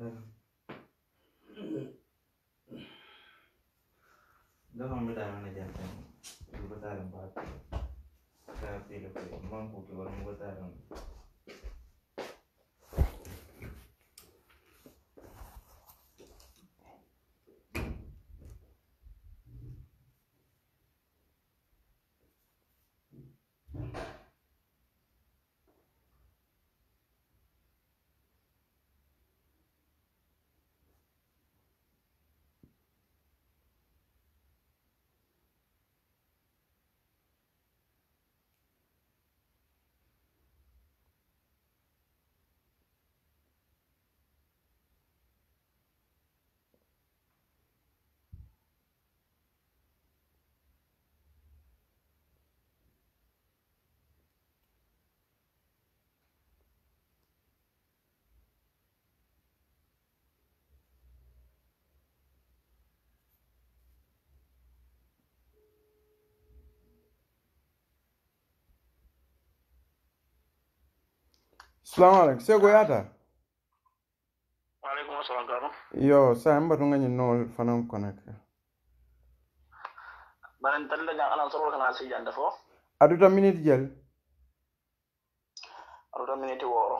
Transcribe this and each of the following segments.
uh, salamu aleykum seeko yaata waaleykum assalam kaaro yo sa n batu ŋañiŋ noo fanaŋ koneke bari ntali la jaŋ alaŋ kana si jande fo aduta miniti jel aduta miniti wooro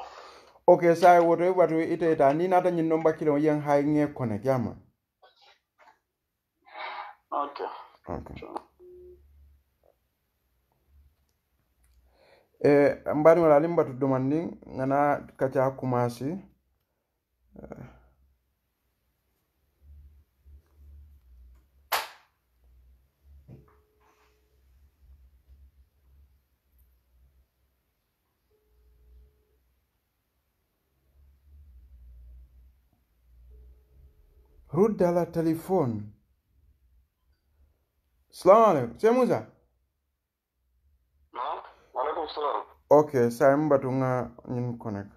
ok sa woto i batu ite ita ni naata ñiŋ noŋ bakkiloŋ yeŋ hay ŋe konek yama ok ok sure. e mbariŋol aliŋ batu domandiŋ ŋana kaca kumasi rudda la telefone salamu alaikum sai musa alaikum salam ok sai mbatu nga ñin connect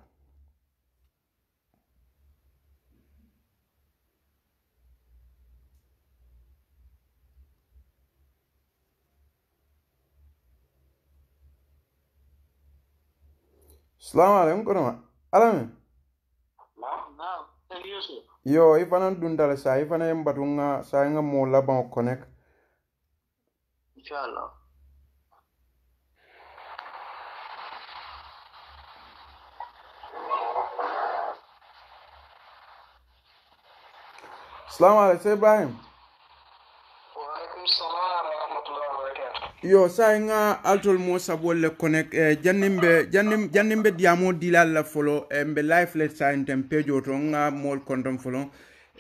salamu alaikum kodoma alami yo i fana duntale sa i fana ye mbatu nga sa nga mo labaŋo connect inshallah السلام عليكم سي ابراهيم وعليكم السلام ورحمه الله وبركاته yo sai nga altol mo sabo le connect eh, jannimbe jannim jannimbe diamo dilal la folo embe life le santem pejo to nga mol kondom folo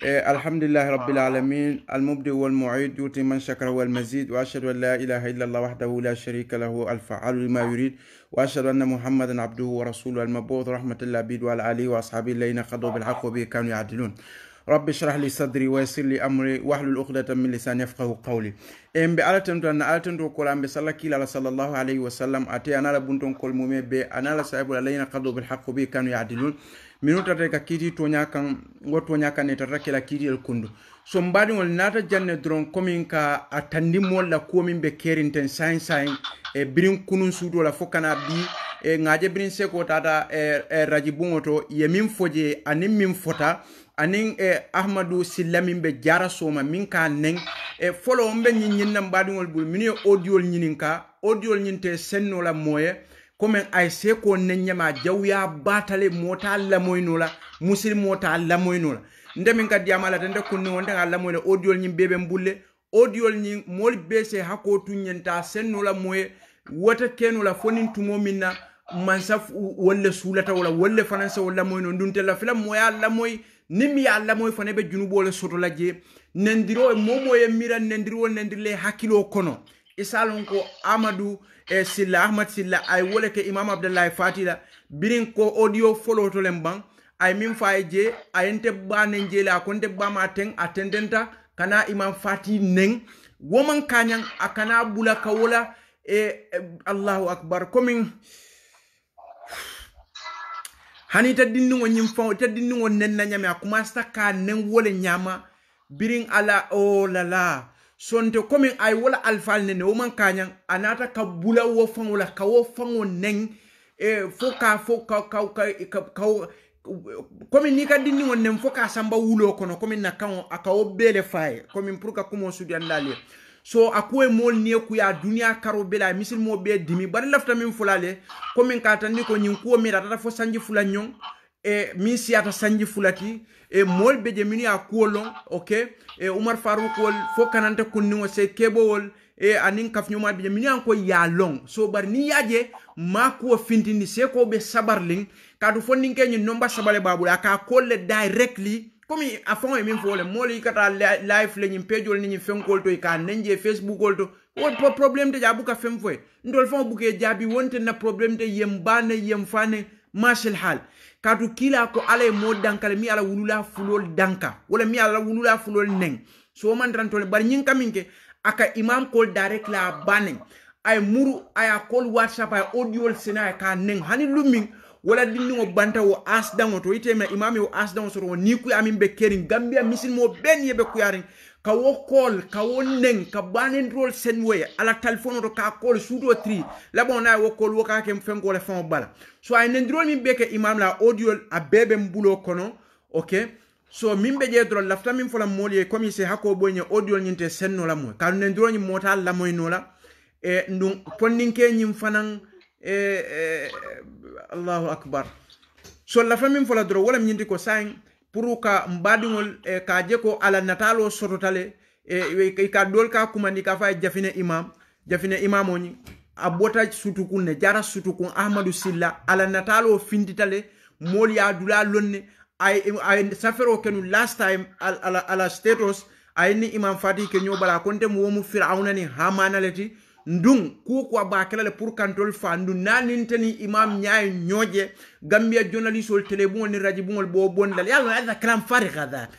الحمد لله رب العالمين المبدئ والمعيد يؤتي من شكر والمزيد واشهد ان لا اله الا الله وحده لا شريك له الفعال لما يريد واشهد ان محمدا عبده ورسوله المبعوث رحمه للعبيد وعلى اله واصحابه الذين قضوا بالحق وبه كانوا يعدلون rabbi shrah li sadri waysir li amri wahlul uqdatan min lisani yafqahu qawli e be ala tentu na ala tentu ko lambe salla kilala sallallahu alayhi wa sallam ate anala bunton kol mume be anala sahibul alayna qadu bil haqq bi kanu ya'dilun minu tata ka kiti to nyakan wo nyakan ne tata kiti el kundu so mbaɗiŋol nata janne dron komin ka atandi tandimol la min be kerinten sain sain e birin kunun suuto la fokana kana bi e ŋaaje birin seko tata e, e yemin foje to ye min min fota anin e eh, ahmadou silla min jara soma min ka nen e eh, folo onɓe ñin ñinnan mbaɗugol ɓuri min yo audiol ñinin ka audiol ñinte sennola moye commen ay se ko nenñama jawya batale mota lamoynola musilmo ta lamoynola ndemin kadi yamalata nde kunne wonde ga lamoyla audiol ñin ɓeɓe bulle audiol ñin mol bese hakko tuñenta sennola moye wota kenola fonin tumo minna mansa wolle suulata wala wolle fanansa wo lamoyno ndun tella fila moya lamoy nimi ya allah moy e fane be junubole soto laje nandiro e momoye mira nandiro nandirle hakkilo kono isalon ko amadou e silla ahmad silla ay wole ke imam abdoullahi fatila birin ko audio folo to len ban ay min fa e je ayente ba nen jeela ko nde ba ma ten atendenta kana imam fati nen woman kanyan akana bula kawola e, e allahu akbar komin hani ta dinniŋo ñiŋ faŋo ita dinniŋo neŋ na ñame a kumasita ka a neŋ wo le ñaama biriŋ ala o oh, la sonte komi a ye wo nene wo maŋ kaa a naata ka bula wo faŋo la ka wo faŋo neŋ eh, foka ka fo ka ka ka ka, komi n'i ka dinniŋo neŋ fo ka a wuloo kono komiŋ na kaŋo a ka wo bee le faa pour ka kumo sudiyandaali ye so a ko ye moolu niŋ ye kuya duniya karo be la a misilimo bee dimi bari lafita miŋ fula le komiŋ ka tandi ko ñiŋ kuwo miŋ atata fo sanji fula ñoŋ e miŋ siyata sanji fula ti e moolu be je minnu ye a kuwo ok e umar farukuwol fo kananta kunniŋo se keebowol e aniŋ kafuñoma be je an ko ye a so bari ni ya a je maa kuwo fintindi seekoo be sabari liŋ kaatu fo niŋ ke ñiŋ nomba saba le a ka a le directly komi a faŋo ye miŋ fo le moolu i ka taa life le ñiŋ pejolu ni ñiŋ fenkolu to i ka neŋ je facebookolu to wo problème te je a buka feŋ fo ye ntolu faŋo buka ye jaabi wonte na problème te yen baa yen faa ne hal kaatu kiila ko ala ye moo danka le miŋ ala wulula fulolu danka wala miŋ ala wulula fulolu neŋ so wo mantantole bari ñiŋ ka miŋ ke a ka imam kol direct la a baa a ye muru a ye a kolu whatsapp a ye audiol sene a ye ka neŋ hani lu miŋ wala dindiŋo banta wo asidaŋo to ite ma imami wo asidaŋo soto wo ni kuya miŋ be keriŋ gambiya misilimo bee niŋ ye be kuyariŋ ka wo kool ka wo neŋ ka baanindirolu seŋ wo ye ala talifono to ka a kool suutoo tiri labaŋo naŋ ye wo kool wo ka a ke le faŋo bala so a ye nendirolu miŋ bee imam la audio a bebe mbulo kono ok so min be jee doroŋ lafita miŋ fola moolu ye comme se hakkoo boyi ñe audiol ñiŋ te senno la moyi kaatu nendirolu ñiŋ mootaa lamoyi noo la e ndun ponninke ñiŋ fanaŋ Eh, eh, allahu akbar solla fa min fola doro wala ñindi ko sayin pour eh, ka mbadiŋol ka jeko ala natalo sototale ka dool ka kumandi ka fa e jafine imam jafine imamo ñi a bota sutukun ne jara sutukun ahmadu silla ala natalo finditale mol ya a dula lonne ay safero kenu last time ala, ala status ayni imam fati ke ñobala konte mu womu firawna ni hamana leti ndun kuukuwa bakelale pour kantol fa ndu nanintani imam ñaye ñoje gambia journalistol télé buŋol ni radio buŋol bo bondal ye lon ada kalam fari kada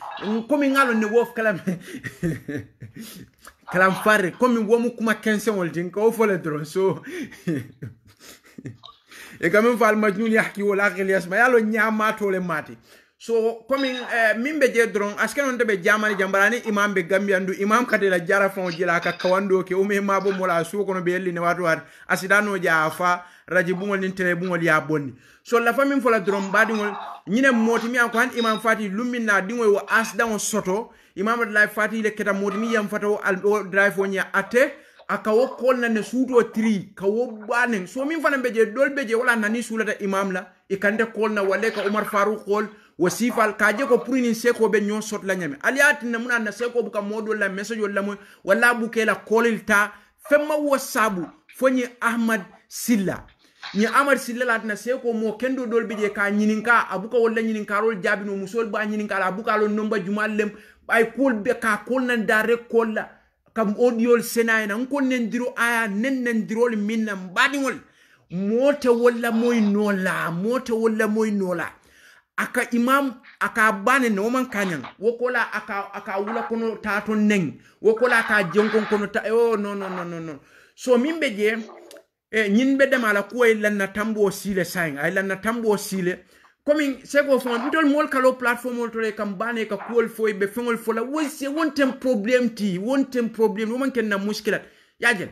comme ŋalon ne wof kalam kalam fari comme womu kuma kenseŋol tin ka wo fo le doron so e quand même fa almajnun yahki wol aqil yasma ye lon ñaamatole maati so komin uh, eh, min be je dron aske non be jamani jambarani imam be gambiandu imam la jara fon jila ka kawando ke o me mabo mola su no be yelli ne watu asidano jaafa raji bungol nin tene bumol ya bonni so la famin fola dron ngol nyine moti mi an ko han imam fati lumminna dingol wo asdan soto imam la fati le keta moti mi yam fato al o drive on ya ate aka wo na ne suuto tri ka wo banen so min fana be je dol be je wala nani sulata imam la e kande kolna wale ka umar faru kol wasifal ka kaje ko pour nin seko be ñoo sot la ñame aliati ne mun na seko bu ka modol la message la moy wala bu ke la kolilta femma wasabu fonyi ahmad silla ñi amad silla la tina seko mo kendo dol bi ka ñininka abuka wala ñininka rol jabino musol ba ñininka la abuka lo nomba jumal lem ay kol be ka kol nan dare kol kam audiol sena ina ko nendiro aya nen nendirol minna mbadiwol mota wala moy nola mota wala moy nola aka imam aka bane ne woman kanyan wokola aka aka wula kono tato neng wokola aka jonkon kono ta eh, oh no no no no no so min be je e nyin be dem ala ko lan tambo sile sain ay lan tambo sile komi sego fo mitol mol kalo platform mol tole kam bane ka kuol fo be fengol fo la se won problem ti won tem problem woman ken na muskilat yaje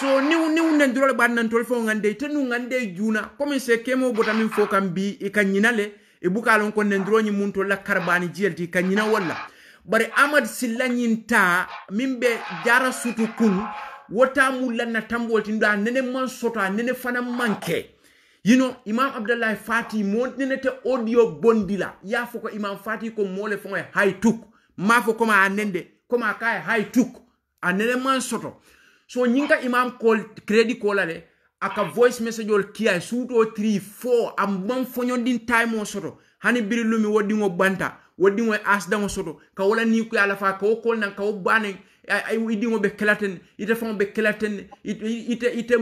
so niw niw nen dole ban nan tol fo ngande tenu ngande juna komi se kemo bota fo kam bi e kan nyinale e bukalon ko nendroñi mum to lakkarbani jiyalti kañina walla bare amad sillañinta min ɓe jara sutu kun wota mullanna tambol tinɗa nene man sota nene fana manke yino imam abdallahi fati mo nenete audio bondila ya fo imam fati ko mole fon e hay tuk ma fo koma a koma ka e hay tuk a man soto so ñinka imam kol crédit kolale aka voice message ol kia suuto 3 4 am ban foñondin time o soto hani biri lumi ngo banta woddiŋo e asdaŋo soto ka wala ni ku ala fa ka o kol nan ka bane ay wi dingo be klaten ite fon be klaten ite ite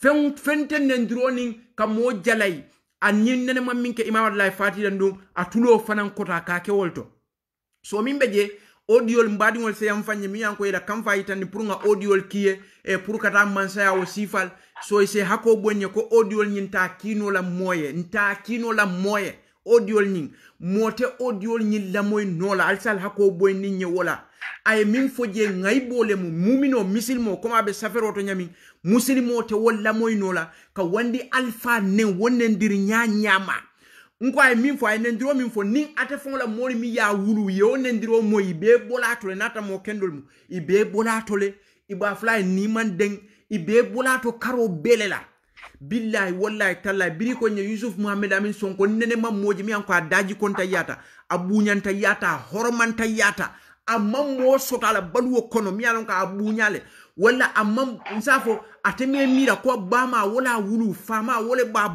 feŋ fenten nen droning niŋ ka moo jalayi an nyin miŋ ke imam allah fatidan dum a tuloo kota ka ke wolto to so min be je audiol mbaɗiŋol seyam fañe mi yan ko yila kam fayi tanni pour ga audiol kiye e pour kata mansayawo wo sifal so ise hako bonye ko audiol ñin ta kinola moye nta kinola moye audiol ñin mote audiol ñin lamoy nola alsal hako boy nin ñe wola aye min fo je ŋaybole mu mumino misilimo koma be safero to musilimo te wo lamoy nola ka wandi alpha nen wonnendiri ña ñama nkwa min fɔ a ye nendiro min fɔ ni ate fɛnw la mori mi y'a wulu ye o nendiro mo i b'e bɔla a to le mu i b'e bɔla a to n'i man dɛn i b'e to karo bɛɛ billahi wallahi tallahi biri ko ɲɛ yusuf muhammed amin sɔn ko nɛnɛma moji min yan ko daji ko ta yata a ta yata a ta yata a ma mɔɔ la baluwo kɔnɔ min y'a lɔn k'a wala a ma n mira ko ba wala wulu faama wale b'a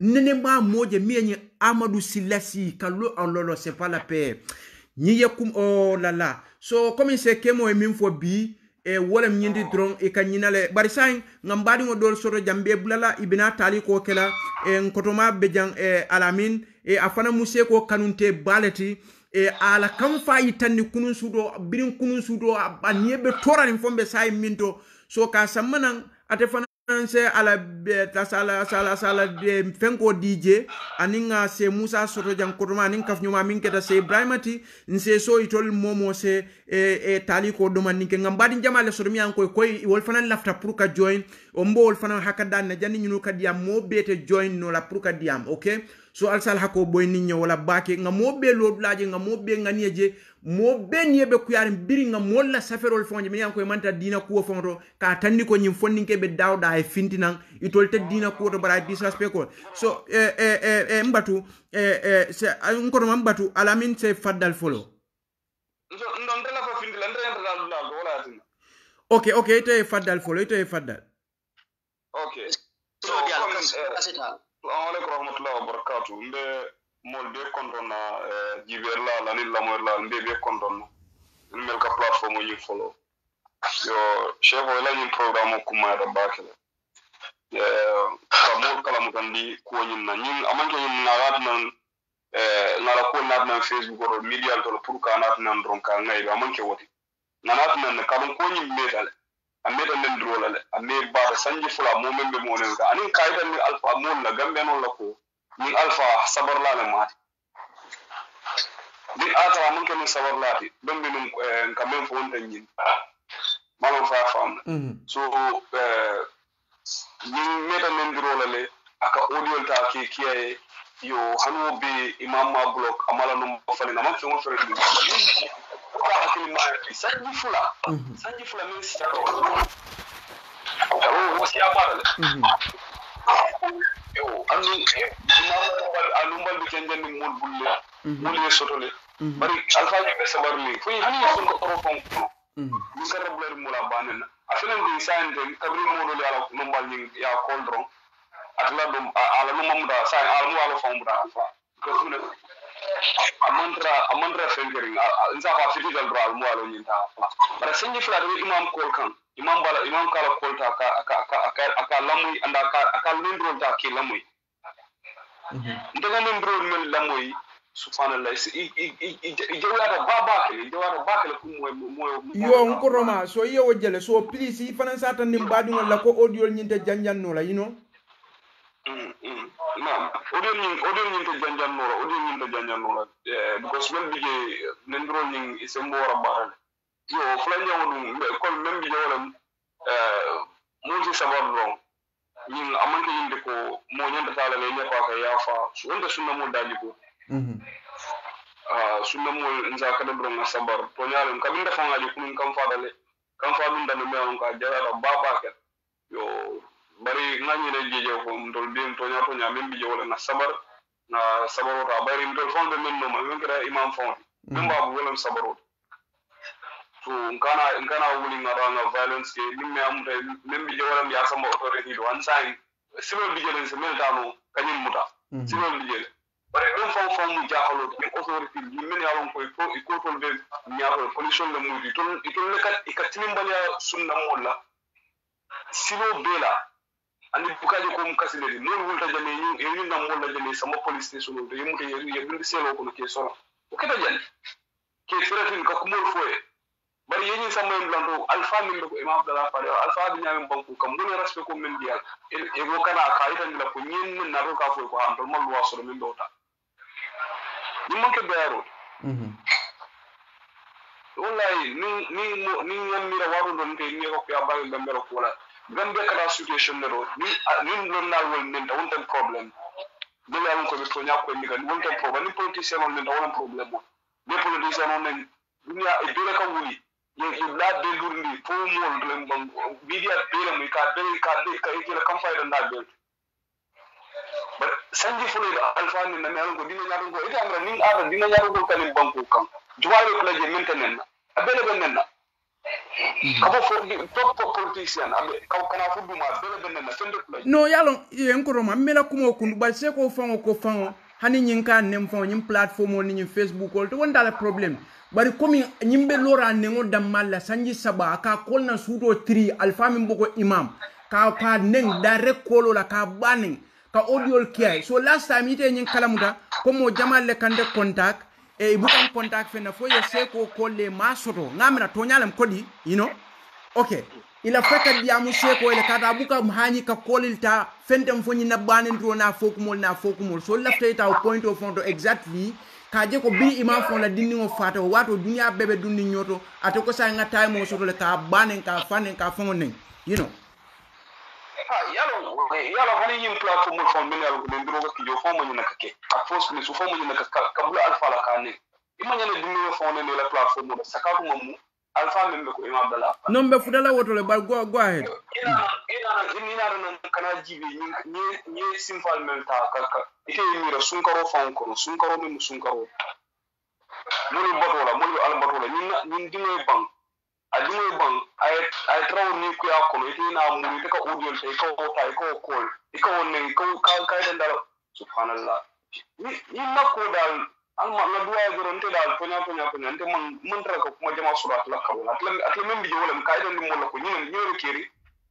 nene mwa moja mie nye Amadou Silasi kalo anlolo c'est la paix nyi kum oh la la so comme c'est kemo eh, e min bi e wolem ñindi dron e ka ñinale bari sayin nga mbaɗiŋo ɗol soto ibina taali ko kela e eh, nkotoma be e eh, alamin e a fana muse ko kanunte baleti e ala kam fa yitanni kunun suuɗo a niye be toranin fombe sayin so ka sammanan ate se ala tasala sala sala de fenko dj aninga se musa soto jang kodoma anin kaf nyuma min keta se ibrahima ti nse so itol momo se e, e tali ko doma ninke ngam badi jamale soto mi an koy koy wol fanan lafta pour ka join o mbo wol fanan hakka dan na janni nyunu kadiam mo bete join no la pour ka diam okay so alsal hako boy ninya wala bake nga mo mobe laaje nga mo be je nieje mo be kuyari biri nga molla saferol fonje yan yankoy e manta dina kuwo fonto ka tanni ko nyim fonninke be dawda e fintinan te dina kuwo to bara disrespect ko so e eh, e eh, e eh, mbatu e e se ko ma mbatu alamin se faddal folo ndon tela ko findila ndren dal dal wala tin okay okay ito e faddal folo ito e faddal okay so, so dial kas kasital warahmatullahi wabarakatu n be moolu be kontonna jibeerla la niŋ lamoyir eh, la n be be kontonna n mel ka plateforme ñiŋ folo yo chefo i la ñiŋ programme kummayata baake le eh, ka moolu kalamutandi kuwo ñiŋ na ñiŋ a maŋ ke eh, ñiŋ naŋ ŋa la kuwo naati facebook oto midiyal to pour ka a doroŋ ka ŋayi a maŋ ke wo ŋa naati ne kaduŋ kuwo ñiŋ meeta le ameta men drola le ame bata sanji fula mo men be mo ne ka anin kaida alfa mo la gambe la ko min alfa saborlale mo ati din atara mun ke min saborlati ɗon bi num eh, ka min fo wonten ñin mamon fa famna mhm. so ñin eh, meta mendirola le aka audiol ta ke kiyaye yo hanwo be imam ma blok amala no fali na manke won fere ma sanji fula mhm. sanji fula min sitaro ewo andu imamata alumbal be kenjandi mol bulle mol sotole bari alfaji be sabarli fo hani sun ko toro fon ko min ka rabbulari mula banena afenen de sante kabri modo le ala lumbal ning ya koldron atla dum ala no mamuda sa ala mu ala fon muda fa ko sunu amantra amantra fengering insa fa fitikal dro al mu ala nyinta fa bara senji fla de imam kolkan imam bala imam kala kolta ka aka aka aka, aka lamuy anda aka aka lindrol ta ke lamuy ndaga lindrol men lamuy subhanallah i jawyata ba bakele i jawyata bakele ko moy moy yo nko roma so yewo jele so please i fanan satan nim baɗugol la ko audiol ñinte la yino nam audiol ñin audiol ñinte janjannola audiol ñinte janjannola because men ɓige lindrol ñin sembo wara mbarale yo fulanjaŋo dum comme même bijaŋo lem euh, mun si sabab dɔrɔn ñiŋ a maŋ ke ñinde ko moo ñanta taa la la i ñafa ka i y'a fa wonta sunnamol daaji ko sunnamol nsa kada dɔrɔn ŋa sabar toñaa lem kabin dafa ŋaaji kunun kam faata le kam faa dun dana meŋ ka jarata baa ba ket yo bari ŋa ñine jejew ko ntol bien toñaa toñaa meŋ bijaŋo na ŋa sabar ŋa sabarota bari ntol faŋo be meŋ nooma meŋ keta imam faŋo ti meŋ bu wolem sabarota so nkana nkana wuli ngaranga violence ke nimme amuta membi jewaram ya sama authority do ansai sibe bijelen se mel dano kanyim muta mhm. sibe bijel bare ɗum fam fam mu jahalo ɗum authority ɗum min yalon koye ko e kotol ɓe ñakoye pollution le muɗi ton itolle kat e kattinimbaliya sunnamolla silo beela andi bukaji komu kasiledi non wulta jane e yinnamolla jane sama police station o to yimmuta yeɓindi selo kono ke sona o keta jani ke feratin ka kumol foye bari yeñi sambo en blanto alpha min ko imam abdallah fare alpha bi ñami banku kam bone respect ko min diyal e go kana ka yitan la ko ñen min na do ka ko ko am do mal wa solo min do ta ni man ke bayaro mhm wallahi ni ni ni ñam mi ra waru don te ni ko ya bagal gambe ro ko la gambe kala situation ne do ni ni non na wol min da wonten problem do la won ko be to ñako ni kan wonten problem ni politicien on ne da won problem mo be politicien on ne dunia e bele ka wuli yeki la belurndi fof mol mbiɗiya beele mum ka bele ka de ka itila kam fayda nda bel bat sanji fuloyɗo alfani nami aɗon ko dina ñaton ko ete amra nin aɗa dina ñaton ko kanin banque kan jowawe plaje minta nenna a bele ɓe nenna kabo fo top politicien aɓe kaw kana fudduma bele ɓe nenna fende plaje non yalon yen koroma mela kumo kundu bat se ko fango ko fango hani ñin ka nem fango ñin plateforme o ni ñin facebook ol to wondala probléme bari komi ñiŋ lora neŋo danmal la sanji saba ka kolna na tri alfa min boko imam ka ka neŋ direct kolo la ka ba ka audiol kiyaye so last time ite kalamuda ko mo jamal le kande contact e bu ibukan contact fe na fo ye se ko kolle ma soto to nyalam kodi you know okay ila feka se ko ele kata buka mhanyi ka kolil ta fentem fo ñina banen to na fokumol na fokumol so lafte ta point of fond exactly kaje ko bi ima fon la dinniŋo mo o waato duniya bebe bɛ dunni ɲoto ate ko saa ŋa taa moo soto le k'a banen k'a fanen k'a fɔŋo neŋ you know yalo yalo hani yin plateau mun fon min yalo min biro ki jo fon mun naka ke a fos min su fon mun naka kabla alfa la kane imanya ne dinniŋo fon ne la plateau mun sakatu mamu alfa min be ko imam bala non be fudala woto le go go ahead ina ina ina ina kana jibe ni ni simfal men ta ka ka ite mi ra sun karo fa ko sun karo min sun karo mulu bato la al bato la ni ni dingo bang a dingo bang ay ay traw ni ku ya ite na mulu te ka audio ko ta ko ko ko ne ko ka ka dan dala subhanallah ni ni makko alma la duwa ya gurin te da alfunya funya funya te man man tara ko kuma jama sura atla karo atla atla min bije wala kai dan mo la ko nyin nyoro kiri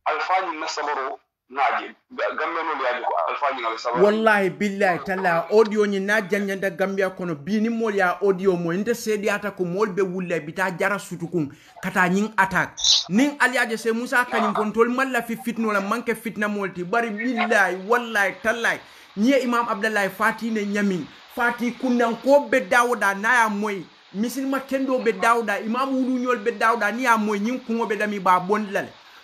alfani na sabaro naje gambe no ya ko alfani na sabaro wallahi billahi talla audio ni na janya da gambia kono bi ni mo ya audio mo inte sedi ata ko mol be wulle bita jara sutukun kata nyin attack nin aliaje se musa kanin kontol malla fi fitno la manke fitna molti bari billahi wallahi talla ni imam abdallah fatine nyamin pati kundanko be dawuda n'a y'a moyi misilima kendo be dawuda imamu wuluñol be dawuda ni y'a moyi ñin kuŋo be dami ba bondi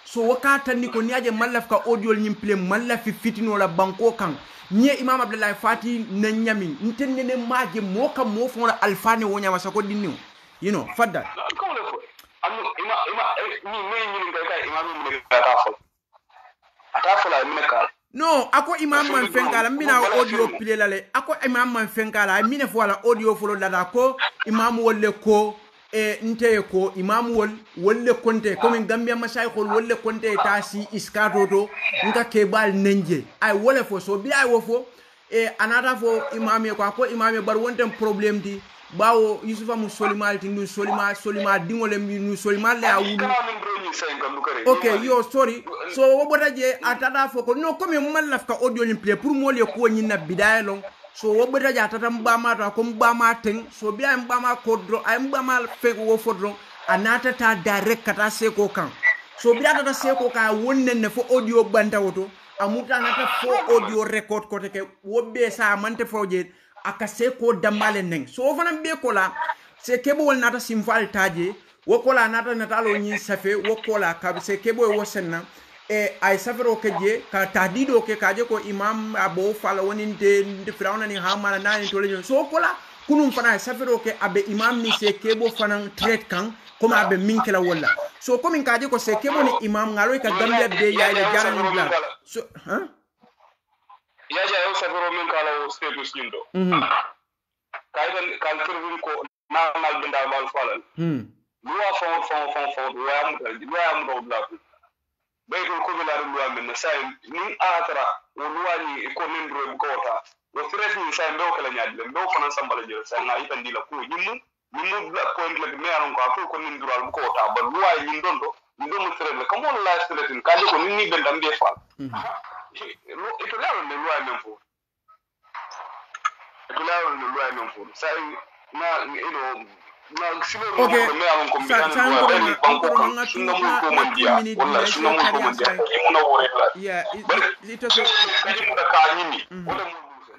so wo tanni ko ni aje mallafi ka audiol ñin pile mallafi fitino la banko kan ni ye imam abdulahi fati na ñami nte nene maaje moo ka moo foŋo la alfane wo ñama sako dinniŋo you know fadda ata fola mine kala no ako imam man fen kala mbina audio pile lale ako imam man fen kala mine fo la audio folo lada ko imam wolle ko e nteye ko imam wol e, wolle konte komin gambia masayihol wolle konte ta si iskato to nka kebal nenje ay wole fo so bi ay wo fo e anata fo imam ye ko ako imam ye bar wonten probléme di. bawo yusufa mu solima ti nu solima solima dingole nu solima le a wulu ok yo sorry so wo bota je atata fo ko no comme mal laf ka audio ni play pour mo le ko ni na bidaye long so wo bota je atata mbama ta ko mbama ten so bi ay mbama ko dro ay mbama fe wo fo dro anata ta direct kata se ko kan so bi atata se ko ka wonnen ne fo audio banta woto amuta anata fo audio record ko te ke wo be sa mante fo je a ka se ko le neng so wo fana be ko la se kebo wol nata simfal taje wo ko la nata nata l'o nyi safe wo ko la ka se kebo wo senna e ay safero ke je ka tahdido ke je ko imam abo fala woninte nde firawna ni hamana n'a to tole so ko la kunun fana safero ke abe imam ni se kebo fana tret kan kuma abe minkela wala so ka je ko se kebo ni imam ngalo ka gambia be yaile jaran ngla so ha huh? yaja yawsabiro min mhm. ko alaw seedu sindo kaytan kan kirwin ko nanal bindawmal falal luwa fawo fawo fawo fawo luwayamuta luwayamuta ko baytul kubilari luwa min na sayi nin alatara o luwañi ko nendiro e kowota o firetni sayi mbewo kala ñaadi le mbewo fanan sambala jere sayi na yitandila kuwo ñimmu ñimmu point lede mais anon ko a foy ko nendiro almu kowota ba luwa ñin ɗon ɗo ñin ɗo mo firetle kam won la firetin kaje ko nin ni ɓendam mbiye faal hmm. itolero lelo ame mvula itolero lelo ame mvula sai na na you know Okay. Yeah, it, it, it was a, mm-hmm.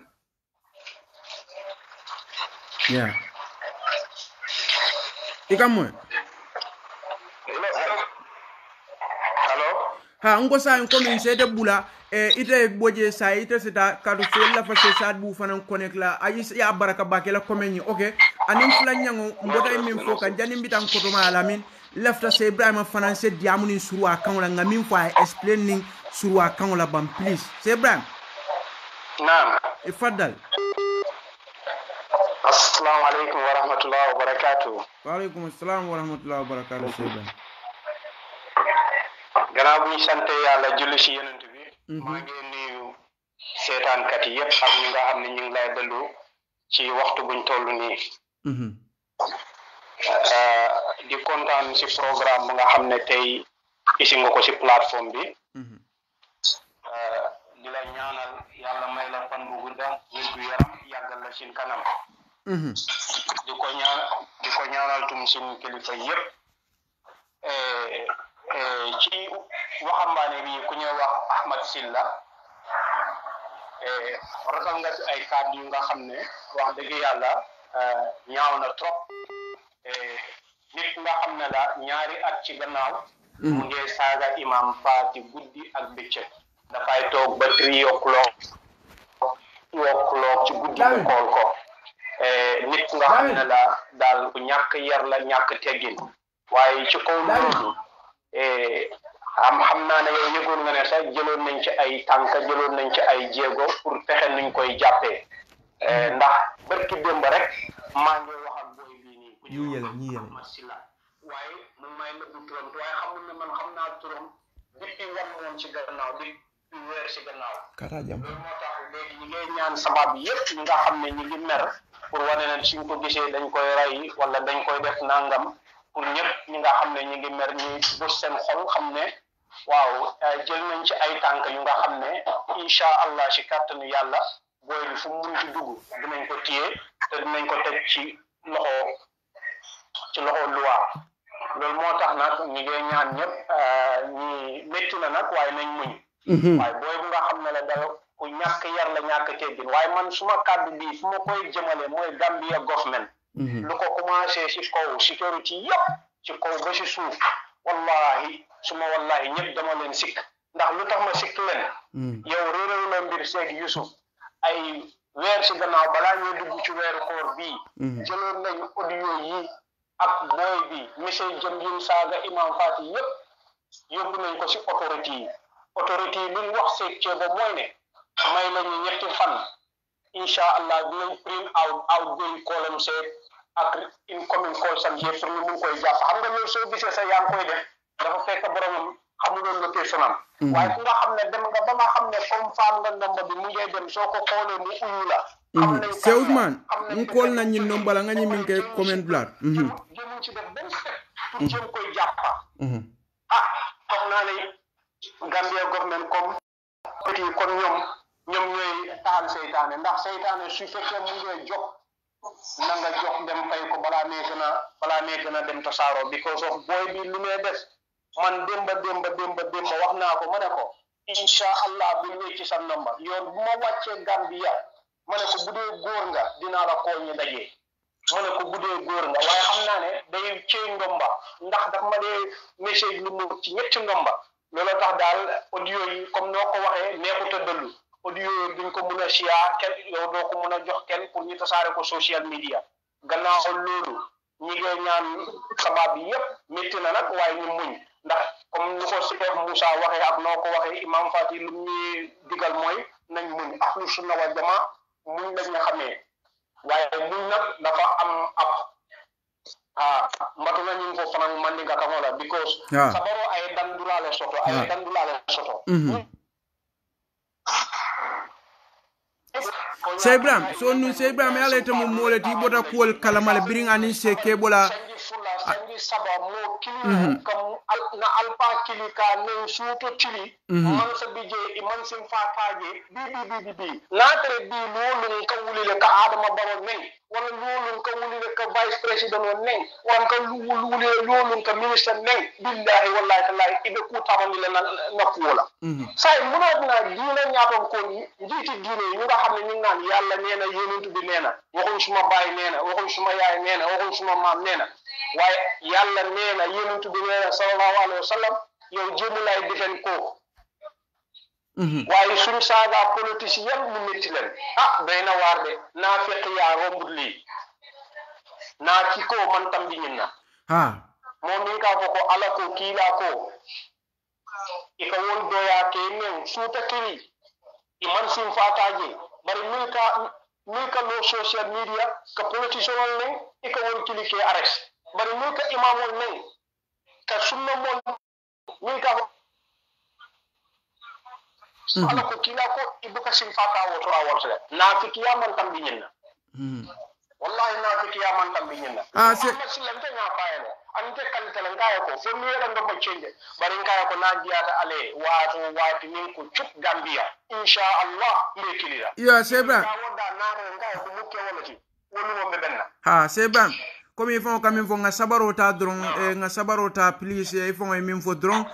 Yeah. Ikamu. E Hello. ha ngo sa en komin sede bula e ite boje sa ite sita kadu fel la fashe sa bu fanan connect la ayi ya baraka bake la komen ok anin fulan nyango mbota min fo kan janin bitan ko to malamin lafta se ibrahima fanan se diamu ni suru akan la ngamin fo ay explaining suru akan la ban please se ibrahim naam ifadal e assalamu alaikum wa rahmatullahi wa barakatuh wa alaikum assalam wa rahmatullahi wa barakatuh se ibrahim gannaaw bu ñu sante yàlla julli si yonent bi mhm. maa ngi nuyu seetaankat yi yépp ak nga xam ne ñu ngi lay delu ci waxtu buñ toll nii mhm. euh, di kontaan si programme bu nga xam ne tey isi nga ko si plateforme bi mhm. euh, di la ñaanal yàlla may la fan bu gudda wér gu yaram yàggal la sin kanam di ko ñaan di ko ñaanal tum sin kilifa yépp euh, Eh, ci waxambaane bi ku ñuy wax Ahmad Silla eh, rafet nga ay kàddu yu nga xam ne wax dëgg yàlla eh, ñaaw na trop nit nga xam ne la ñaari at ci gannaaw hmm. mu ngee saaga imam faati guddi ak bëccëg dafay toog ba tri yokkuloog ci guddi mu kool ko nit nga xam ne la daal ku ñàkk yar la ñàkk teggin waaye ci kaw loolu Eh, am xam naa ne yow yëgoon nga ne sax jëloon nañ ci ay tànka jëloon nañ ci ay jéego pour fexe nuñ koy jàppee eh, ndax bërki démb rek maa ngi wax ak booy bii nii ku ñuy waaye man maay xamul ne man xam naa turam depuis ci gannaaw bi weer ci gannaaw jam loolu ngay ñaan sabab yépp ñi nga xam ne ñi ngi mer pour wane ne suñ ko gisee dañ koy ray wala dañ koy def nangam pour ñëpp ñi nga xam ne ñu ngi mer ñi bës seen xol xam ne waaw euh, jël nañ ci ay tànk yu nga xam ne incha allah ci kàttanu yàlla booy bi fu mu ci dugg dinañ ko téye te dinañ ko teg ci loxo ci loxo luwaa loolu moo tax nag ñi ngay ñaan ñëpp euh, ñi métti na nag waaye nañ muñ mhm. waaye booy bu nga xam ne la dara ku ñàkk yar la ñàkk teggin waaye man suma kàddu bii fu ma koy jëmale mooy Gambia government lu mm-hmm. ko commencé ci si sécurité yëpp ci kaw ba ci suuf wallahi suma wallahi ñëpp dama leen sikk ndax lu tax ma sikk leen mm. yow réeréw la mbir seeg Yusuf ay weer ci gannaaw balaa ñuy dugg ci weeru koor bii mm-hmm. jëloon nañ audio yi ak booy bi monsieur jëm yin saaga imam Fati yëpp yóbbu nañ ko si autorité yi autorité yi luñ wax seeg ceeba mooy ne may lañu ñetti fan incha allah dinañ print out outgoing column seeg ak incoming calls am yëpp pour ñu mun koy jàpp xam nga loolu soo gisee sax yaa ngi koy def dafa fekk boromam xamuloon location am mm. waaye ku nga xam ne dem nga ba nga xam ne comme faam nga nomba bi mu ngay dem soo ko xoolee mu uyu la mm. Seydou Ousmane mu kool nañ ñi nomba la nga ñu mi ngi koy comment blaat mm-hmm. jéemuñ ci mm. mm-hmm. ah, naa ne Gambia government comme petit comme ñoom ñoom ñooy taxal seytaane ndax seytaane su fekkee mu ngee jox nanga nga jox dem fay ko balaa mee a balaa dem tasaaroo because of booy bi lu mee def man démba démba démba démba wax naa ko ma ne ko incha allah bi wécci sa namba yoon bu ma wàccee Gambia ma ne ko bu dee góor nga dinaa la koo ñu ma ne ko bu dee góor nga waaye xam naa ne day cey ndomba ndax daf ma dee message lu ci ñetti ndomba looloo tax daal audio yi comme noo ko waxee neexut a dëllu audio yooyu duñ ko mun a siyaar kenn yow doo ko mun a jox kenn pour ñu tasaare ko social media gannaaw loolu ñi ngay ñaan sabab bi yépp métti na nag waaye ñu muñ ndax comme ni ko Cheikh Moussa waxee ak noo ko waxee imam Fati lu ñuy digal mooy nañ muñ ahlu sunna wal jamaa muñ lañ nga xamee waaye muñ nag dafa am ab ah matu na ñu ko fanam mandi nga kamo la because ah. sabaro ay dandulale soto ay ah. dandulale soto mm-hmm. Sey Bram, so nu Sey Bram yala ita mu mole ti bota kuol kalamal biring anin se ke bola fulla ah. sanji saba mo kili kam mhm. na alpa kili ka nen suuto tili mhm. mansa bije e mansin fataje bi bi bi bi bi natere bi lolum ka wulile ka adama baro nen wala lolum ka wulile ka vice président o nen wala ka wulile lolum ka ministre nen billahi wallahi tallahi ibe kutamanile nakkuwola mhm. say munoɗna diina ñaton kon jiiti diine yi nga xam ne ñu naan yàlla nee na yonent bi nee na waxuñ suma baay nee na waxuñ suma yaay nee na waxuñ suma maam nee waaye yàlla nee na bi nee sallallahu Alaihi wa sallam yow jëmu lay difen kooku mhm. waaye suñ saaga politicien yëpp mu métti leen ah doy na waar de naa fekk yaa ci ko man tam bi ñin na moom min ka fo ko ala ko kiila ko ika won doya ke men suuta kiri iman sin fataje bari min ka ka lo social media ka politicien ne ika won kili ke arrest bari min ka imamol men mhm. ka sunna mol min ka ala ko kila ko ibuka sin faka wotora wotore nafikiya man tam bi ñinna mhm. wallahi nafikiya man tam bi ñinna ahmad sillante ña fayene ante kalitele ngaye ko fo mi yeɗa ndoba cienge bari ngaye ko na diyata ale waato waati min ko cuk gambiya inchallah mbe kilira yo c'est bien wonda nare ngaye ko mukke wolati wonumo mbe ɓenna ha ah, c'est bien comme i fɛŋo ka min fo nka sabaro ta dɔrɔn nka sabaro ta please i fɛŋo ye min fɔ dɔrɔn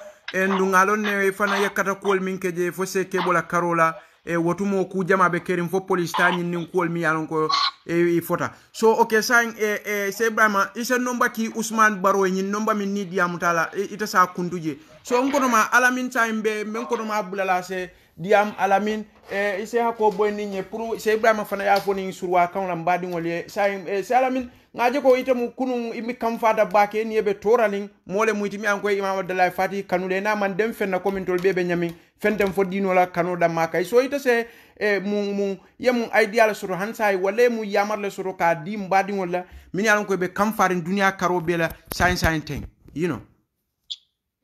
nduŋalo ne fana ye katakuwol min ke je fo se kebo la karo la e wotumo ku jama be kerin fo police ta ñinnin kuwol mi yalon ko e, fota so ok sain e, eh, e, eh, se ibrahima ise nomba ki ousmane baro ñin nomba min ni diyamutala e, eh, ita sa kuntuje so n konoma alamin sain be men konoma bulala se diyaam alamin e, ise hako boy ni ñe pour se ibrahima fana ya fo ni surwa kan la mbadiŋol ye sain e, se alamin ngaje ko ite mu kunu imi kam fada bake ni be toralin mole mu itimi anko imam abdullahi fati kanule na man dem fenna ko min tol be nyami fenden fo dino la kano da maka so ite se e mu mu ye mu ideal suru hansa wala mu yamar le suru ka di mbadi wala min yalan ko be kam farin duniya karo be la sain sain ten you know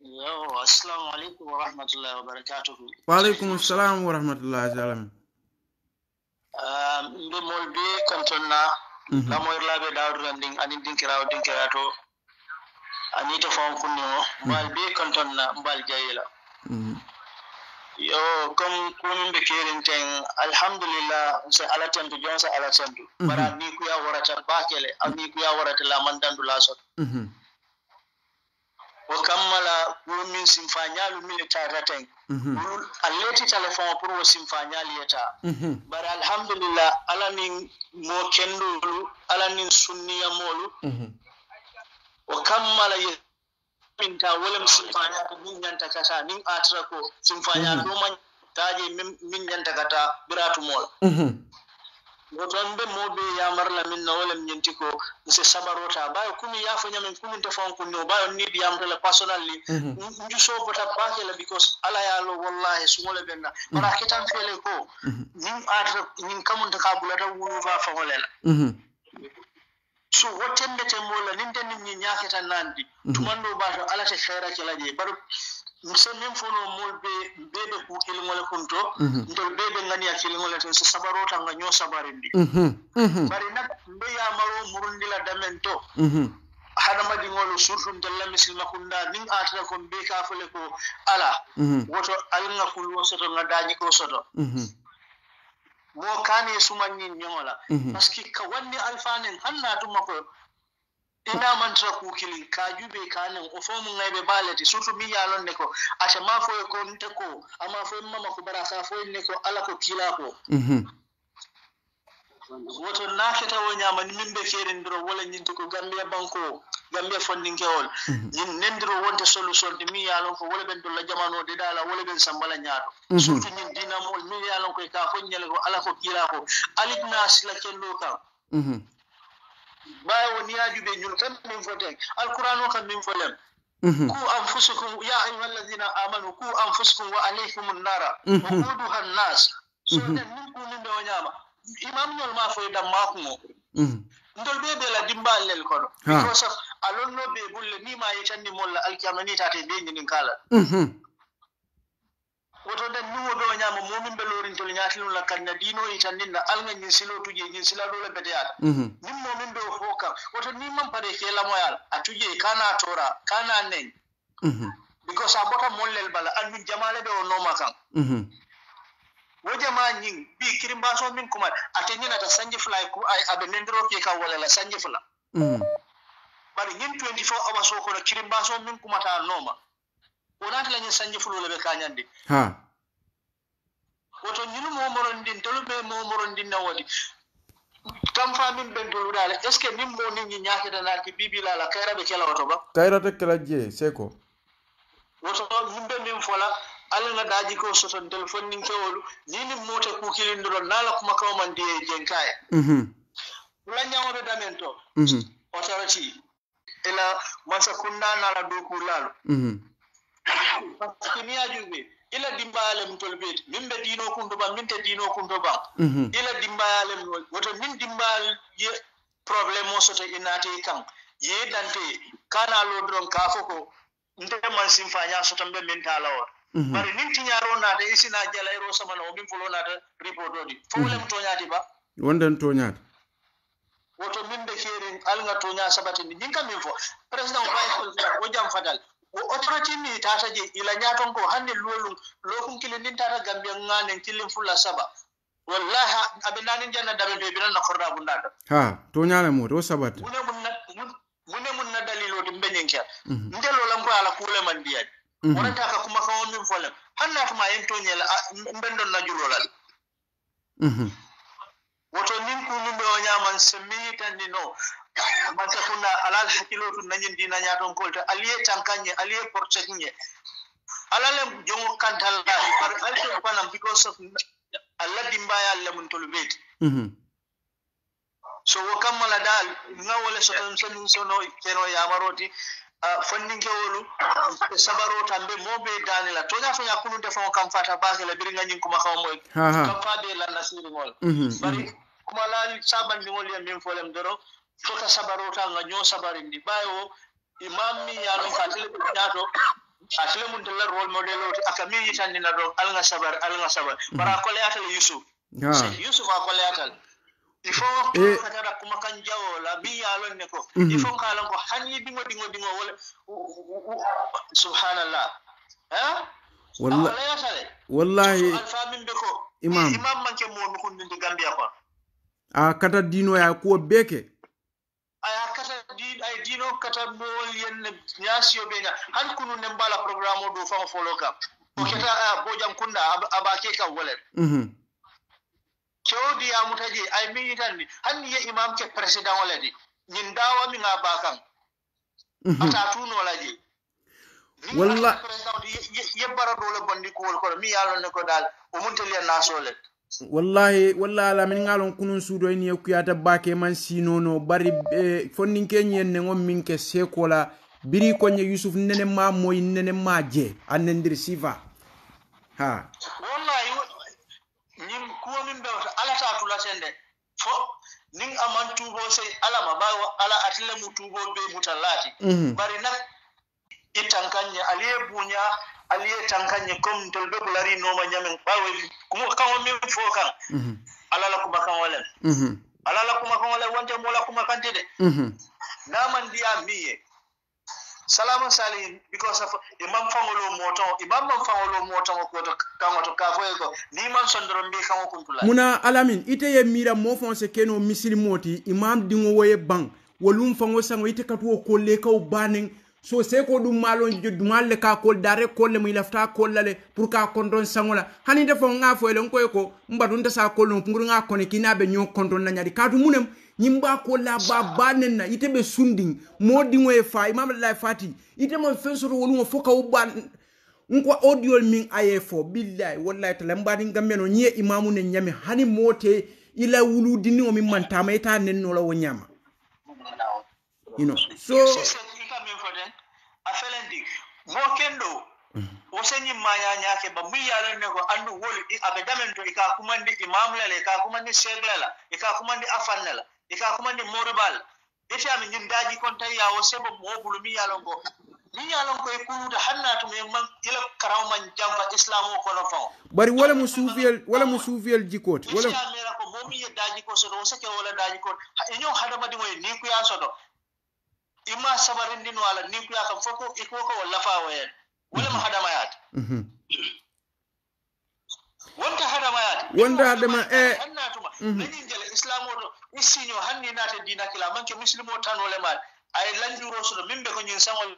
yo assalamu alaikum wa rahmatullahi wa barakatuh wa alaikum assalam wa rahmatullahi ah, be molbe kantonna Mm-hmm. lamoyirlaɓe lawru tan ɗin anin dinkirawo dinkira to anita fon kunni o mbal mm-hmm. be kontonna mbal jayila mm-hmm. yo comme komin ɓe kerinten alhamdulillah so ala tentu jon so ala tentu bara ni kuya warata bakele a ni kuya warata lamandandu lasot mm -hmm wo kammala wo min simfañaalu min tata ten mhm. wolu alleti téléphone pour wo simfañaalu yeta mhm. bari alhamdulillah ala nin mo kendolu ala nin sunniyamolu mhm. wo kammala ye min ta wolem simfañaalu min ñanta kata nin atrako ko simfañaalu ɗo ma taje min ñanta kata biratumola be moɓe yamarla min nawolem ñinti ko nse sabarota bayo kumi yafoñamen kumin tefon kunni o bayo niɓe yamrela personnalli mhm. jusobota bakela because ala yalo wallahi sumole ɓenna wona mhm. ketan fele ko mhm. nin adata nin kamunta ka bulata wuluva fagolela so wottembe tembola nin ten nin ñi ñaketan nandi tumanɗo bato alate feera kelaje baɗo nse min fono mol be be ku kilingole kunto mhm. ntol bebe ngani ya kilingole to se sabaro tanga nyo sabarindi bare nak mbe ya maro murundi la to mhm. hada madiŋolu surtout ntella misilma kunda niŋ atata ko mbe ka fole ko ala mhm. woto al aliŋa kulwo soto ŋa dañiko soto mo kane sumanñin ñoŋo la parce que ka wanni alfanen hanna tuma ko ina mantra ku kilin ka jube ka nan o fo mun ngai balati sutu mi ya ne ko asha ma fo e ko nte ko ama fo e mama ko bara sa fo ne mhm. e ko ala ko kila ko woto naketa wo ñama ni min ɓe kerindiro wala ñinde ko gambia banque o gambia fondinkewol ñin nendiro wonte solution ɗe mi yalon ko wala ɓen dolla jamano de dala wala ɓen sambala ñaaɗo surtout ñin dinamol mi yalon koye ka fo ñele ko ala ko kira ko alijna sila kello kan mhm bawo ni yajuɓe ñun tan min foten alquran o kam min foten mhm. ku anfusukum ya ayuha alladina amanu ku anfusukum wa alaykum nnara mhm. wa quduha nnas soden mhm. min kuminɓe o ñama imamñol ma foye dammakumo ndol ɓe ɓela dimballel kono because of alonno ɓe bulle ni ma yetanni molla alkiyama ni tate ɓe ñinin kalal woto den ni wobe o ñama momin be lorintol ñatilum la kanna dino yitandin na alga ñin silo tuje ñin sila dole bedeyala nin mhm. momin be o fo kan woto ni man pade ke lamoyala a tuje kana tora kana nen mhm. because a bota mollel bala andum jamale ɓe o noma kan mhm. wo jama ñin bi kirimbaso min kumat ate ñinata sanji ay aɓe nendiro ke kan walela sanji fula bari ñin 24 hours o kono kirimbaso min kumata noma wonata la sanji fulole ɓe kañandi ha woto ñinu momorondin tolu ɓe momorondin na waɗi kam fa min ɓen toluɗale est ce que min mo nin ñi ñaketanaki bibilala kayra ɓe kelawoto woto ba kayrata kela jee seeko woto yimɓe min fola alla na ko soton téléphone nin kewolu nini mote kukilindiron nala kuma kawman de jenkaye wula mhm. ñawoɓe damen to mhm. authority ila masa kunda nala dow paskiniyaji ɓe ila dimbayale tol ɓeeti min ɓe ɗiino kunto ɓam min te ɗiino kunto ɓam mhm. ila dimbayale woto min dimbayal ye probléme o soto e naate kan yeedante kana loodiron ka fo ko nte man simfaña soto mbe min taala mhm. bari nin tiñaaro naata isina sina jalayro samana o min fulo naata report oɗi fo wolem mhm. toñaati ba wonden toñaati woto min ɓe keerin alga toña sabatindi ñin kam min fo président o bayi o jam fadal wo autorité mi tata je ila ñaton ko hande lolum lokum kile nin tata gambia ngane killin fulla saba wallahi abe nani janna dabe be bi nanna korda bu nada ha to nyaale mo do sabata mune mun na mune mun na dalilo dum benen kiya mhm. nde lo lam ko ala kule man biya mhm. wona ta ka kuma kawon min folam hanna ko ma en to nyela mben don na julo lal mhm woto nin ku nun be o nyaaman semmi tan ni no mansa tunna alal hakkilo tun nañindi nañaton kolta aliye tankañe aliye porteñe alalem jongo kantallahi par alten fanam because of allah dimbayal lemun tolu ɓeyti mm-hmm. so wo kammala dal ngawole sotan sani sono keno yamaroti ah, fonninkewolu sabaro tambe moɓe danila toña toña kununte fon kam fata bakela biri gañin kuma kaw moy kam faade lanna sirigol mm-hmm, bari mm-hmm. kuma laal sabandingol ya min folem doro fota sabarota nga ñoo sabarindi ɓayo imam mi yalon ka tele ɓe ñaato a tele mum della role model oti aka mi yitandina ɗon alga sabar alga sabar mm-hmm. bara koleyatal yusuf yusuf a koleyatal il faut eh. katara kuma kan jawo la mi yalon ne ko mm-hmm. il faut kalan ko hanni dingo dingo dingo wala subhanallah wallahi wallahi alfamin ko imam imam manke mo nukundindi gambia quoi a kata dinoya kuwo beke aya kata ay dino kata bool yenne ñaasiyo ɓeenga han kunu nde mbaala programme o ɗo fama folo kam o mhm. keta a ah, boojam kunnda aba ke kam wolen mhm. kewdiyamu taji ay mini tan ni han ye imam ke président oledi min dawa mi nga ba kam mhm. ata tunolaji wallaprésidentyebbara ɗo le bonndi kuwol kono mi yalonne ko dal o muntelia naasole wallahi walla ala min ngalon kunun suudo eni yekkuyata bake man sinono bari e eh, fonninkeñi enne on min ke sekola biri koñe yusuf nene ma moyi nene ma je annendir sifa ha wallahi ñin kuwomin ɓewta alata tulate nde fo nin aman tubo sey alama bawo ala atilemu tubo be mutallati mm -hmm. bari nak ittan kanñe aliye buña aliye tankaŋ comme tol be bulari nooma ñameŋ ɓawe kuma kaŋo miŋ mhm. fo kaŋ ala la kuma kaŋo lem ala la kuma kaŋo wala wonte mo la kuma kante tede da mhm. man dia miŋ salama sali because of imam fangolo moto imam man fangolo moto ko to kango to ka ko ni man sondro mbi kango kuntula muna alamin ite ye mira mo fon se keno misil moti imam dingo woye bang wolum fango sango ite katuo kolle kaw banen so sey ko ɗum malojo dumalle ka kol dare kolle mo ilafta kollale pour ka konton sangola hani defo ga foylen koye ko mbatunta sa kolno pour ga kone kinaɓe ño konton lañadi katu munem ñimba kolla ba banen na itebe ɓe sundin modiŋo e fa imamadallah fati itema fen soto woluŋo fo kawo ba nko audiol min aye fo billahi wallahi tala mbaɗin gammeno ñiye imamu ne ñami hani mote ila wuludiniŋo min mantama ita nennola wo you know so mo kendo mm. o sanyi ma nyake ba mu yaran ne ko andu woli abe damen to ika kumandi imamla le ika kumandi sheglala ika kumandi afannala ika kumandi moribal ite ami nyim daji kon ya o sebo mo bulu mi yalon ko mi yalon ko e kunuta hanna to men man ila karaw man jamba islamu ko no fa bari wala mu sufiyal wala mu sufiyal jikot wala mi ko mo mi daji ko so do sake wala daji ko e nyon hadama di moy ni ku ya so do imma sabarindin wala nucléa kam fof e ko ikokowo lafawo hen wolema mhm. haɗamayaade mhm. wonta haɗamayaade wonta haɗama eannatuma eh. dañi mhm. jele islam o to issiño hanni naate dinakila manke muslim o tan wolemaade ay lanjuro sono minɓe ko ñin sanol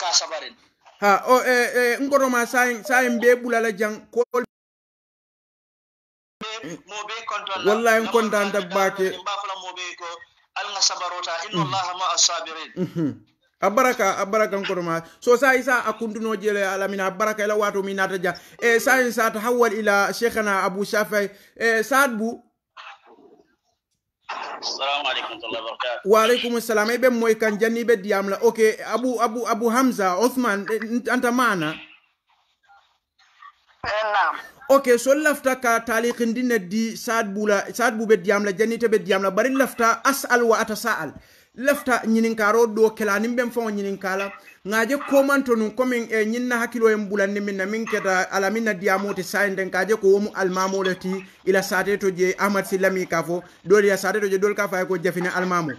ka sabarin ha o e e ngotoma sasahen ɓe ɓulala jang kolmo ɓe contoa wallahi contan dabbake mbafalamoɓe ko al sabarota inna allaha ma asabirin a baraka a baraka nkoroma so sa isa a jele alamina a baraka ila wato mi nata ja e sa in sa tahawal ila shekhana abu shafai e saad bu assalamu alaikum wa alaikum assalam e be moy kan janni be diam la okay abu abu abu hamza uthman e, anta mana ok so lafta ka taliqindinne di saad bula saad bube diyam la janite be diyam la bari lafta as'al wa ata saal lafta ñininkaro ɗo kelanin ɓen fawo ñininkala ngaje komanto nun komin e ñinna hakkilo en ɓulanni min na min keta ala min na diyamote ka kaje ko womu almamole ti ila sate to je ahmad sillami ka fo ɗol ya sate to je dol ka fay ko jafine almamo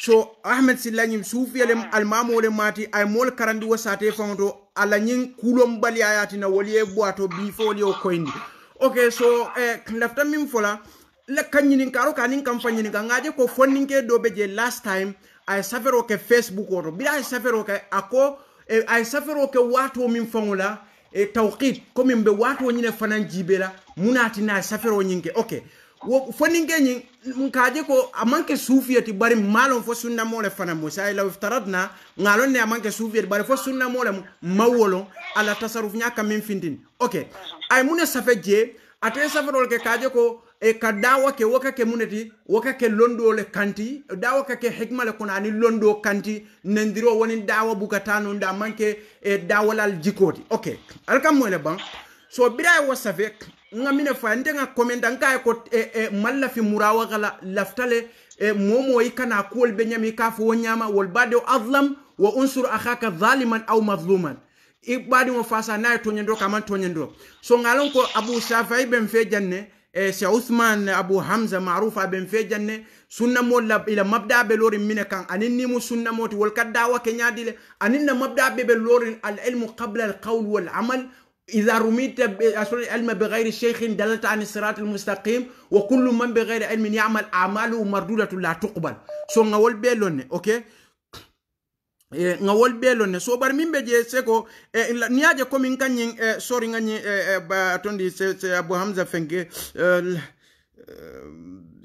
so ahmed sillañim suufiyelem almamole mati ay mol karandi wo sate fawoto ala ñiŋ kulom baliyayatina wolu ye bowato biifo wolu ye koyindi ok so eh, lafta miŋ fola la la ka ɲininkaro kam niŋ kanfa ɲininka ŋa ko fonninke do be je last time a ye safero ke facebook woto biri a ye safero ke a ko a ye safero ke waato miŋ faŋo la eh, tawkid komin be waato ñine fanaŋ jibela la munaati na a ye safero ñiŋ ke ok wo foni ngenyi nkaje ko amanke sufiyati bari malon fo sunna mole fana musa ila iftaradna ngalon ne amanke sufiyati bari fo sunna mole mawolo ala tasaruf nyaka min findin okay ay mune safe je ate safe dol ke kaje ko e ka dawa ke woka ke muneti woka ke londo le kanti dawa ke hikma le kunani londo kanti nendiro woni dawa bukatano nda manke e dawalal jikoti okay alkam mo le ban so bira wo safe nga mine fa nde nga komenda nga ko e, e, malla fi murawa gala laftale e, momo ikana kuol fo nyama wol bade o azlam wa unsur akhaka zaliman au mazluman bade mo fasa na tonyendo kama nyendo so ngalon ko abu shafai ben fe janne e se usman abu hamza ma'rufa ben fe janne sunna mo la ila mabda be lori mine kan anin ni mu sunna moti wal kaddawa ke nyaadile anin na mabda be be lori al ilmu qabla al qawl wal amal إذا رميت آه، علم بغير شيخ دلت عن الصراط المستقيم وكل من بغير علم يعمل أعماله مردودة لا تقبل سو نقول بيلون أوكي نقول بيلون سو بار so بيجي سكو نياجة je seko e سوري ko min kanyin e sori ngani e abu hamza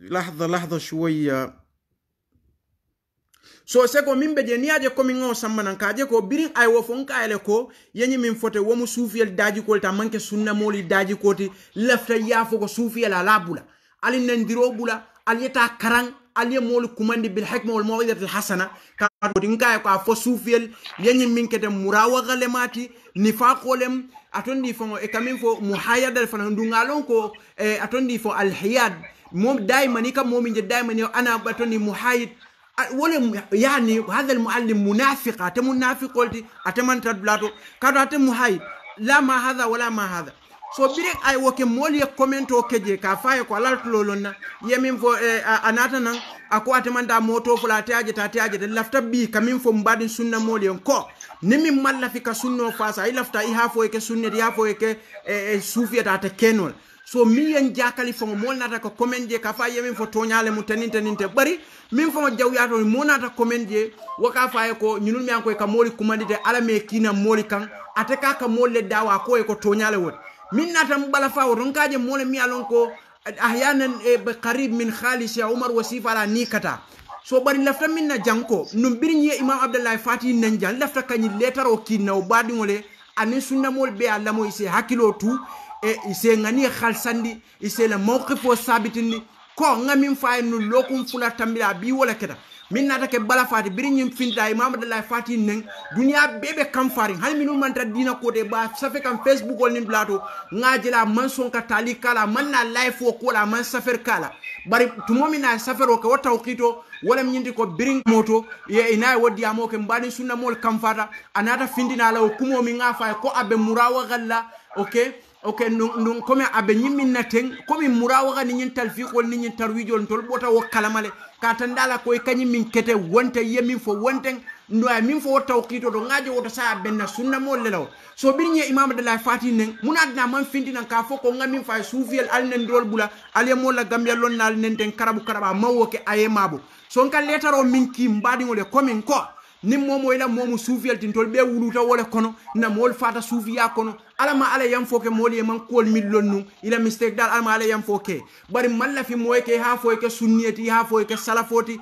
لحظه لحظه شويه so sego min be je niyaje komin o sammanankaje ko birin ay wo fon ele ko yenyi min fote womu daji ko ta manke sunna moli daji ko ti lefta yafo ko soufiel ala bula ali nandiro bula ali yeta karan ali ye moolu bil hikma wal mawidati lhasana kaoti ka ko a fo soufiel yenyi min kete murawagalemaati nifaqolem atondi fo e kamin fo muhayadal fana lon ko e eh, atondi fo al hiyad mom daymani kam momin je daymani ana batoni muhayid wole yani hadha almuallim munafiqa ate munafiqolti ate mantat bulato kato ate mu hay la ma hadha wala ma hadha so bire ay woke moolu ye o keje ka faye ko alal to lon na ye min fo eh, a nan ako atemanta moto fula ate ta ate ajeta lafta bi kamin fo mbaɗin sunna mol en ko ni min mallafi sunno fasa i lafta i ha fo ke sunnete ya fo ke eh, eh, ate kenol so miyen jakali fo mo nata ko comment je ka fa yemin fo toñale mu teninte taninte bari min jaw jawyato mo nata comment je waka fa ko ñunul mi an koy ka moli kumandite ala me kina moli kan ate ka ka molle dawa ko e ko toñale wot min nata mu bala fa woton kaje mole mi alon ko ahyana e qarib min khalis ya umar wasifa ala ni so bari lafta min na janko num birñi imam abdullahi fati nan jan lafta kañi letaro kinnaw ani sunna sunnamol be a lamoy se hakkilo tout e ise ngani khalsandi ise la mawqifo sabitindi ko ngamin fay nu lokum fula tambila bi wala keda min nata ke bala fati biri ñim finta imam abdallah fati neng duniya bebe kam fari han minu manta dina kote ba safe kam facebook ol nin blato ngajila man son ka tali kala man na life wo kola man safer kala bari tumomi na safer o ke wata okito wala ñindi ko birin moto ye ina wodi amo ke mbani sunna mol kam fata anata findina la o kumo mi ngafa ko abe murawa galla okay ok ndun kome aɓe ñimminna ten komin murawaga ni ñin talfiqol ni ñin tarwijol tol ɓota wo kalamale ka tan dala koye kañum min kete wonte ye min fo wonten ndo ay min fo wo tawqito to ngaji woto sa benna sunna lelaw so ɓirin ye imama de la fati nen munadna man fintinan ka fo ko ngamin fa suufiyel alnendirol ɓula aliye molla gambiyal lon naal nen ten karabu karaɓa mawwo ke aye So son ka letaro min ki mbaɗiŋole komin ko nin momo ila momu suufiyel tin tol ɓe wuluta wole kono na mool fata suufiya kono alama ala yam foke moli e man kol mil lonnu ila mistake dal alama ala yam foke bari malla fi moy ke ha foy ke sunniyati ha foy ke salafoti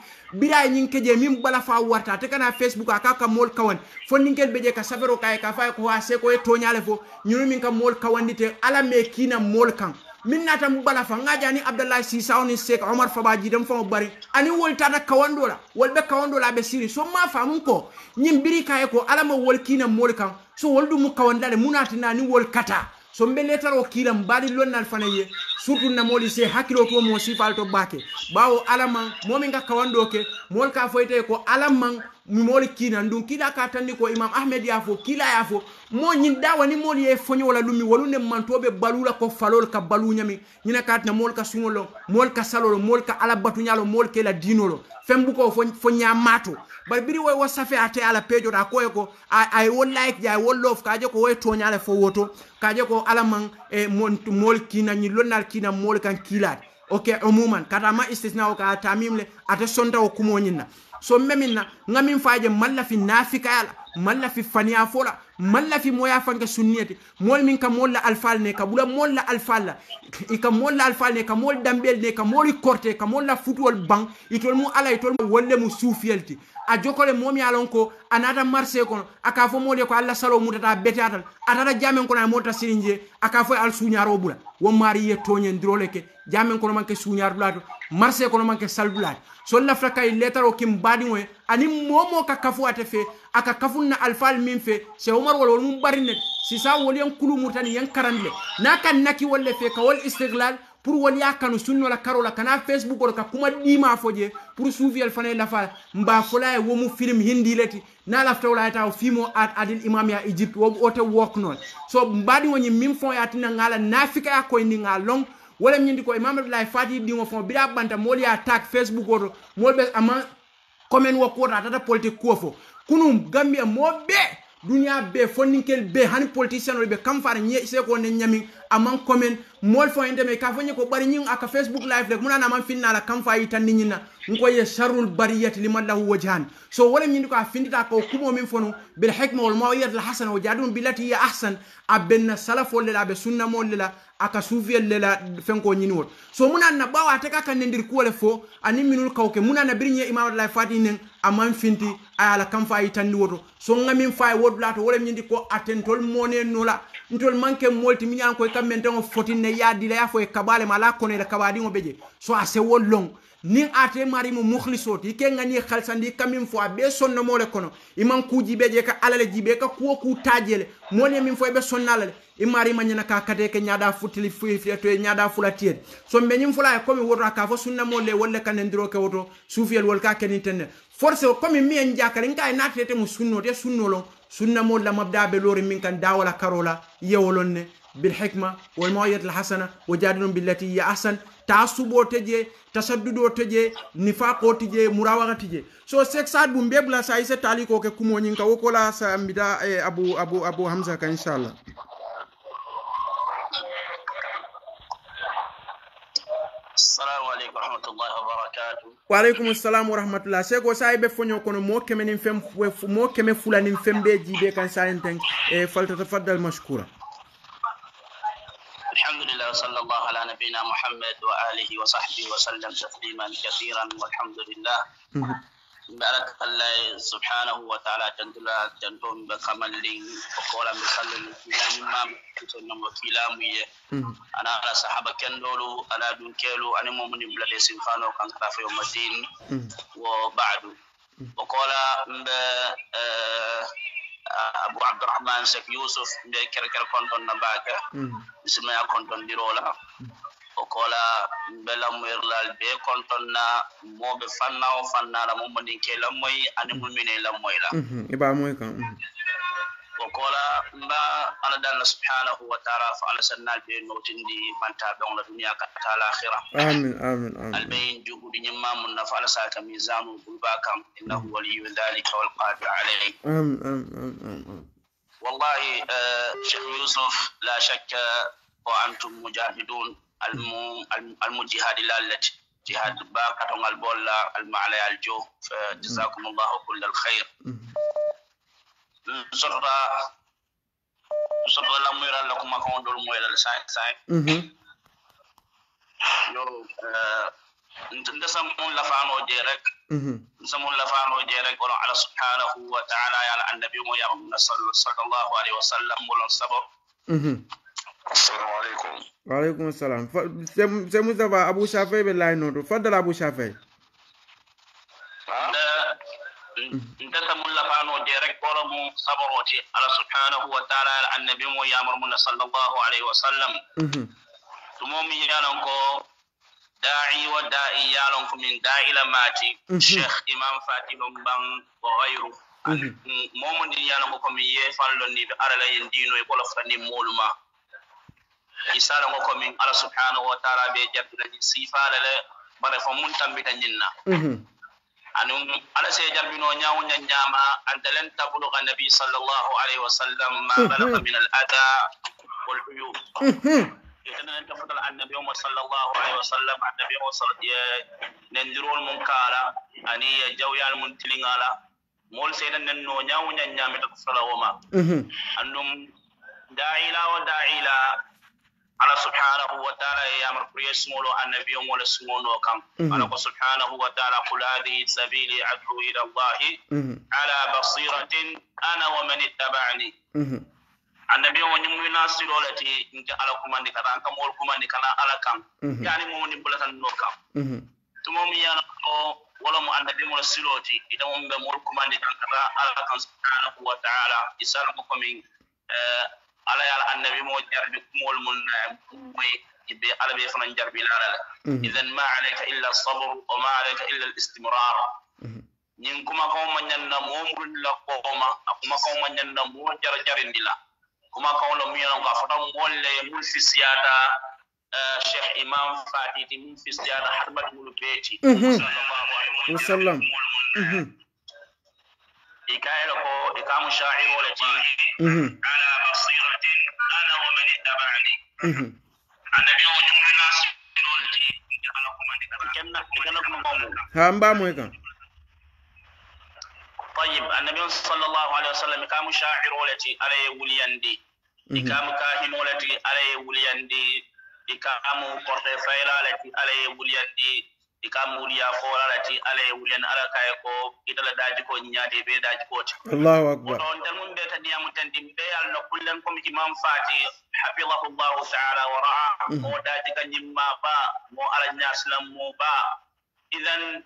bira e nyin ke je min bala fa warta te kana facebook aka ka mol kawan fon nin kel beje ka safero kay e ka fa ko ha se ko e tonyale fo nyunu min ka mol kawandite ala me kina mol kan min nata mu bala fa ngajani abdallah sisaw ni sek omar fabaji dem fon bari ani wol tata kawandola wol be kawandola be siri so ma famun ko nyim biri kaye ko alama wol kina mol so wol dum kawandale munati na ni wol kata so mbe letaro kiilam mbaɗi lonnal fana ye surtout namoli se hakkilo to mo sifal to bake ɓawo alaman momin ga kawanɗo ke mol ka foytawi ko alaman mimoli kiinan ɗum kiila ka tanni ko imam ahmed ya kila kiila ya fo mo ñin dawani mol ye foñowola lumi walunde mantoɓe balula ko falol ka baluñami ñina katina mol ka suŋolo mol ka salolo mol ka alabatuñalo mol kela dinolo fembuko fo ñamato bar biri way wo safe ate ala pejota koye ko ay wo like ya ay wo love kaje ko way toñale fo woto kaje ko ala man e eh, mool kina ñi lonnal kina mool kan kiilaade ok umuman kata ma istisna o ka tamimle ate sonta o nyina so memin na ngamin faje malla fi nafika nafikayala malla fi fania fola malla fi moya fanga sunniyati mol min ka molla alfal ne ka bula molla alfal la i ka molla alfal ne ka mol dambel ne ka moli korte ka molla futwol ban itol mu ala itol mu wolle mu sufiyelti a jokole momi alon ko anata marché kono aka fo mole ko alla salo mutata betiatal atata jamen kono mota sirinje aka fo al suñaro bula won mari ye toñen drole ke jamen kono manke suñar bulato marché kono manke sal bula, so lafta kay letaro kim badi ngoy ani momo ka kafu ate fe aka kafunna alfal min fe se umar wol wol mum barine sisa wol yan kulu mutani yan karandle naka naki wolle fe ka wol istiglal pour waliya kanu sunnola karola kana facebook ko ka kuma ɗima fo je pour suufiyal fane la lafa mba fola e womu film hindi leti na la yata o fimo at adil imam ya egypte wo ote wok non so mbaɗi woni min fon ya tina ngala nafika ya ko ni ngalong wala ñindi ko imam abdoulaye fati ɗimo fon biɗa ɓanta mool ya tak facebook oto mool ɓe ama commen wokkota tata politique ko fo kunum gambia mo be dunia be kel be han politician oɓe kam fara se ko ne ñamin aman comment mol fo indeme ka fanyi ko bari nyin aka facebook live rek munana man finna la kam fayi tan nyin na ngo ye sharrul bariyati liman lahu wajhan so wala nyin ko findita ko kumo min fonu bil hikma wal mawiyat al hasana wajadun billati ya ahsan abenna salafo lela be sunna mo lela aka sufiyel lela fenko nyin wot so munana bawa te ka kan ndir ko le fo ani minul kawke munana birnye imam al fati nen aman finti ala kam fayi tan woto so ngamin fayi wodulato wala nyin ko atentol monen nola ntol manke molti minyan ko kam men tan fotinne yaadila la fo e kaɓale ma ala kono ela kaɓaɗiŋo ɓe je so a sewo long nin ate mari mu mukhlisoti ke ngani khalsandi kamin fo abe sonno mole kono iman kuji be je ka alale jibe ka kuo ku tajele mole min fo e be sonnalale imari manyana ka kate ke nyada futili fuifi to e nyada fulatiet so mbe nyim fula e ko mi woto ka fo sunna mole wolle kan ndiro ke woto sufiel wol ka ken tenne forse ko mi mi en jakare ngai natete mu sunno te sunno lo sunna mole mabda be lori min kan dawala karola yewolonne بالحكمة والموعية الحسنة وجادلهم بالتي هي أحسن تعصبو تجي تشددو تجي نفاقو تجي مراوغة تجي so سيك ساد بمبي بلا سايسة تالي كوكي كمو نينكا وكولا سامبدا أبو أبو أبو حمزة إن شاء الله وعليكم السلام ورحمة الله سيكو سايب فنيو كونو مو كمين فم مو كمين فلان نفهم بيجي بيكان ساينتنك فلتتفضل مشكورا الحمد لله وصلى الله على نبينا محمد وآله وصحبه وسلم تسليما كثيرا والحمد لله بارك الله سبحانه وتعالى جندلا جندون بكملين وقولا بسلم إمام كتن وكيلا مية أنا على صحابة كندولو أنا دون كيلو أنا مؤمن بلاد سبحانه كان كافي يوم الدين وبعد وقولا آه، abou abdourahmane sek yusuf mbe kerker konton na mbake hmm. bisimaya kontondirola hmm. o kola mbe lammoyirlal be kontonna moɓe fanna o fannala mo monin ke lammoyi ani mumine hmm. lammoyla ibamoy kan kola mba ala dalla subhanahu wa ta'ala fa ala sannal be notindi manta be on la dunya ka ta akhirah amin amin amin albayn juhudi nyamma mun na fa ala sa ka mizanu bulba kam innahu waliyyu dhalika wal qadir alayhi amin amin amin والله شيخ يوسف لا شك وانتم مجاهدون المجهاد لالتي جهاد باقة البولا المعلى الجو فجزاكم الله كل الخير sotoɗa sotoɗa lammoyra alla ko maka on ɗol moyral sa sa yo ndesam on lafano je rek ndesam on lafano je rek olon ala subhanahu wa taala yala annabi mo yamuna sallallahu alayhi wa sallam molon sabor السلام عليكم وعليكم السلام سي مصطفى ابو شافعي بالله نور تفضل ابو شافعي انتسم الله فانو ديرك بولم صبروتي على سبحانه وتعالى على النبي مو يامر من صلى الله عليه وسلم ثم ميرانكو داعي ودائي يالونكو من داعي لماتي شيخ امام فاتي بن وغيره مومن دي يالونكو كمي يفالون دي بأرلا يندينو يقول فاني مولما يسالونكو من على سبحانه وتعالى بيجابتنا جي سيفال لي بلخو منتم بتنجلنا anum ala se jarbino ñaw ñan ñama antalen tabulu ga nabi sallallahu alaihi wasallam ma hmm, balagha hmm. min al adha wal uyub إذن أنت فضل عن النبي صلى الله عليه وسلم عن النبي صلى الله عليه وسلم ننجرون منكارا أني جويا المنتلين على مول سيدنا ننو نياو نيا نيا متك صلى وما أنهم داعي لا وداعي لا ala subhanahu wa taala e yamarkuriye sumolo annabiyo mola sumono kan ala ko subhanahu wa taala qul hadihi sabili adu ila allahi ala basiratin ana wa man ittaba'ani annabiyo wo ñimmuyna silole ti nke ala kumandi kata an ka mool kumandi kana ala kan yani momo ni bulatan no kan tumo mi yana ko wala mu annabi mo siloti idan mun be mool kumandi kan kata ala kan subhanahu wa taala isala ko min ala yal annabi mo jarbi kumol mun moy be ala be fana jarbi lala la idan ma alayka illa sabr wa ma alayka illa al-istimrar ñing kuma ko ma ñanna mo murun la ko ma kuma ko ma ñanna mo jar jarindi la kuma ko lo mu yalla ko fata mo le mul fi siyada cheikh imam fatiti mul fi siyada harbat mul beti sallallahu alaihi wasallam ikayelo ko ikamu sha'iro la ji ala basira an ba mu kan طيب النبي صلى الله عليه وسلم كام شاعر ولتي على وليندي إكام كاهن ولتي على وليندي إكام قرطي فيلا لتي على وليندي i muliya ko ala ti ala ye wulen ala ka ko itala la daji ko nyaade be daji ko ta allahu akbar on tan mum ɓe tadiyam tandi al no kullen comme mam faati hafidahu Allahu taala wa raa mo mm. daji ka nimma ba mo ala salam mo ba idan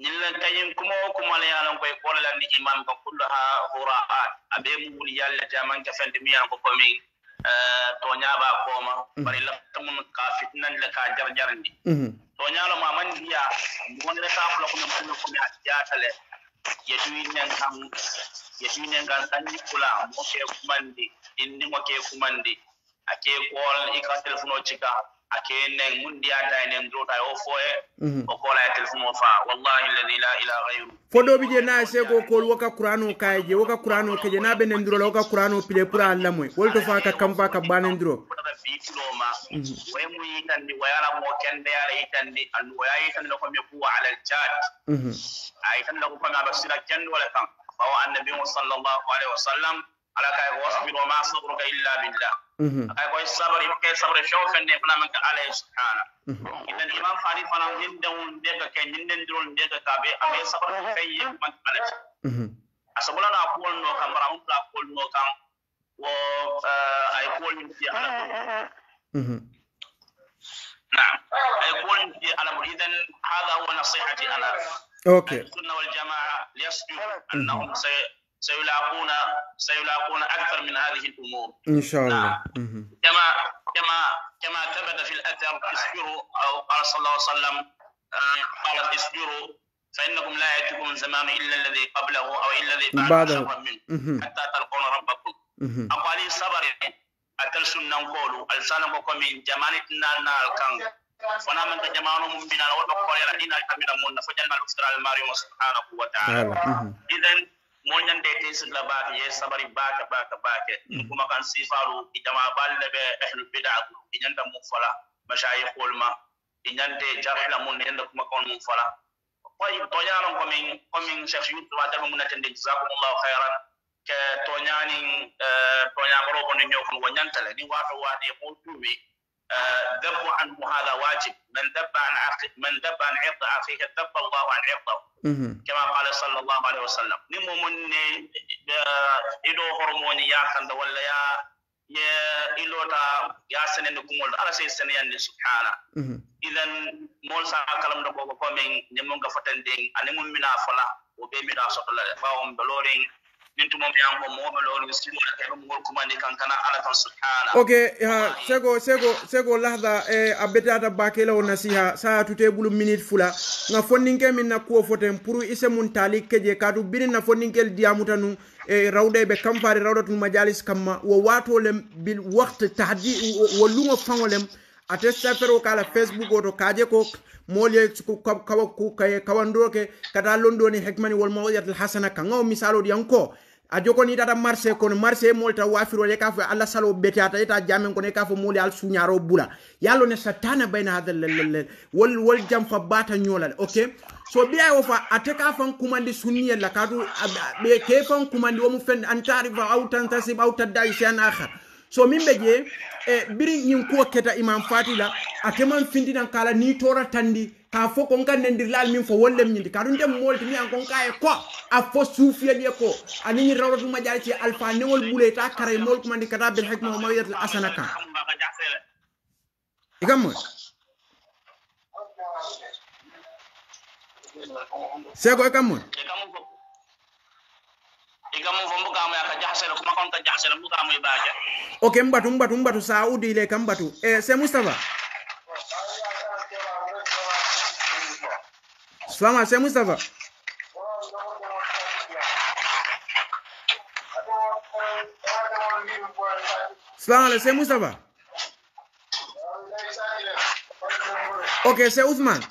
ñillan kañum kuma o kumala yalan koye ni imam ko kullu ha huraat abe mu wuli yalle tamanke fende miyan ko mi eh, to ko ma mm. bari la tamun ka fitnan la ka jar jarandi mm-hmm. to nyalo ma man biya wonre ka fula kuma mun ko ya jatale ya kam kan ya tuinen kan sanni kula mo ke kumandi indi mo ke kumandi ake kol ikatel funo cika akene ngundi ata ene mdota yo foe okola ya telefono fa wallahi alladhi la ilaha ghayru fodo bije na se go kol waka qur'ano kaje waka qur'ano keje na benen dro waka qur'ano pile pura alla moy wolto fa ka kam fa ka banen dro way mu yitandi wayala mo kende ala yitandi an wayala yitandi ko mi kuwa ala chat ay tan ko ma basira kendo wala kam fa annabi sallallahu alaihi wasallam ala kay ko wasbir wa ma sabruka illa billah kay koy sabari kay sabari few fenne fana man ka ala subhana idan imam khali fana hinda un de ka kay hinden dirul de ka be ame sabar fay man ala asabula na ko no kam bara mun la ko no kam wo ay ko min fi ala نعم يكون في الامر اذا هذا هو نصيحتي انا اوكي السنه والجماعه ليصدقوا انهم سي سيلاقون سيلاقون اكثر من هذه الامور ان شاء الله نعم. كما كما كما ثبت في الاثر اصبروا او قال صلى الله عليه وسلم آه، قال اصبروا فانكم لا ياتيكم زمان الا الذي قبله او الا الذي بعده منه حتى تلقون ربكم اقوالي صبر atal sunnan kolu alsana ko komi jamani نال na alkan fona man ta jamanu mum binal wado ko yala dinal tamina mun na fajal mal ustral marium moñan de te sirla baake ye sabari baake baake baake in mm. kuma kan sifaru i jama balle be ahlu bid'a ku i nyanda mu fala mashayikhul ma i nyande jarhla mun nyanda kuma kan mu fala koy toñanon ko min ko min cheikh yusuf adal mun natende jazakumullahu khairan ke toñanin toñakoro ko ni ñokon wo nyantale ni wato waade mo tuubi دب عنه هذا واجب من دب عن عقل من دب عن عرض اخيه دب الله عن عرضه كما قال صلى الله عليه وسلم نمو من ايدو آه، هرموني يا خند ولا يا يا إلوتا يا سنن كمول على سي سنن يعني سبحانه اذا مول سا كلام دو كومين نمو غفتن دين انمو منا فلا وبي منا سوتلا فاهم بلورين min tumam yan ko moɓe lowno miskinola kaɓemugol kumandi kankana ala kan subhana ok ha sego sego sego lahda e a betata bakelawo nasiha saha tute ɓulu minute fula ga fonninke min na kuwo foten pour ise mum taali keje katu birin na fonninkel diyamuta num e rawde ɓe kamfare rawda tun majalis kamma wo watolem bil wakte tahdi wo lugo fangolem ate safere o kala facebook oto kaje ko molye kawa kawandoroke kata londoni hekmani wolma waɗatal hasana kan ga o misal o ɗiyan ko a jokoni tata marché kono marché e mol ta wafirole ka fo allah salo betata ita jamen kono e ka fo mole al suñaro bula yallo ne satana bayna hada lelel wol wol jam fa bata ñolal ok so biya wo e fa ate ka fan kumandi sunniya la kadu be ke fan kumandi wo mu fen antari fa aw tantasib aw tadai shay'an akhar so min be je e eh, biri ñin kuwo keta imam fatila ateman akeman fintinan kala ni tora tandi ka fo kon ka nendirlal min fo wollem ñindi kaɗum nden molti mi an kon ka e ko a fo suufiyel ko aniñi rawratuma jaari ci alpha newol ɓuleyta kara mol kumandi kata bel hikma o mawiyatal asana kan igammo seego e kam mo iga mu fo mbuga moya ka jahsere kuma kon ka jahsere mbuga ok mbatu mbatu mbatu sa udi ile kam mbatu eh c'est Mustafa Salama c'est Mustafa Salama c'est Mustafa Ok c'est Ousmane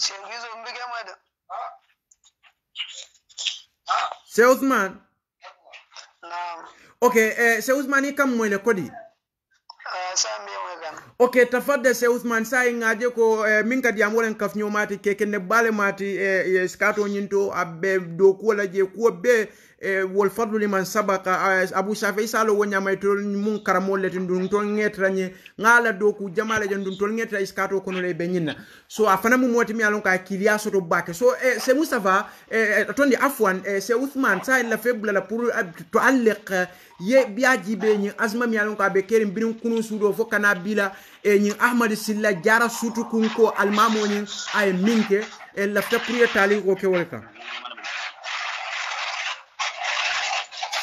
C'est Ousmane okay eh, se Usman kam e mwene kodi eh, e ok tafadda se ousmane sa ŋaje e ko eh, min kadi yam wolen kaf ñomati kekenne bale mati eh, eh, skato ñinto abe do la je kuo be e wol fadlu liman sabaka abu shafi isa lo wonya may to mun karamo le tin dun to ngetra nye ngala do ku jamale jan dun to ngetra iskato kono le benyina so afana mu moti mi alon ka kilia so to bake so e se mustafa e tondi afwan e se uthman sa la febla la pour to alliq ye biaji be nyi azma mi alon ka be kerim birin kunu sudo fo kana bila e nyi ahmad silla jara sutu kunko almamo nyi ay minke e la febla pour ye ko ke wolka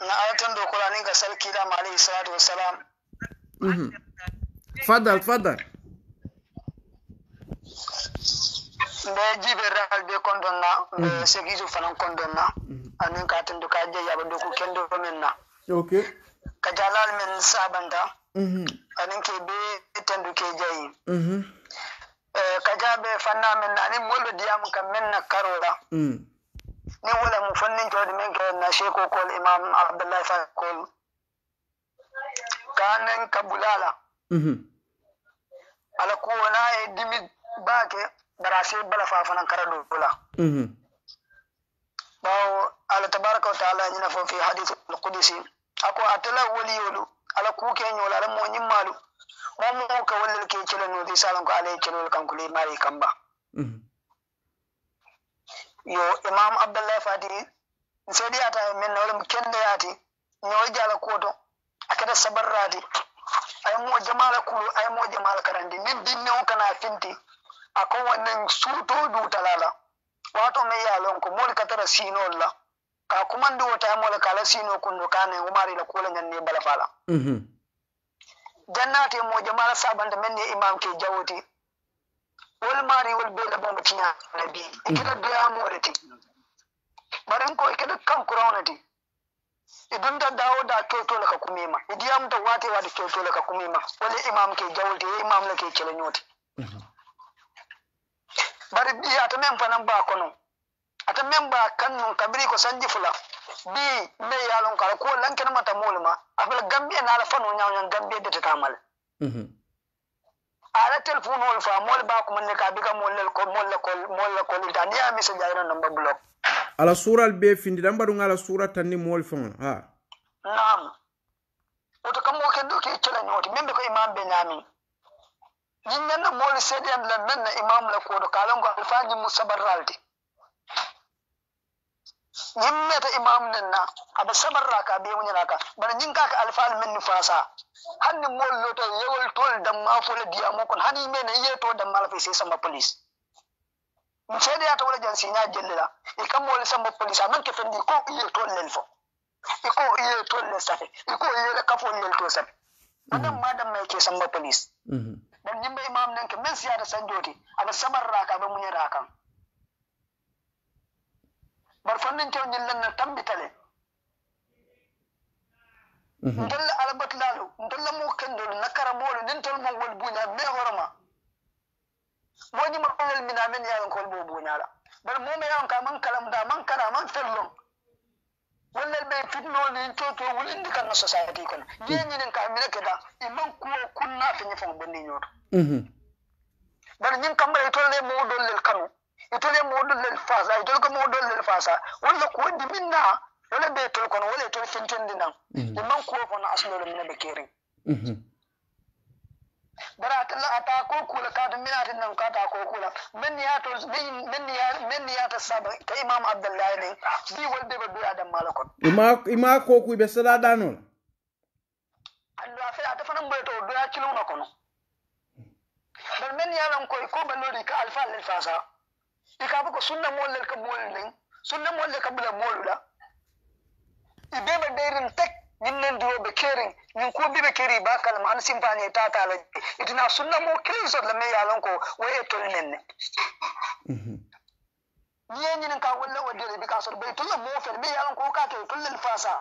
na ayatan dokola ninga sarki da alayhi salatu wassalam mhm. fadal fadal mbe jiɓerral be kondon mbe mhm. sécurité fanan kondon mhm. ka tendu ka jeeyaɓa doku kendo men na ka jalal men sabanta anin ke be tendu ke Eh, kajaɓe fanna men na ni anin molɓe diyam kam men nakkaroɗa mm. ni wala mo fannintoɗe men ke na ko imam fa fakol kanen ka bulala mhm. ala ko n'a e dimi bake bara se bala fafanan kara dola bawo mhm. ala tabaraka wa taala na fo fi hadith al-qudsi ako atala woliyolu ala k'u kukeñol ala nyimalu ramu ka wallal ke kilo no di salan ko alai kilo kan kuli mari ba mm-hmm. yo imam abdullahi fadi sai dai ata min na wala kende yati ni wajala koto akada yi ay mo jamala kulu ay mo jamala karandi min binne o kana finti akon wannan suto du talala wato mai yalon ko mol katara sino la ka kuma ndo ta mol kala sino kundo kane umari la kula ne balafala mhm jannate mo mara sabanta men ni imam ke jawoti wol mari wol beela bomo nabi e keɗa beyamoɗe ti ɓaren ko e keɗa kankurawna ti e ɗum da dawoda la ka kumima e diyamta wate to la ka kumima wole imam ke jawoti, e imam la ke nyoti mhm. bari biya, ata men fanan ba kono ata men ba kan nun kabiri ko sanji fula bi ne ya lon kala ko lan kana mata mol ma afal gambia na alfa no nyaaw gambia de ta mal mm-hmm. ala telephone fa mol ba ko man ka bi ka mol ko mol ko mol ko ta ni ya message ya non number ala sural be findi dan badu ngala sura tan ni mol fa ha naam woto kam moo keddo ke cela nyoti membe ko imam be nyami nyinna moolu sedem la men imam la ko do kalon ko alfaji musabarralde ñimmeta imam nen na aɓe sabarra ka ɓemuñana ka bana ñinkaka alfal men ni fasa hanni molloto yewol tol damma fole diyamo kon hani mene yeto dammala fe sey samba police mi seedeyata wala jan siña jellila i kammole samba police a manke fendi ko iye tol fo i ko iye tol lel safe i ko yele kafol lel to safe anan mm-hmm. madam mai ke samba police dan mm-hmm. ñimɓe imam nen ke men siyata sanjoti aɓe sabarra ka ɓe muñera kan መርፈንንቸው ኝለነ ተንቢተለ እንደለ አለበት ላሉ እንደለ ሞከንዶል ነከረ ሞሉ ንንተል ሞወል ቡኛ ሜሆርማ ወኝ መቆለል ሚና ምን ያን ኮልቦ ቡኛላ በል ሞሜ ያን ካመን ከለምዳ ማን ከራ ማን ተልሎም በይ ፍድኖ ንንቶ ቶ ውል እንድ ከነ ሶሳይቲ ይኮነ የኝንን ካሚነ ከዳ ኢማን ኩዎ ኩና ፍኝፈን በኒኞር በል ኝን ከመሬቶል ሞዶልል ከኑ itole modu lel fasa itole ko modu lel fasa wala ko di minna wala be tol kono wala tol fintin dinan imman ko fona aslo le minna bekere bara tala ata ko kula ka da minna din nan ka ta ko kula min ya to min ya min ya ta saba ta imam abdullah ne bi walde be dura da malakon ima ima ko ku be sada dano Allah fa ta fana mbe to dura kilo na kono bal min ya lan ko ko balori ka alfa lil fasa ikafa ko sunna mollel ka moolu nin sunna mollel ka bula mooluɗa i ɓeɓe ɗeyrin tek ñin nen duroɓe kerin ñin ko mbiɓe keri ba kala ma an simpañe tatala itina sunna mo kirin sotla me yalon ko e toli nen ne ni mhm. ye ñinin ka walla o dere bi ka soto ɓay tolla mo fere mais yalon ko ka ke tollel fasa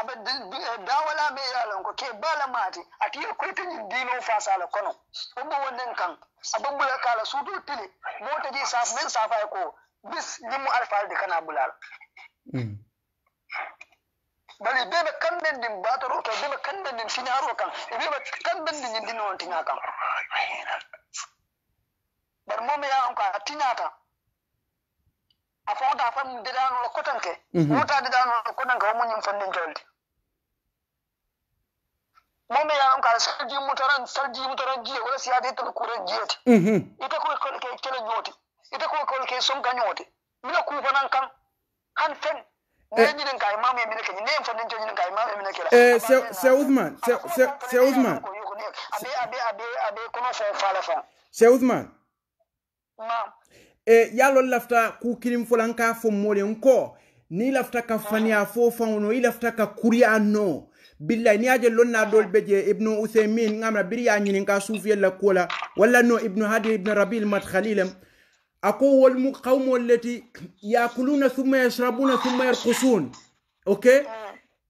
Eh, dawala ɓe yalanko ke bala a ati ye koytañin dino fasala kono kuma wannan kan aɓe bula kala suudu tili motaji saf men safay ko bis ñimmo alfalde kana la. Hmm. bari ɓeɓe kamɓen kan batoro to ɓeɓe kamɓen bai ba kan e ɓeɓe kan ndi ñin ndino on tiña kan bari momi yawan ko a tiñata a fawta fam deɗanolo kotanke wota deɗanolo mun yin fannin jolde mume ya ka sarji mutaran sarji mutaran jiye wala siyade tan kuran jiyete mhm. ite ko ko ke kele nyoti ite ko ko ke som ka nyoti eh. mina ku fanan han fen neñinen se se abe abe abe abe fa fala fa se ma lafta fo ni lafta ka fo i lafta ka kuriya no billahi ni aje lonna dol ah. beje ibnu uthaymin ngamra biriya nyinin ka sufi la kola wala no ibnu hadi ibn rabil mat khalilam ako wal mu qawmu allati yakuluna thumma yashrabuna thumma yarqusun okay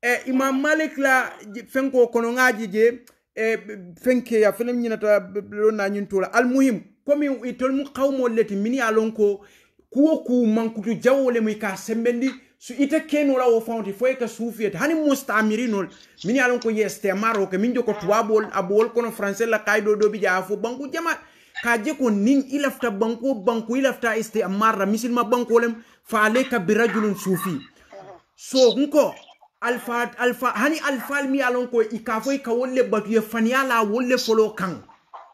e imam malik la fenko kono ngaji je e eh, fenke ya fenam nyinata lonna nyin tola al muhim komi itol mu qawmu allati mini alonko kuwo ku mankutu jawole mu ka sembendi su ite kenola wo fawti foye ka suufiyete hani mustamirinol min ye lon ko ye stemaro ke min joko tuwabol a bowol kono français la kaydo do bi jaa fo banku jama ka je ko nin i lafta banko banku i lafta istemar la misilma bankolem fa alayka birajulun suufi so nko alfa alfa hani alfal mi ye lon ko i ka wolle batuye faniya la wolle folo kan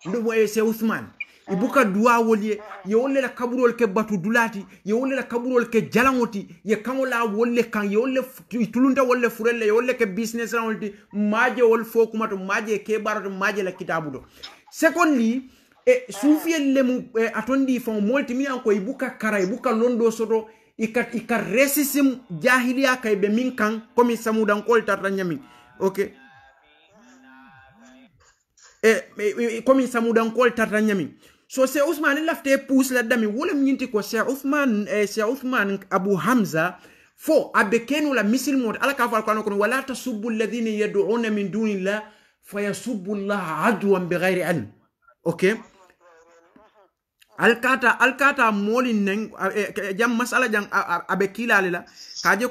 ndo boye se usman ibuka buka duwawol ye ye wol la kaburol ke batu dulati ye wolle la kaburol ke jalaŋo ye kaŋo wolle wol kaŋ ye wolle le tulunta wol le ye wolle ke business raŋol maje wol fo kuma to maaje ye kebaro maje la kitabu do secondly e suufiyel lemu e, atondi faŋo moolu ti miŋ yaŋ ko ibuka kara ibuka londo soto i ka, resisim jahiliya kay i be miŋ kaŋ komi samudankolu tarta nyami ok e, e, e, komi samudankolu tarta ñamiŋ so Sheikh Uthman lafte pousse la dami wolem nyinti ko Sheikh Uthman eh, Sheikh Uthman Abu Hamza fo abekenu la misil mot ala ka falkano kono wala tasubbu alladhina yad'una min dunillah fayasubbu Allah adwan bighairi ilm okay alkata alkata molin neng eh, eh, jam masala jang abe kilale la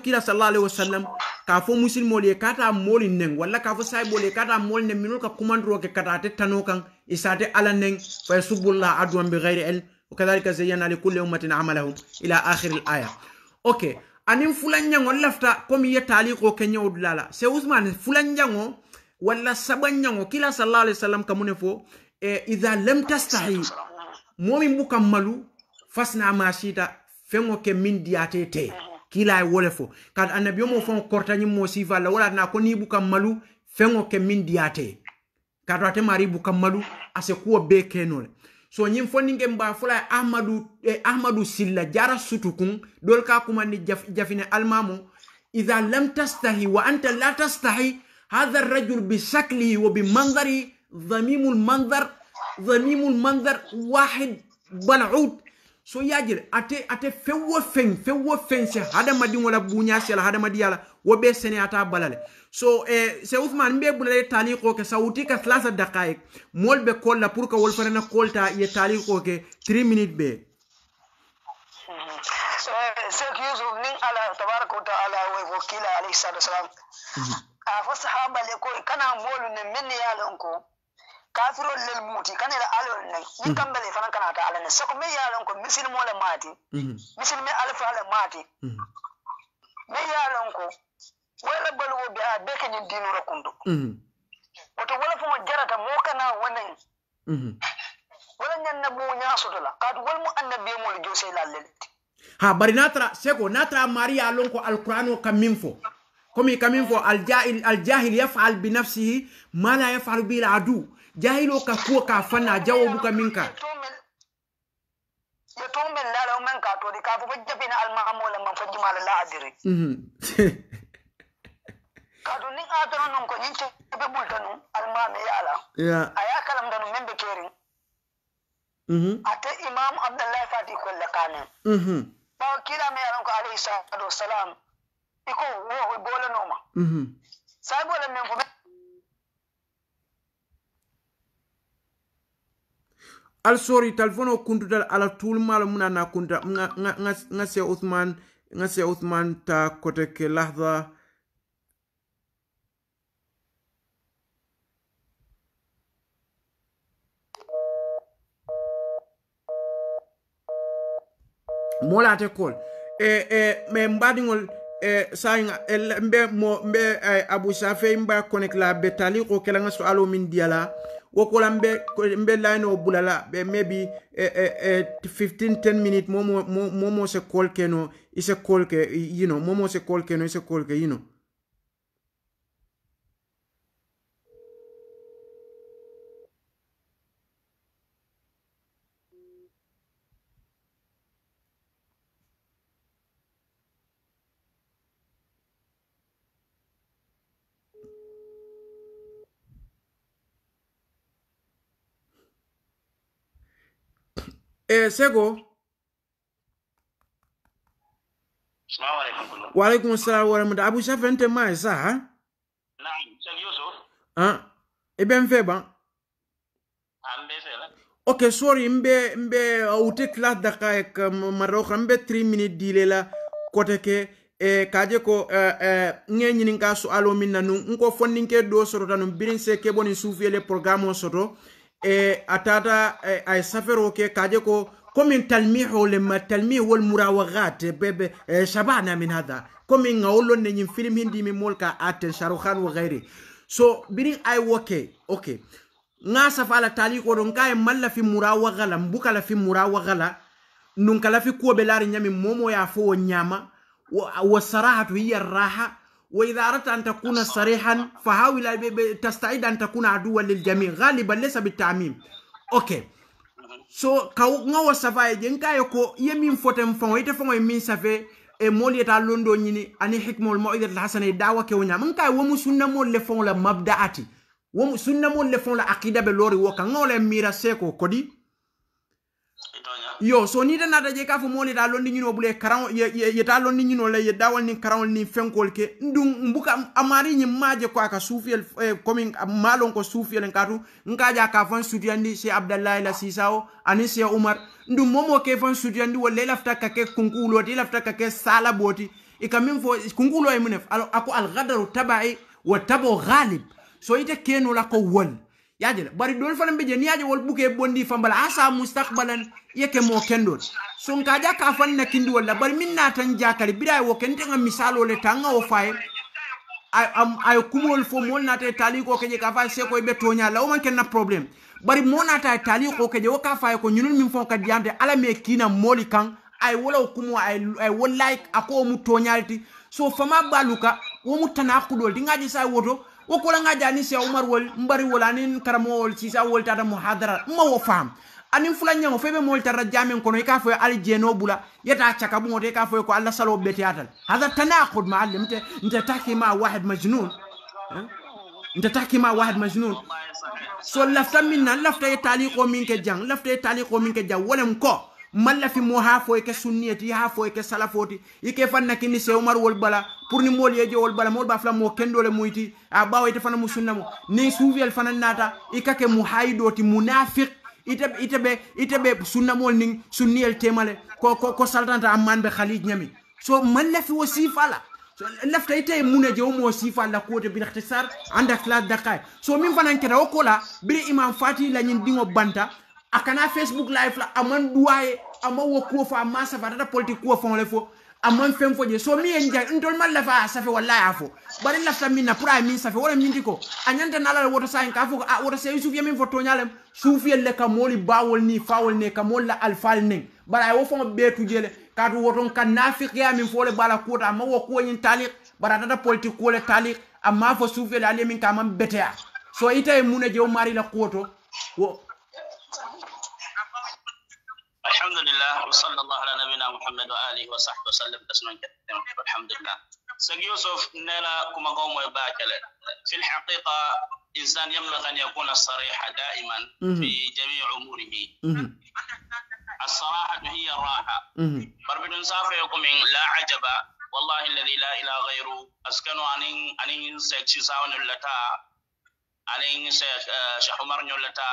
kila sallallahu alaihi wasallam k'a fo musilimolu ye k'a ta moolu neŋ walla k'a fo saayibolu ye k'a ta moolu neŋ minolu ka kumandiro ke ka taa te tanoo kaŋ i se ate ala neŋ fa yasubullaha aduwan bigayri ilm wakadhalika zayyana likulli ummatin amalahum ila akhiri aya ok anin fulanjaŋo lafta komi ye taaliko ke ñewo dula la se usman fulanjaŋo walla sabanjaŋo kila sallallahu alaihi wasallam kamu ne fo e idha lam tastahi momin bukan malu fasna ma sita feŋo ke min diyate te kila ye wole fo kad annabiyo mo faŋo kortañiŋ moo siifa la wala na ko niŋ buka malu feŋo ke miŋ diyaate kaatu ate maari buka malu a se kuwo bee keno le so ñiŋ mba fo ahmadu eh, ahmadu silla jara sutu kuŋ doolu ka kumandi jaf, jafine almamo idha lam tastahi wa anta la tastahi hadha rajul bisaklihi wa bimanzarihi dhamimu lmanzar dhamimu lmanzar wahid balud so yajire ate ate fewwo feŋ fewwo feŋ se hadamadiŋo la buña sela hada la wo be sene ata balale so eh, se uthman mbe bulale taliko ke sawuti ka thlasa daqaik mool be kol la pour que wol fanana kolta ta ye taliko ke 3 minute be eh, Sheikh Yusuf nin Allah tabaraka wa ta'ala wa wakila alayhi salatu wasalam mhm. a ah, fa sahaba le ko kana molu ne min ya lanko kafirol lel muti kane ila alol ne ni mhm. kambe le fana kana ta alane soko me yalon ko misil mo le mati mhm. misil me alfa le mati mhm. me yalon ko wala balwo bi a beke ni dino rakundo wato wala fumo jarata mo kana wannan wala nyan na mu nya sotola kadu wal mu annabi e mo e le jose lalel ha bari natra seko natra maria lon ko alqur'ano kamin fo komi kamin fo aljahil aljahil yaf'al bi nafsihi ma la yaf'al bil adu jahilo ka kuwo ka fanna jawo buka min ka ye ka ka jabina atoro non ko nin men be kerin ate imam abdullahi fati ko la kane mm-hmm. ba kila me yaron ko alayhi salatu wassalam iko wo bolonoma mm-hmm. sai bolan men al sori tal fono kuntutal ala tulmal muna na kunta nga, nga, nga, nga se uthman nga se uthman ta koteke lahdha molate kol e e me mbadiŋol e sayŋa e, mbe mo mbe e, abu safei mba connect la be taliko kelaŋa soalo min diyala wokola mbe mbe line o bulala be maybe eh, eh, eh, 15 10 minute momo momo se kolke no ise ke you know momo se kolke no ise ke you know Eh, Seko. Waalaikum salam warahmatullahi Abu Shafi n tɛ maa ha sa. I bɛ n ban. Ok, sorry, mbe mbe uh, ute kila daka um, maroka mbe 3 minute dile la kote ke eh, kaje ko eh, eh nge nyini nye so alo minna nu nko fonni ke tanu birin se ke boni sufiele e atata e, ay safero ke kaje ko komin talmiho lemma talmih wal murawaghat bebe e, shabana min hada komin ngawlo ne nyim film hindi mi molka aten sharukhan wa ghairi so biri ay woke okay nga safala tali ko don kay malla fi murawaghala mbuka la fi murawaghala nun kala fi ko be nyami momo ya fo nyama wa sarahatu hiya raha وإذا أردت أن تكون صريحا فحاول تستعيد أن تكون عدوا للجميع غالبا ليس بالتعميم أوكي so ka ŋawo safa ye je nka ye ko ye min foten faŋo ite faŋo ye min safe e moli yeta londo ñini ani hikmol maidatul hasana ye dawa kewo ñam nka ye womu sunnamoolu le faŋo la mabda ati wamu sunna mo le faŋo la akida be loori wo ka ŋawo la mira seko kodi yo so ni da nata je ka fo moni da londi ñino bule karan ye ta londi ñino le ye dawal ni karan ni fenkol ke ndum mbuka amari ni maje ko aka soufiel eh, coming ah, malon ko sufiel katu nka ja ka fon sutiyandi che abdallah la sisao ani se umar ndum momo ke fon sutiyandi wolle lafta ka ke kunkulo ti lafta ka ke sala boti e ka min fo kunkulo e munef alo ako al ghadaru tabai wa tabu ghalib so ite kenu la ko won yajele bari dol fanan be je ni yaje wol buke bondi fambala asa mustaqbalan yeke mo kendo son ka ja ka na kindi wala bari min na tan ja kali bira wo kente ngam misalo le tanga o faye ay kumol fo mol na tali ko keje ka fa se ko be tonya la e o man na problem bari mo na ta tali ko keje wo ka fa ko nyunul min fo ka diante ala me kina moli kan ay wala kumo ay ay wala like ako mu tonyalti so fama baluka wo mu tanakudol dingaji sa woto wo nga jani cheikh oumar wol mbari wol anin karamo wol sisa wol tata muhadara ma wo faam anin fulanñango fo ɓe mool tarra jamen kono i e ka foye ala jeeno bula yeta caka buŋoto i e ka fo ko allah salo beteyatal hada tanaqud ma allim te nte tahkima wahid majnun eh? nte tahkima wahid majnun so lafta min lafta ye minke ke jang lafta ye minke ke jang wolem ko malla fi mo ha foy ke sunniyati ha foy ke salafoti ike fanna kini se umar wol bala pour ni mol yeje wol bala mol ba fla mo kendole muyti a bawo ite fanna mu mo ni suufiyal fana nata ika ke muhaidoti munafiq ite ite be ite be sunna mol ning sunniyal temale ko ko, ko saltanta amman be khalid nyami so malla fi so lafta ite muna je mo sifa la kote bil ikhtisar anda kla dakay so min fanan keda o kola bire imam fati la nyin dingo banta a kana facebook live la a man duwa a ma wo kuwo fo a ma safa a tata politique kuwo fɛŋo le fo a man fɛn fo je so mi ye n ja n tolu ma lafa a safe walla y'a fo bari n lafita min na pour a ye min safe wo min ti ko a ɲanta n'ala le woto saa k'a fo a woto sɛ yusufu ye min fɔ toɲa lem suufu le ka moolu bawol ni fawol ne ka moolu la alifal ne bari a ye wo fɛŋo bee tuje le k'a tu woton ka nafikiya min fo le b'a la kuwo ta a ma wo kuwo ɲin taalik bari a tata politique kuwo le taalik a m'a fɔ suufu le ale min k'a man beteya so ita ye mun ne je o mari la kuwo to wo الحمد لله وصلى الله على نبينا محمد وآله وصحبه وسلم تسليما كثيرا الحمد لله سيد يوسف نلا كما قوم باكل في الحقيقة إنسان يملك أن يكون صريحا دائما في جميع أموره الصراحة هي الراحة بربد يقوم لا عجب والله الذي لا إله غيره أسكنوا أن أنين سيكسيساون اللتا عليه شيخ عمر نولتا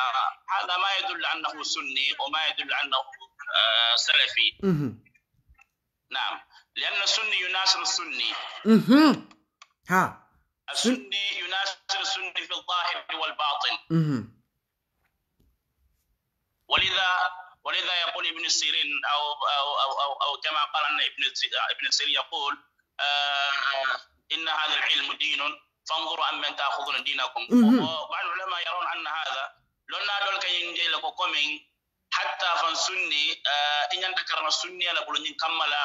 هذا ما يدل أنه سني وما يدل أنه سلفي نعم لأن السني يناصر السني ها السني يناصر السني في الظاهر والباطن ولذا ولذا يقول ابن سيرين أو أو أو أو, أو كما قال أن ابن ابن سيرين يقول آه إن هذا العلم دين فانظروا عمن تأخذون دينكم وبعض العلماء يرون أن هذا لو نادوا كي ينجي لكم hatta fan sunni uh, eh, inyanta karna sunni ala nyin kammala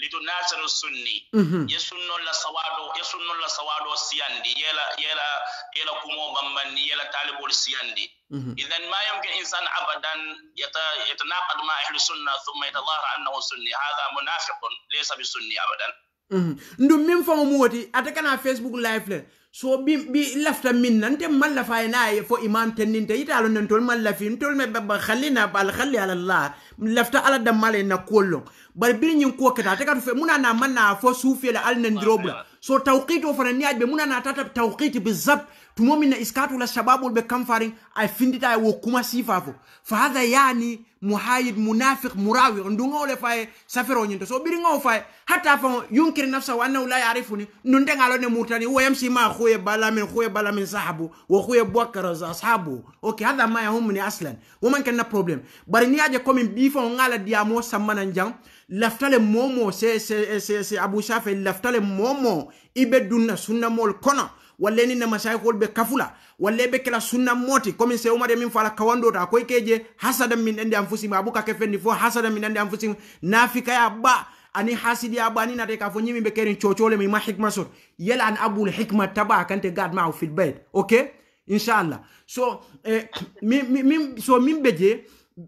lito nasiru sunni mm -hmm. ya sunno la sawado ya sunno la sawado siyandi yela yela yela kumo bambanni yela talibul siyandi mm -hmm. idan ma yumkin insan abadan yata yatanaqad ma ahli sunna thumma yatadhahara annahu sunni hadha munafiqun laysa sunni abadan Mhm. ndum min faŋo muwoti ate kana facebook live le so bi bi lafta min nan te man la fay na fo imam tenninte ite alo nen tol man fi tol me baba khalina na bal khalli ala allah lafta ala da male na kollo bari bi nyin ko kata ta kadu fe muna na man na fo sufi e la al nen drobla so tawqit o fana niaje be muna na ta tawqit bizab tumo min iskatu la shababu be kamfaring ay findita wo kuma sifafo fa hada yani muhayid munafiq murawi ndungole faye safiro nyinto so biri ngo faye hata fa yunkiri nafsa wa annahu la yarifuni nunde ngalo ne murtani wa yamsi ma khuye bala min khuya bala min sahabu wa khuye bwakar za sahabu okay hada ma yahumni aslan wa man na problem bari ni aje komin bifo ngala diamo samana njam laftale momo se se se, se abu shafe laftale momo ibe dunna sunna mol kono walle ni nema shaykhol be kafula walle be kela sunna moti comme se umar min fala kawando ta koy keje hasada min ende anfusima abuka kefendi fo hasada min ende fusi nafika ya ba ani hasidi ya ba ni na ka fo nyimi be kerin chochole mi ma hikma sor yela an abul hikma taba kan te gad ma fil bayt okay inshallah so eh, mi, mi, so min beje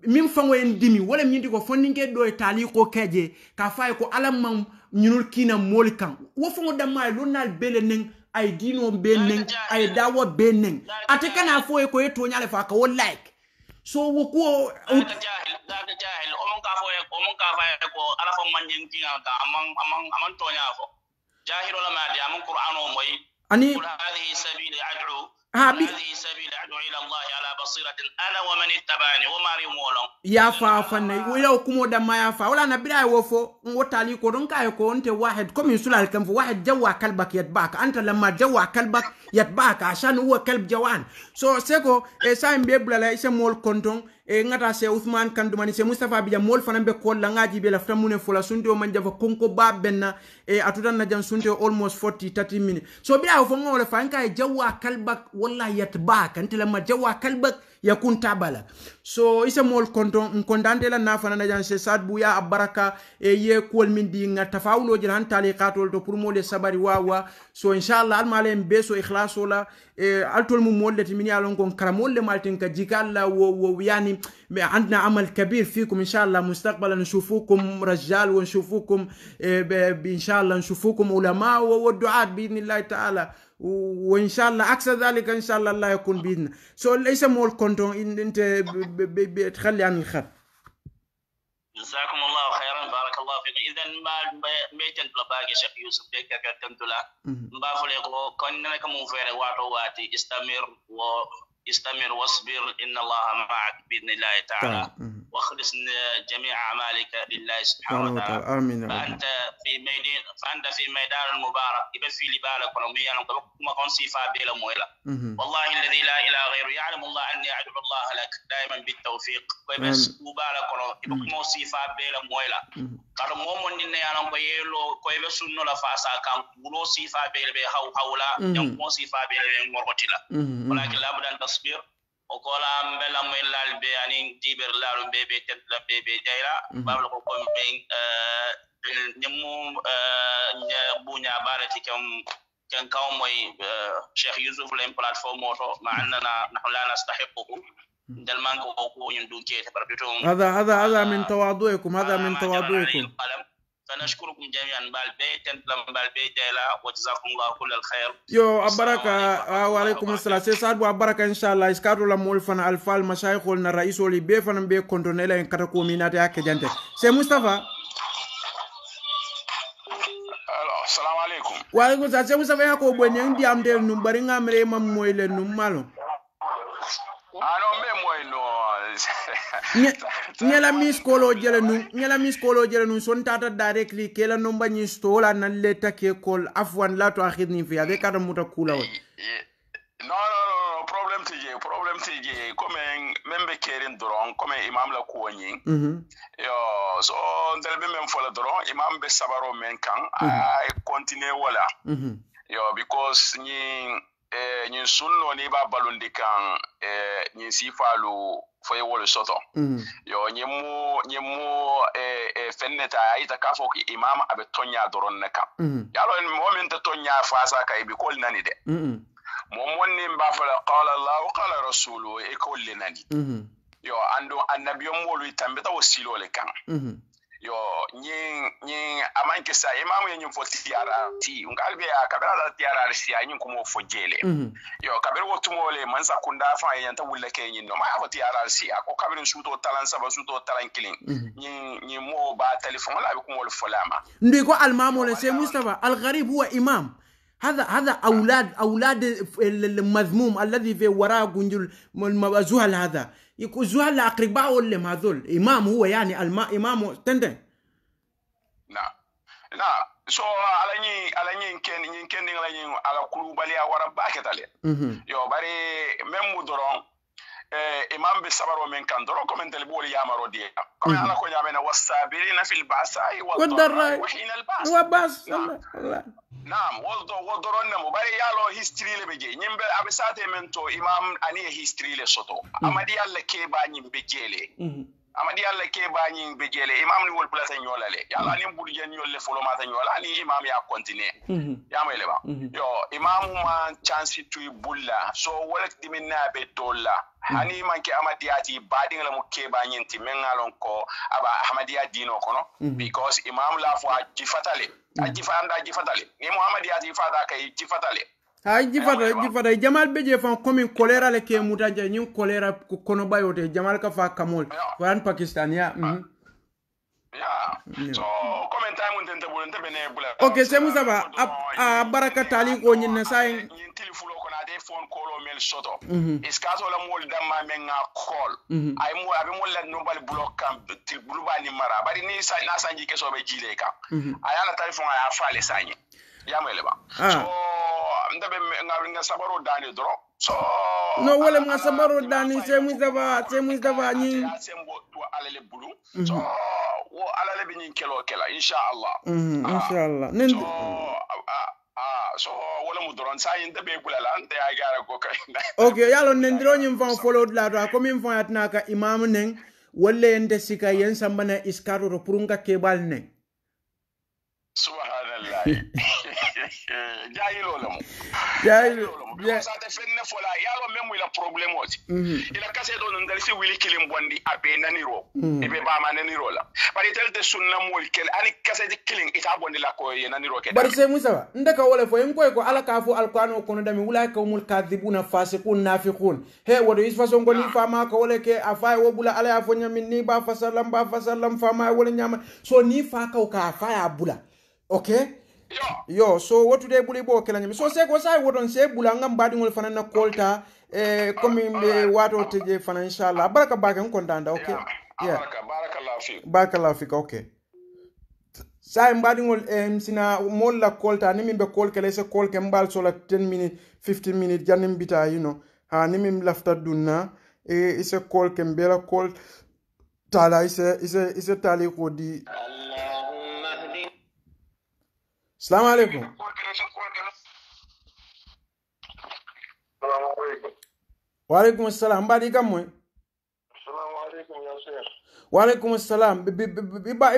min fango en dimi wala min ko fonninke do tali ko keje ka fay ko alam mam ñunul kina molikan wo fango damma e lonnal bele neng a ye diinoo bee neŋ a ye daawo bee neŋ ate kana fo ye ko ye tooñale fa ka wo like so wo kuwo ani abi yafa afa na ya kumo da ma yafa wala na bila wo fo wo tali ko don kay ko onte wahid comme sul al kam wahid jawa kalbak yatbaka anta lamma jawa kalbak yatbaka ashan huwa kalb jawan so seko e sa mbe bulala e mol konton e ngata se Uthman kan dumani se Mustafa bija mol fanan be ko la ngaji be la ftamune fola sundo man java konko ba benna e atudan na jan sunte almost 40 30 minutes so bila fo ngole fa nka jawa kalbak walla yatbak antila ma jawa kalbak yakun tabala so isa mol konton kondande la na na jan se sad buya abaraka e ye kol min di nga tafawulo jil han tali qatol to pour mole sabari wawa so inshallah al malem beso ikhlaso la e eh, altol mu molle timini alon kon karamol le malten ka jikalla wo wo yani عندنا عمل كبير فيكم ان شاء الله مستقبلا نشوفوكم رجال ونشوفوكم ان شاء شاء الله نشوفوكم علماء ودعاة باذن الله تعالى وان شاء الله عكس ذلك ان شاء الله الله يكون باذن سو ليس مول كونتون انت بتخلي عن الخط جزاكم الله خيرا بارك الله فيك اذا ما ميتن بلا باقي شيخ يوسف ديك كنت لا مبافلي كون نك مو فيري واتو واتي استمر استمر واصبر إن الله معك بإذن الله تعالى طيب، واخلص جميع أعمالك لله سبحانه وتعالى آمين فأنت في ميدان فأنت في ميدان المبارك إذا في لبالك ولمية ما كون سيفا بلا مويلة والله الذي لا إله غيره يعلم الله أني أدعو الله لك دائما بالتوفيق وبس مبارك إذا كما سيفا بلا مويلة قال مو ni yana ko yelo ko be sunno la fasa kan kulo sifa be be haw hawla yan ko sifa be be ngorotila walakin tasbir o kola mbela moy lal be ani لا lalu be be tet la be be jayla mhm. babla ko ko eh, eh, eh, mhm. mhm. min كان كاوم موي شيخ يوسف لين بلاتفورم موتو مع اننا نحن لا نستحقه دل مانكو كو يندوكي هذا هذا هذا من تواضعكم هذا من تواضعكم فنشكركم جميعا بالبيت بالبيت لا وجزاكم الله كل الخير يو أبارك وعليكم السلام سيسار بو أبارك إن شاء الله إسكارو لمول فن الفال مشايخ ولنا رئيس ولي بي فن بي كنترونيلا إن كتكو ميناتي يا كجانتك سي مصطفى السلام عليكم وعليكم السلام سي مصطفى يا كو بنيان ديام ديال نمبرين عمري ممويل نمالو أنا ñela mis kolo jele nu ñela mis kolo jele nu son tata directly ke la nomba ñi stola na le take kol afwan la to akhidni fi avec adam muta kula wa no no no problem tije problem tije comme membe kerin doron comme imam la ko ñi mhm. yo so ndel be mem fola doron imam be sabaro men kan mhm. ay continuer wala mhm. yo because ñi ñi eh, sunno ni ba balundi kan ñi eh, sifalu fo ye wolu soto mm. yo ñimmu ñimmu e, eh, e, eh, fenneta a yita ka fo imam aɓe tonya doron ne kam mm. yalo mo min te toña fasa ka eɓe kol nani de mm. mm. mo monni mba fala qala llahu qala rasulu e kolle nani mm, yo andu annabi molu tambita wo silole kan mm -hmm yo nyin nyin amanke sa imamu ya nyin fo TRT ungalbe ya kabera da TRRC ya nyin kuma fo jele mm -hmm. yo kabera wotu mole mansa kunda fa ya ta wulle ke nyin no ma fo si ako kabera suto talan saba suto talan kilin mm -hmm. nyin nyin mo ba telefon la bi kuma folama ndi ko almamu le sai mustafa al-gharib huwa imam هذا هذا اولاد اولاد المذموم الذي في وراه جنجل الزهل هذا يكوزوها لأقرباء ولا هذول إمام هو يعني الما إمام تندن نعم نعم so ala ñi ala ñin ken ñin kendin ala ñin ala kulubaliya wara baketale yo bari même mu doron Eh, imam be sabaro men kan doro ko men tel boli yamaro dia ko men mhm. ala ko nyamena wasabirina fil ba'sa'i wad-dharra'i wa hina al-ba's wa ba's naam woldo wodoronne mo bari yaalo history le be je nyimbe abe men to imam ani history le soto mhm. amadi alla ke ba nyimbe jele mm -hmm amadi allah kebañi ɓe jeele imam ni wol bulata ñoolale yo allah anin ɓuuri jen ñolle folomata ñoola ani imam ya continue mhm. yamoyle ba mhm. yo imamu ma cansi tuy bulla so wolek be dolla mhm. hani manke amadiyati baɗingala mu kebañinti min ngalon ko aɓa ahmadiya dino kono because imam la fo a jifatale a jifa anda jifatale ni muhammad yati fata kay jifatale ay jifata eh, jifata jamal be je fan komin kolera le ke mutaje nyin kolera kono te jamal ka fa kamol wan pakistan ya ah. mhm. mm -hmm. so comment time on ok se musa ba a baraka tali ko nyin na sai nyin telefulo ko na de phone call o mail shot up la mol dam ma men nga call mhm. ay no be ngabe nga sabaro dani doro so no wala nga sabaro dani se mustafa se mustafa ni sembo to alale bulu mhm. so wo alale bi nyin kelo kela inshallah mhm ah, inshallah nen so so wala mu doron sa yin dabe bulala nda ya gara ko kai okay yalo nen diro nyin fan follow la do ko min fan atna ka imam nen walla yende sika yen sambana iskaroro pour purunga kebal nen subhanallah jaayiloo le mu jaayiloo le mu bikosate fen ne fola yalo men mu ila probléme oti ila kase ɗo non dalisi wili kilim bondi a naniro e ɓe bama naniro la bari tel te sunna mool kele ani kaseti kilin ita bondi la ko ye naniro ke bari se musaba nde ka wole fo en koy ko ala ka fo alqur'ano kono dami wula ka mul kadhibuna fasiqun nafiqun he wodo is façon goni ah. fama ka wole ke a fa e wo bula ala ya fo nyamin ni ba fasalam ba fasalam fama e wole nyama so ni fa ka ka fa ya bula okay yo so wotude e ɓuura e ɓo kelañami so seko sa woton se ɓuula gam mbaɗigol fanan na kolta e commin ɓe wato teje fana inchallah baraka baken kontanda ok ah, barakallahu fika ok sa e mbaɗigol e eh, sina molla kolta ni min ɓe kol kela se kolke mbal sola 10 minute 15 minute janni mbita yino ha ni min lafta dunna e ise kolke mbela kol tala ise ise ise tali ko di Allah. salaamaaleykum waaleykum salaam mbaɗi kam moy waaleykum salam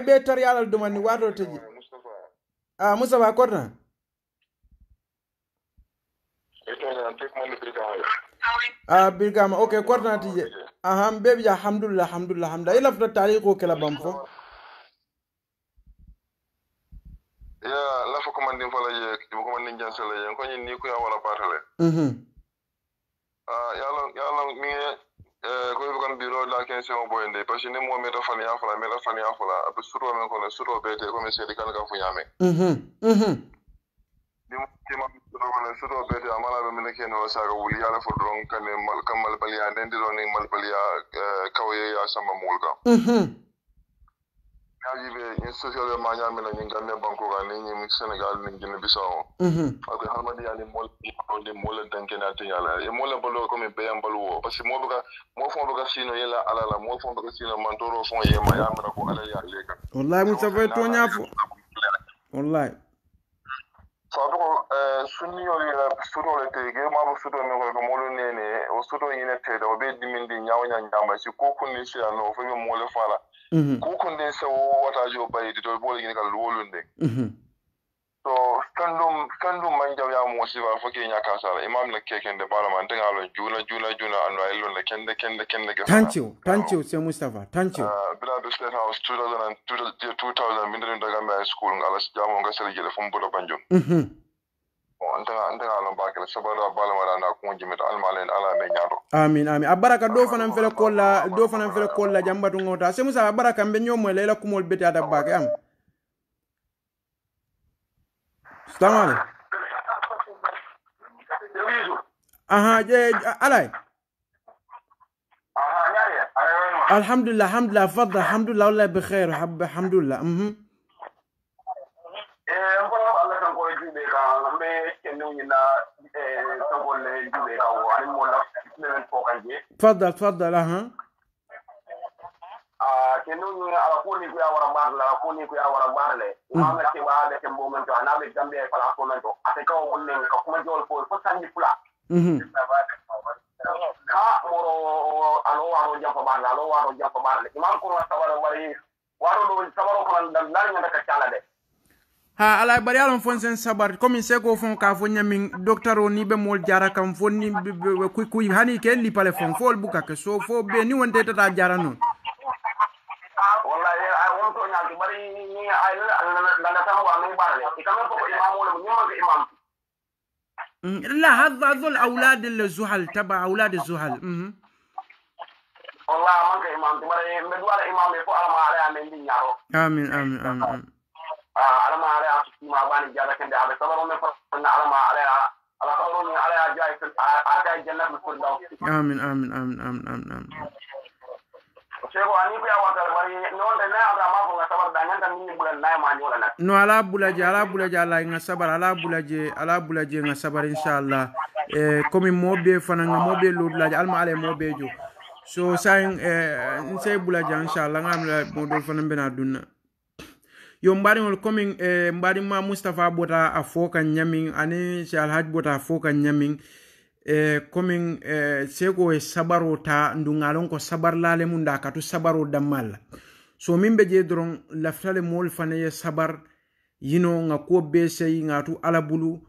ɓe tar yalal duma ni wato teji a moustapha kotna a birgama ok kotna tije aham ɓeɓija hamdulillah hamdulillah hamdulillah Ila lafta tariku kela bam fo ya lafa komandin fala je kibo komandin jansela je ko ni ko ya wala batale mhm ah yalla yalla mi eh, ko be kan biro la ken se mo boyende parce que ni mo meta fani afala meta fani afala abe suro men ko suro bete ko me se di eh, kan ka fu nyame mhm mhm ni mo ke ma suro men suro bete amala be men ken wala saga wuli yalla fo don kan mal kamal baliya den di don ni mal baliya kawye ya sama mulka mhm ñaaji ɓe ñin socialement ñaamina ñin gambien banko ka ni ñin sénégal ni guinée bissao parce que hadamadiya ni moole ɗi moole dankene atiñala e moole baluwa comme beyan baluwo par ce que moɓe ka mo fon ɓe ka sino yela ala la mo fon ɓe ka sino mantoro fon yema yamira ko ala ya le kan wallahi mum safay toña fo wallahi sabu ko sunniyol yela sutole te ge maɓe suto min koy ko moolu nene o suto ñine teeda o be dimindi ñawña ñama si ko kunni siyano fo ɓe le fala Mm-hmm. kukunde sewo watajo bayidi to bole gini kala wolunde mm-hmm. so standum standum man jaw ya mo sifa fo ke nya kasala imam na ke kende bala man tenga lo juna juna juna an wa ilon e kende kende kende ke thank you thank you se mustafa thank you ah, bila be state house 2000 2000 min daga my school ngala jamo ngasel jele fum bula banjum mhm amin amin a baraka do fanan fere kolla do fanan fere kolla jambatu ngota se musa a baraka mbe nyomo lela kumol beti ada bake am salamu alaikum aha je alay الحمد لله الحمد لله فضل الحمد لله والله بخير حب الحمد لله اها تفضل تفضل اها kenoni ala kuni kuya wara barle ala kuni kuya wara barle wanga ke mm. waade ke moment to anabe gambe e pala kono to ate ka wonne ka kuma jol ko fo sanji pula mm-hmm. ka moro alo waro jampa barle alo waro jampa barle imam ko wara sabaro wari waro do sabaro ko nan dal nyanda ka cala de ha ala bari alon fon sen sabar comme se ko fon ka fon nyamin docteur o ni be mol jara kam fon ni ku ku hani ke li pale fon fol buka ke so fo be ni wonde tata jara non wallahi ay won to nyaaki bari ni ay la la tam wa mi barale ikam ko imam wala ni man imam لا هذا هذول اولاد الزحل تبع اولاد الزحل والله ما كان امام تمر مدوال امام يفعل ما عليه من دين يا رب امين آمين. alama ah, ala ya ma bani jada kan da abai sabaron min farna alama ala ya ala sabaron min ala ya jai sun akai jannatul firdaus amin amin amin amin amin amin sego ani ko yawa bari non de na aga ma ko sabar da nyanda min bulan na ma nyola na no ala bulaje ala bulaje ala nga sabar ala bulaje ala bulaje nga sabar inshallah e komi mobe fana nga mobe lodlaje alma ala mobe jo so sayin e eh, sai bulaje inshallah nga mo do fana bena dunna yo mbariŋol commin e mbari ma eh, mustapha bota a fo kan ani aniŋ si alhaji bota a fo kan e eh, commin e eh, seko ye sabaro ta nduŋalon ko lale mun da katu sabaro dammal la so min be je doron lafitale moolu fana ye sabar yino ŋa kuwo be sey ŋatu ala bulu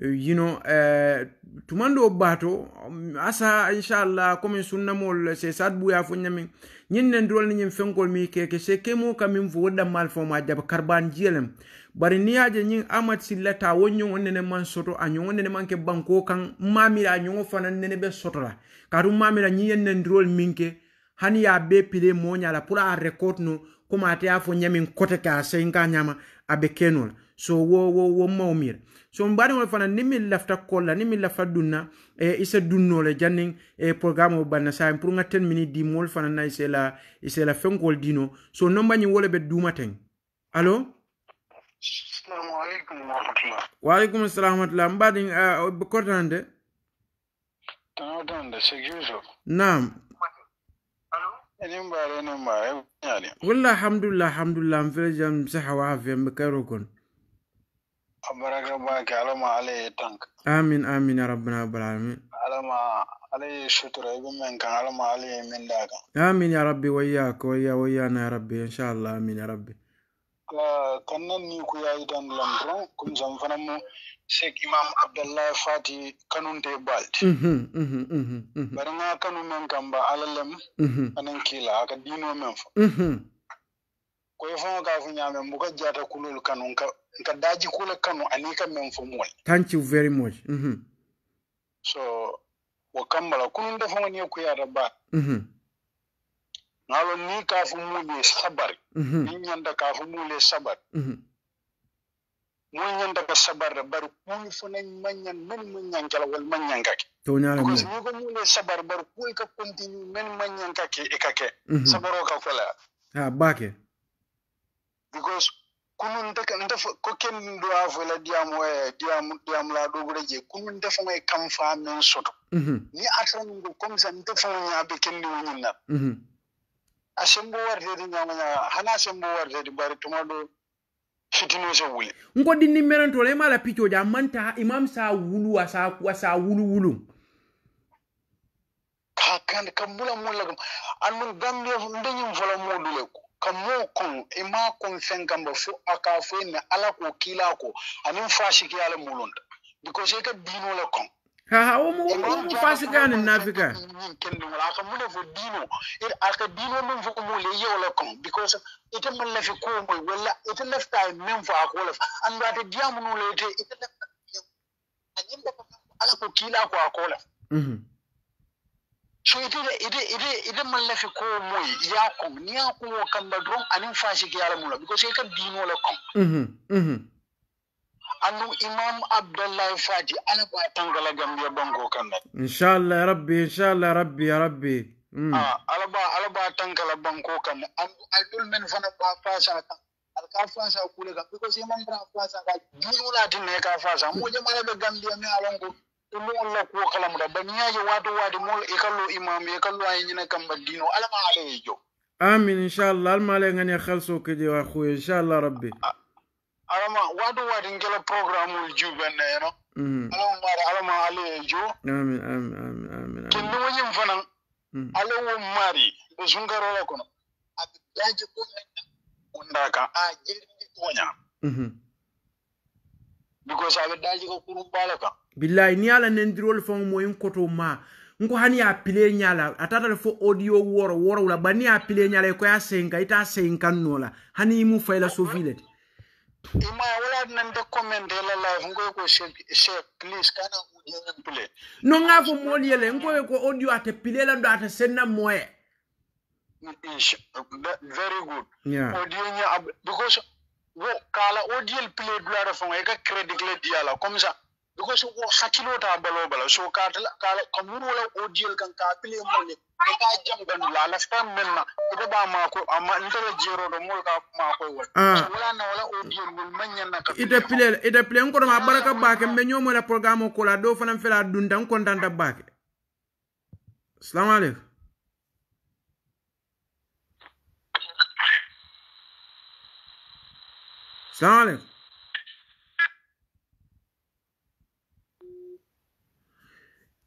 Eh, you know uh, tumando bato um, asa inshallah comme sunnamol se sad buya fo nyamin nyin nen drol ni nyim fenkol mi ke se kemo kamim fo wada mal fo ma jab karban jielem bari niaje nyin amat silata wonyo onne man soto anyo nyon man ke banko kan mamira nyon fana nene be soto la karu mamira nyin nen drol minke hani ya be pile mo nyala pour a record no kuma ate afo nyamin kote ka se inga nyama abe kenol so wo wo wo mawmira so mbaɗigol fana ni min lafta kolla ni min lafta dunna e isa dunnole jannin e programme o banna sahen pour ga ten mini dimol fana na isela isela fenkol dino so non mbañi wole ɓe dumaten alo waaleykum salam rahmatullah mbaɗi kortanande tanotande c'est yusof nam alhamdulillah alhamdulillah m fele jam saha wa afiyam ɓe kayro kon abaraka ba ke ma ala ye tank amin amin ya na balami alama ala ye sutura i bɛ min kan alama ala ye min d'a kan amin ya rabbi wayya ka wayya wayya na ya rabbi insha allah amin ya rabbi kan nan ni ku yayi dan lamburan kun zan fana mu sheik imam abdullahi fati kanun te balt mhm, mhm, mhm, bari nga kanu min kan ba a anan kila aka dino min fa ko ye faŋo ka fo ñaame mbuka jaata kulolu kanu nka nka daaji kule kanu ani ka meŋ fo moolu thank you very much mm -hmm. so wo kambala kununta faŋo niŋ ye kuyaata baa mm -hmm. ŋalo ni mm-hmm. ka fo muulu ye sabari mm -hmm. niŋ ñanta ka fo muulu sabari mm -hmm. mun yanda ka sabar da bar kun funan manyan men manyan kala wal ah, manyan kake to nya ne ko mun sabar bar kun ka continue men manyan kake e kake sabaro ka fala ha bake because kunun da kan da ko ken do avola diam we diam diam la do gure je kunun da fama kam fa men soto mhm. ni atran ngo kom san da fama nya be ken ni wonin na mhm. a sembo wartedi ñama ñaga hana sembo wartedi bari tuma ɗo fitino so wuli ngoddi nimmeren tola imala piccoje a manta imam sa wulu a sa a sa wulu wulu ka kan ka mula mulla kam an mun gambia ndeñim fola module ko ka m'o kɔn e e e i m'a kɔn fɛn kan fo a k'a fɔ mɛ ala k'o k'i la ko ani mfasi k'i ala mulunda because i ka diinɛ la kɔn haha o mu o mu fasi k'a ni nafika a ka mun de fɔ diinɛ a ka diinɛ min fɔ ko mɔlen ye o la kɔn because i tɛ ma lafi ko mɔ wala i tɛ lafi k'a ye min fɔ a ko la ani a tɛ diya minnu mhm. la i tɛ i tɛ lafi k'a ye ala ko k'i la ko a ko la. so ite ite ite ite mallafi ko moy ya ko ni ya ko kamba dron anin fashi ki yala mula because e ka dino la ko mhm mhm anu imam Abdullah faji ala ba tangala gambiya bango na inshallah ya rabbi inshallah ya rabbi ya rabbi mm. ah, ala ba ala ba tangala bango na anu aldul men fana ba fasha kan ko le ga because imam bra fasa ga dino la ne ka fasa mo je mala be imu la ko kala muda baniya je wato wadi mol e kallo imam e kallo ay nyina kam dino alama ale jo amin inshallah alma ale ngani khalso ke je wa khu inshallah rabbi alama wato wadi ngela programme ul juben na no alama mara alama ale jo amin amin amin amin kin no wajin fanan ala wo mari do sun garo la kono abi daje ko wanda ka a jirgi ko nya because aɓe daji ko kurumbala kan billahi ni ala nendirol fan moyin koto ma nko hani ya pile nyala atata fo audio woro woro la bani ya pile nyala ko ya senka ita senka nola hani mu faila so vile ima wala nan da comment la la ngo ko she please kana uje pile no nga fo moli yele ngo ko audio ate pile la ndo ate senna moye very good yeah audio nya because wo kala odl play dulada fon e credit le dia la comme ça because wo hakilo ta balo balo so kala kala kamuru wala odiel kan ka pile mo ne e ka jam gandu la la sta na ko ba ma ko amma ndara jero do mo ka ma ko e wo ah. wala na wala odiel mo manya na ka ida pile ida pile ko ma baraka ba ke me nyomo la programme ko la do fanam fela dundan kontanta ba ke assalamu alaykum Sali.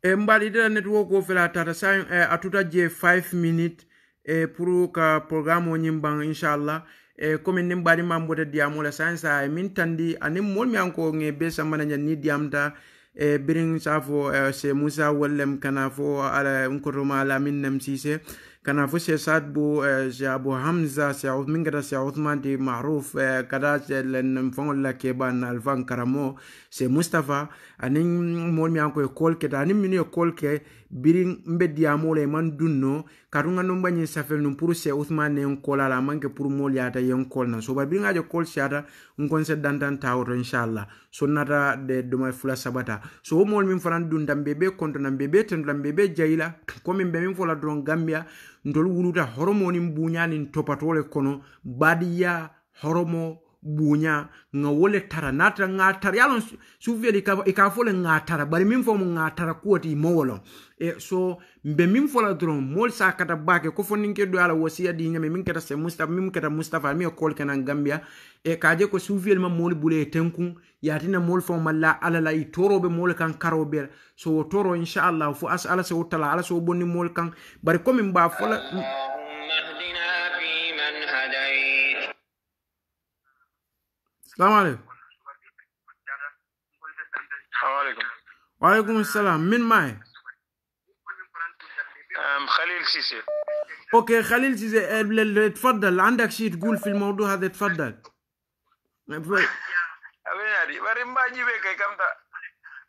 E mbari de netwoko fela tata sa eh, atouta je 5 minute. E eh, prou ka program o nye mban in sha Allah. E eh, kome nye mbari mba mbote diamo la sa yon sa. E min tandi ane mol mi anko nye besa manan nye ni diamta. E bering sa fo se mousa wolem kana fo. A la yon koroma la min nem si se. kana fu se sad bo eh, she abu hamza she min gata she uthman di maruf eh, kada she eh, len fongol la ke ban alfan karamo she mustafa anin mon mi an ko kol ke da anin min ko kol ke biri n be diyamo la i man dun no katunga nomba ñiŋ safel nu pour se usman ne n kola la manke pour mol yata ye n kol na so bari biri ŋa je kol siyata n konse dantan tawo to inchallah so nata de domay fula sabata so wo moolu miŋ fanaŋ dunta mbe be konto mbe be tendula mbe be jayila komi be min fola doron gambia ntolu wuluta horomo niŋ buuña niŋ topato kono badiya horomo buuña nga wole le tara naŋ tara ŋa tara ye a loŋ sufiyeli i tara bari miŋ fo mu ŋa tara kuwo ti e so mbe min fola dron mol sa kata bake ko fonninkeddo ala wasiya di ñame min keta se mustapha min keta mustapha mi e kolkenan gambia e kaje ko suufiyel ma mol bule e tenkun yatina mol fo malla ala la i toroɓe mol kan karoɓe so wo toro inchallah fo as ala sewo tala ala sewo bonni mol kan bari komin mba fola salamualeykum salamualeykum waaleykum salam min maye خليل سيسي اوكي خليل سيسي تفضل عندك شيء تقول في الموضوع هذا تفضل aweyadi bari mba jibe kay kam ta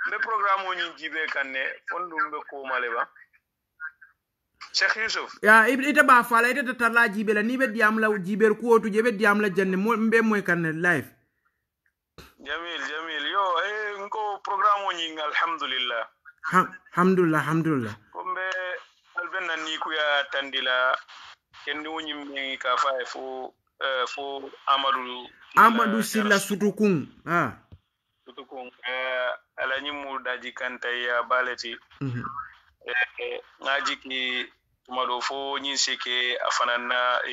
mbe programme o ñin jibe kanne fon ɗum ɓe komale ba cheikh yusuf ya ita ba fala ita ta tarla jibe la ni ɓe diyam la jiber kuwotu je ɓe diyam la janne mbe moy kanne live jamil jamil yo e nko programme o ñing alhamdulillah alhamdulillah alhamdulillah ko mbe al ɓen nan ni kuya tandila kenni wo ñimmeŋi ka faye fo uh, eh, fo amadou amadou silla sutukun ah. sutukun uh, ala ñimmuru daji kantaya baleti mm -hmm. eh, ŋaji eh, ki tuma ɗo fo ñin sike a fanan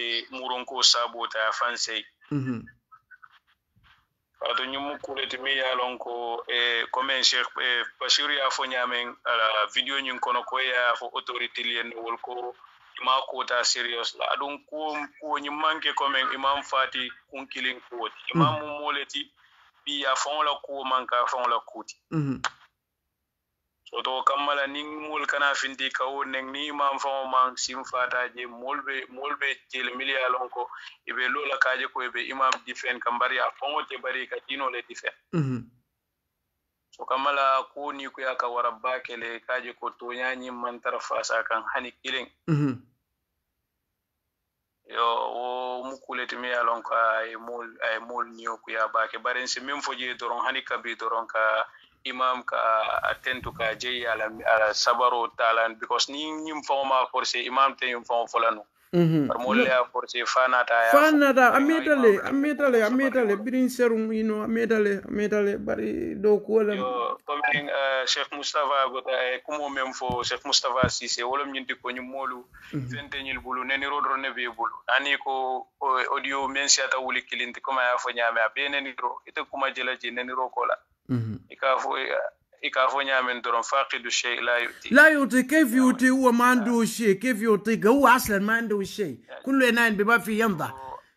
eh, muronko sabota fansey mm -hmm wato ñum mukkuleti mi ye lon ko e comme cheikh e ya fo ñamen ala video ñin kono ko ya fo autorité liyen wol ko ima kuota serious la aɗum kuwo kuwo ñim manke commen imam fati kunkilin kuwoti mm. imam mumoleti ɓiya faŋo la kuwo man ka faŋo mm -hmm soto kammala niŋ moolu kana finti kawo neŋ niŋ imaŋ faŋo maŋ siŋ fata je moolu be moolu be jele mili loŋ ko i be loo la kaaje ko i be imam difeŋ kam bari a faŋo te bari i ka diinoo le difeŋ mm-hmm. so kammala ko niŋ ko ka wara baa ke le kaaje ko tooñaa ñiŋ maŋ tara faasa kaŋ hani kiliŋ mm-hmm. yo wo mu kuleti miŋ ye a loŋ ko a ye moolu niyo ku ye a baa ke bari nsi miŋ fo jee doroŋ hani kabi doroŋ ka imam ka atentu to ka jey ala, ala sabaro talan because ni ñim fon ma forcé imam te ñim fon folano fanata a metale a metale a metale birin serum ino a metale a metale bari dow kuwolam commin euh, chef moustapha gota e eh, kumo men fo chef moustapha sise wolom ñinti ko ñum moolu mm-hmm. fenteñil bulu neni rodoro ne bulu ani ko audio men siyata wuli kilinti comme aya fo ñaame a be neniro ite kuma jelaji neniro kola Mhm. ikafonya amen doron faqidu shay la yuti la yuti kayf yuti huwa ma عنده شيء كيف يعطيك هو اصلا ما عنده شيء كل عناين بما فيه ينضح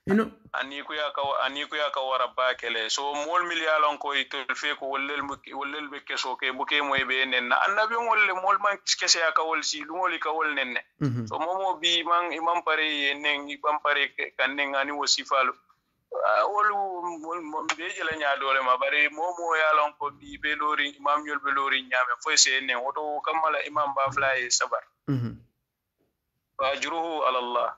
ino aniku ya ka aniku ya ka wara bakele so mol milyalon ko itol fe ko wollel wollel be keso ke buke moy be nen annabi wolle mol man kese ya ka si lumoli ka nenne mhm. so momo bi man imam pare nen imam pare kannen ani wosifalo wolu mbeji la ñaadole ma bari momo lon ko ɗi ɓe lori imamñol be lori ñaame foy se nen woto kammala imam ba fla e sabar ajruhu alallah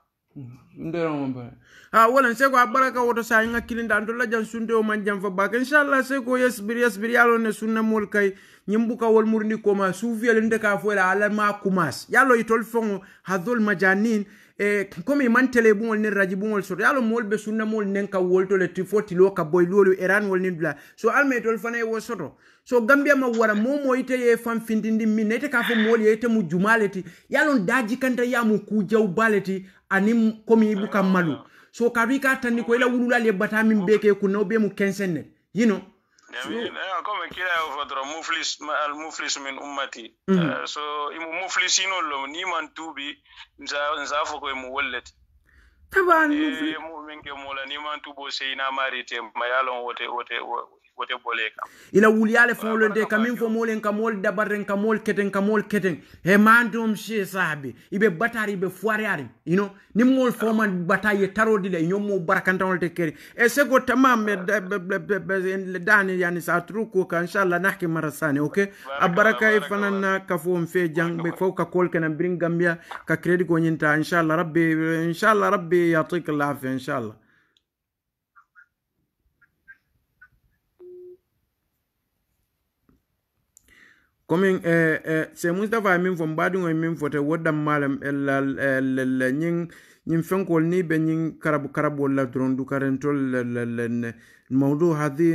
ha walan seko a baraka woto sa nga kilinda anto la jan sunde o man jan fa bak inshallah seko yasbir yasbir yalo ne sunna mol kay nyimbuka wol murni koma sufiyel ndeka fo la ala ma kumas yalo itol fongo hadol majanin Eh, comme komi mantele buŋol nin raji buŋol soto ye a lo moolu be sunnamolu nen ka wolto le ti fo tiloo ka boyi luwolu eranwolu nin dula so almaitolu fana ye wo soto so gambia ma wara mo mo ite ye fan findindi min na ite ka fo moolu ye ite mu jumaa le ti ye a kanta ya a mu kuujaw baa le ti aniŋ komi i buka malu so kaatu i ka tanni ko i la wulula le bata min bee ke kunna be mu kenseŋ ne you know جميل ايوا كوم كلا فدر مفلس المفلس من امتي سو ام مفلسين لو نيمان توبي نزافو كو مولتي طبعا مؤمن كمولا نيمان توبو سينا ماريتي ما يالون وتي وتي wote bole kam ila wuliyale fonlonde kamin fo molen kamol dabarren kamol keten kamol keten he mandom she sahabi ibe batari ibe foireyari you know nim mol foman bataye tarodi le ñommo barakantanolde keri e sego tamam dani yani sa truko ka inshallah nahki mara okay abaraka e fananna kafo fe jang be fo ka kol kana bring gambia ka credit go nyinta inshallah rabbi inshallah rabbi yatik العافيه ان شاء komin eh, eh, se min fo mbaɗi goye min fote woddam malam ellal eh, eh, ñin ñin fenkol ni ɓe ñin karabu karabol la doron du karen tol mawdu hadi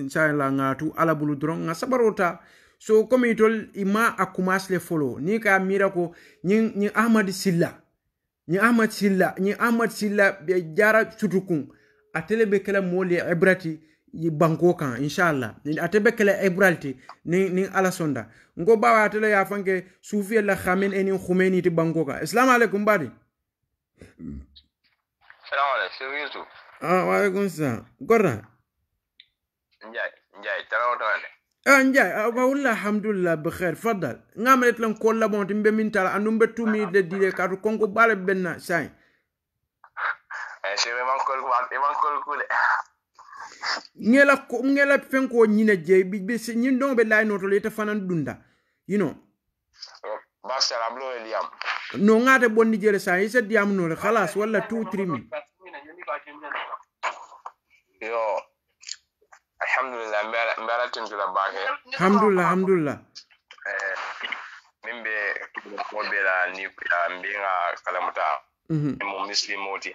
inchallah ngatu ala bulu doron ga sabarota so komi tol ima a kumasle folo ni ka mira ko ñin ñin ahmad silla ñin ahmad silla ñin ahmad silla ɓe jara sutukun atele ɓe kela moolu e banko kan inshallah ni atebe kele ebralti ni, ni ala sonda ngo bawa ate ya yafanke sufiye la khamen eni khumeni ti banko kan assalam alaikum badi salamu alaikum sir ah wa alaikum salam gorra njay njay tarawo tawale ah njay ah, wa wulla alhamdulillah bi khair fadal ngamalet lan ko labon ti be min tara andum be tumi de dile kadu kongo bala benna say eh c'est vraiment cool, c'est vraiment cool ngela ko ngela fenko nyina je bi be nyin don be lay noto te fanan dunda you know mm, master am lo eliam no ngate bonni jere sa isa diam no khalas wala 2 3 min yo alhamdulillah mbara tintula bake alhamdulillah alhamdulillah eh, mimbe ko be la ni mbe nga kalamuta mo mm-hmm. muslimo ti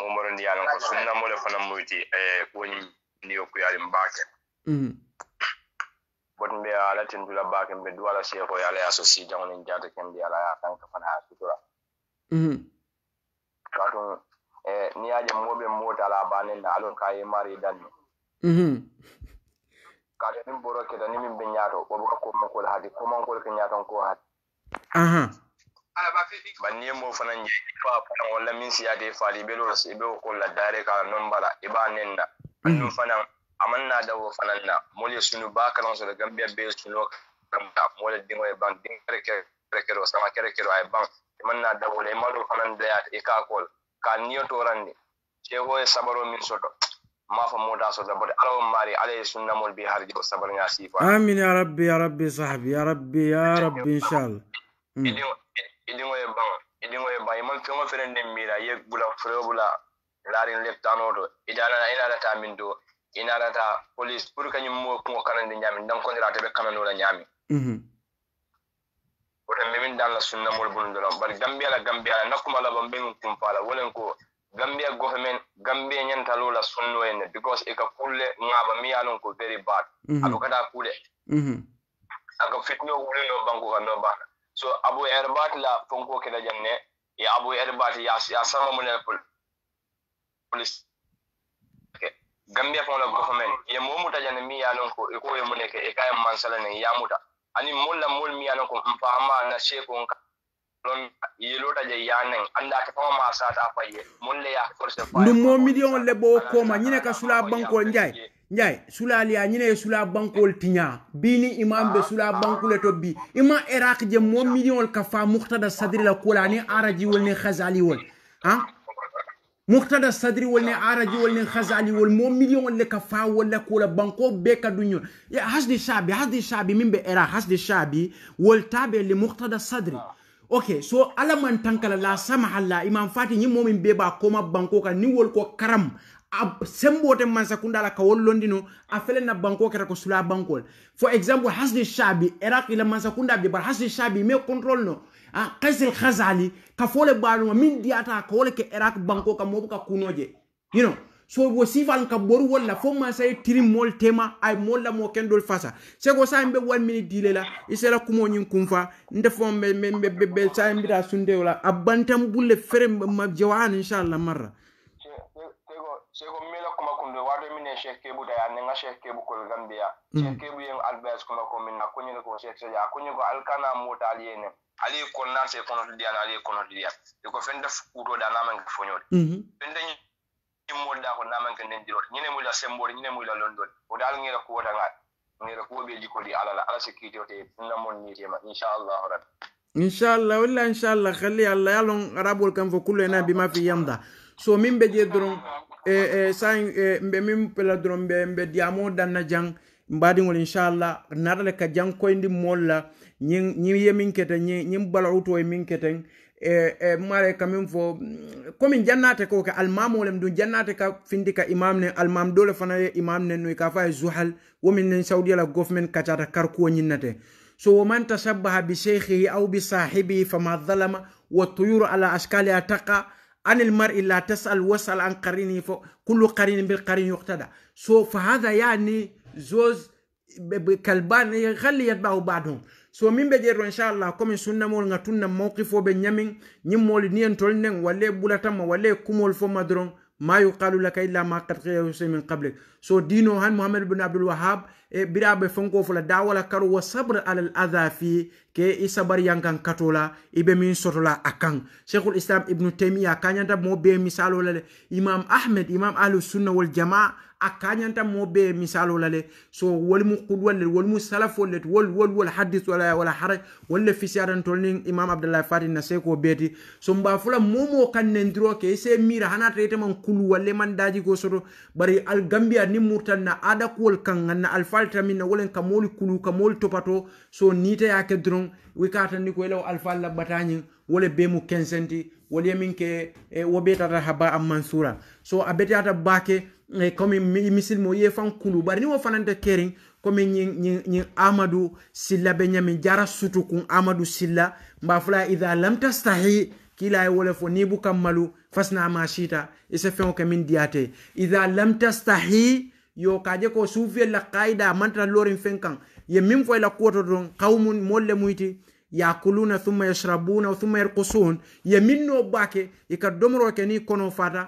momorondi yalan ko sunna mole fana muyti e woni ndiyo ku yalim baake mm bon mbe ala tin dula be mbe duwala sheko yala yaso si jangoni jata kembe yala ya tanka fana ha sutura mm katon e ni aje mobe mota la banen da alon kayi mari danni mm katon boro ke da min bin yato wabu ko ko hadi ko man ko ke nyaton ko hadi aha uh -huh. Ah, bari m'o fana ɲɛ i fa paran min si y'a kɛ fari i bɛ i bɛ o ko la dare ka nɔn bala i b'a nɛn na ani mhm. fana a man n'a da o fana na mɔli ye sunu ba kalan sɔrɔ gambia bɛ ye sunu ka mɔli denkɛ ye ban den kɛrɛ kɛrɛ kɛrɛ o sama kɛrɛ kɛrɛ a ye ban i man n'a da o la i ma dɔw fana da yan i k'a kɔ k'a niyɔ tora nin cɛko ye sabaro min sɔrɔ m'a fɔ mɔɔ t'a sɔrɔ bari ala maari ala ye sunna mɔli bi harji o sabari ŋa sifa amin ya rabbi ya rabbi sahabi ya rabbi ya rabbi inshallah idiŋo ye ban idiŋo ye baŋ i maŋ feŋo feŋ niŋ mira i ye bula fureo bula laariŋ leftanoo to ite anana min naata taa miŋ to i naata pour que ñiŋ moo kuŋo kanandi ñaamiŋ daŋ kontira ate be kanandoo mhm. la ñaamiŋ woto mbe miŋ daŋ la sunnamolu bunu doroŋ bari gambiya la gambiya la na kuma labaŋ mbe ŋiŋ la wo ko gambia government gambia ñanta loo la sunno enne because i ka kulle ŋaaba mi ye a ko very bad a buka taa kuu de a ka fitinoo wulino banko ka noo baana so abu erbat la fonko kela janne ya abu erbat ya ya sama mun pol police gambia fon la government ya mo muta janne mi ya lon ko e ko e mun ke e kayan mansala ne ya muta ani mulla mul mi ya lon ko mfama na sheko ɗon yelota je yanen anda ke fama ma sata faye mulle ya force faye ɗum mo million lebbo o ma ñine ka sula banko ndiaye njay sula liya ñine sula bankol tiña bini imam be sula bankule to bi ima iraq je mo million ka fa muqtada sadri la kula ni araji wol ni khazali wol ha ah? muqtada sadri wol ni araji wol ni khazali wol mo million le ka fa wol la kula banko be ka dunyo ya hasdi shabi hasdi shabi min be iraq hasdi shabi wol tabe li muqtada sadri ok so ala man tankala la samaha la imam fati ñi momin be ba koma banko ka ni wol ko karam a sembote mansa kundala ka wollondino a fele na banko keta ko sula banko for example hasdi shabi iraq ila mansa kunda bi bar hasdi shabi me control no a ah, qaisil khazali ka fole baɗuma min diata ka wole ke iraq banko ka mobu ka kunoje you know so wo sifal ka boru walla fo ma say tiri mol tema ay mol la mo kendol fasa se sego say mbe wan mini dile la isela kumo nyin kumfa nde fo mbe mbe be sa mbi da sunde wala abantam bulle fere ma jawan inshallah marra seko mila kuma kundo wado mine sheikh kebu da yanin ga sheikh kebu kol gambia mm. sheikh kebu yin albas kuma ko min na ko sheikh sai ya kunyi ko alkana mota aliyene ali ko na kono diya na ali kono diya ko fenda fukuto da na man fonyo fenda ni mol da ko na nyine mul da nyine mul da london o ngira ko wada ngira ko jiko di alala ala sikiti o te na mon ni insha Allah rabbi insha Allah wala insha Allah khalli Allah yalon rabul kan fo kullu ina bima fi yamda so min be eh, eh, san eh, mbe min pela doron mbe mbe diyamo danna jang mbaadiŋol inchallah naata le ka jang ko indi molla ñiŋ ye yemin kete ñiŋ ñiŋ balawutoo ye yemin keteŋ e eh, eh, mare ka miŋ fo komi jannate ko ka almamu lem duŋ jannate ka findi ka imam ne almam doo le fana imam ne nuŋ ka fa zuhal wo miŋ niŋ saudiya la government kacata karikuwo ñiŋ na te so wo man tashabbaha bi sheikhihi aw bi saahibihi fama dhalama wa tuyuru ala ashkali ataqa عن المرء لا تسأل وصل عن قرينه فكل قرين بالقرين يقتدى سو so فهذا يعني زوز كلبان يخلي يتبع بعضهم سو so من بجيرو إن شاء الله كم سنة مول نتونا موقفه بنيامين مول نين تولنين ولا بولتما ولا كمول فما درون ما يقال لك إلا ما قد قيل من قبلك سو so دينو هان محمد بن عبد الوهاب e biraɓe fonko fola dawala karo wa sabr alal adha fi ke i yankan katola i min sotola a kan islam ibnu taimiya kañanta mo be misalo la imam ahmed imam ahlusunna wal jamaa a mo be misalo la le so wolmu qudwal le wolmu salafol le wol wol wol hadis wala wala haraj wolle fisiyatantol nin imam abdallah fati na sey ko so mba fula momo kan nendiro ke se mira hana tete man kulu walle man daji go soto bari al gambia ni murtanna ada kuwol kan ganna alfa falta min wolen ka moolu kulu ka moolu topato so niitaya ke doron wo katandi ko elew alfa alla batañin wole be mu kensenti wol ye ke eh, wo be ha ba a mansura so a beteyata baake eh, comme misilmo ye fan kulu bari ni wo fananta kerin comme ñin amadou silla be ñami jara sutu kun amadou silla mba fula ida lam tastahi kila ye wole ni bu kammalu fasna ma shita ise feŋo ke min diyate ida lam tastahi yo kaje ko suufiyel la kaida mantata lorin fen kan ye min fo la kuwoto don qawmun molle muyti yakuluna thumma yashrabuna thumma yarqusun ye min no bake e ka domro ke ni kono fata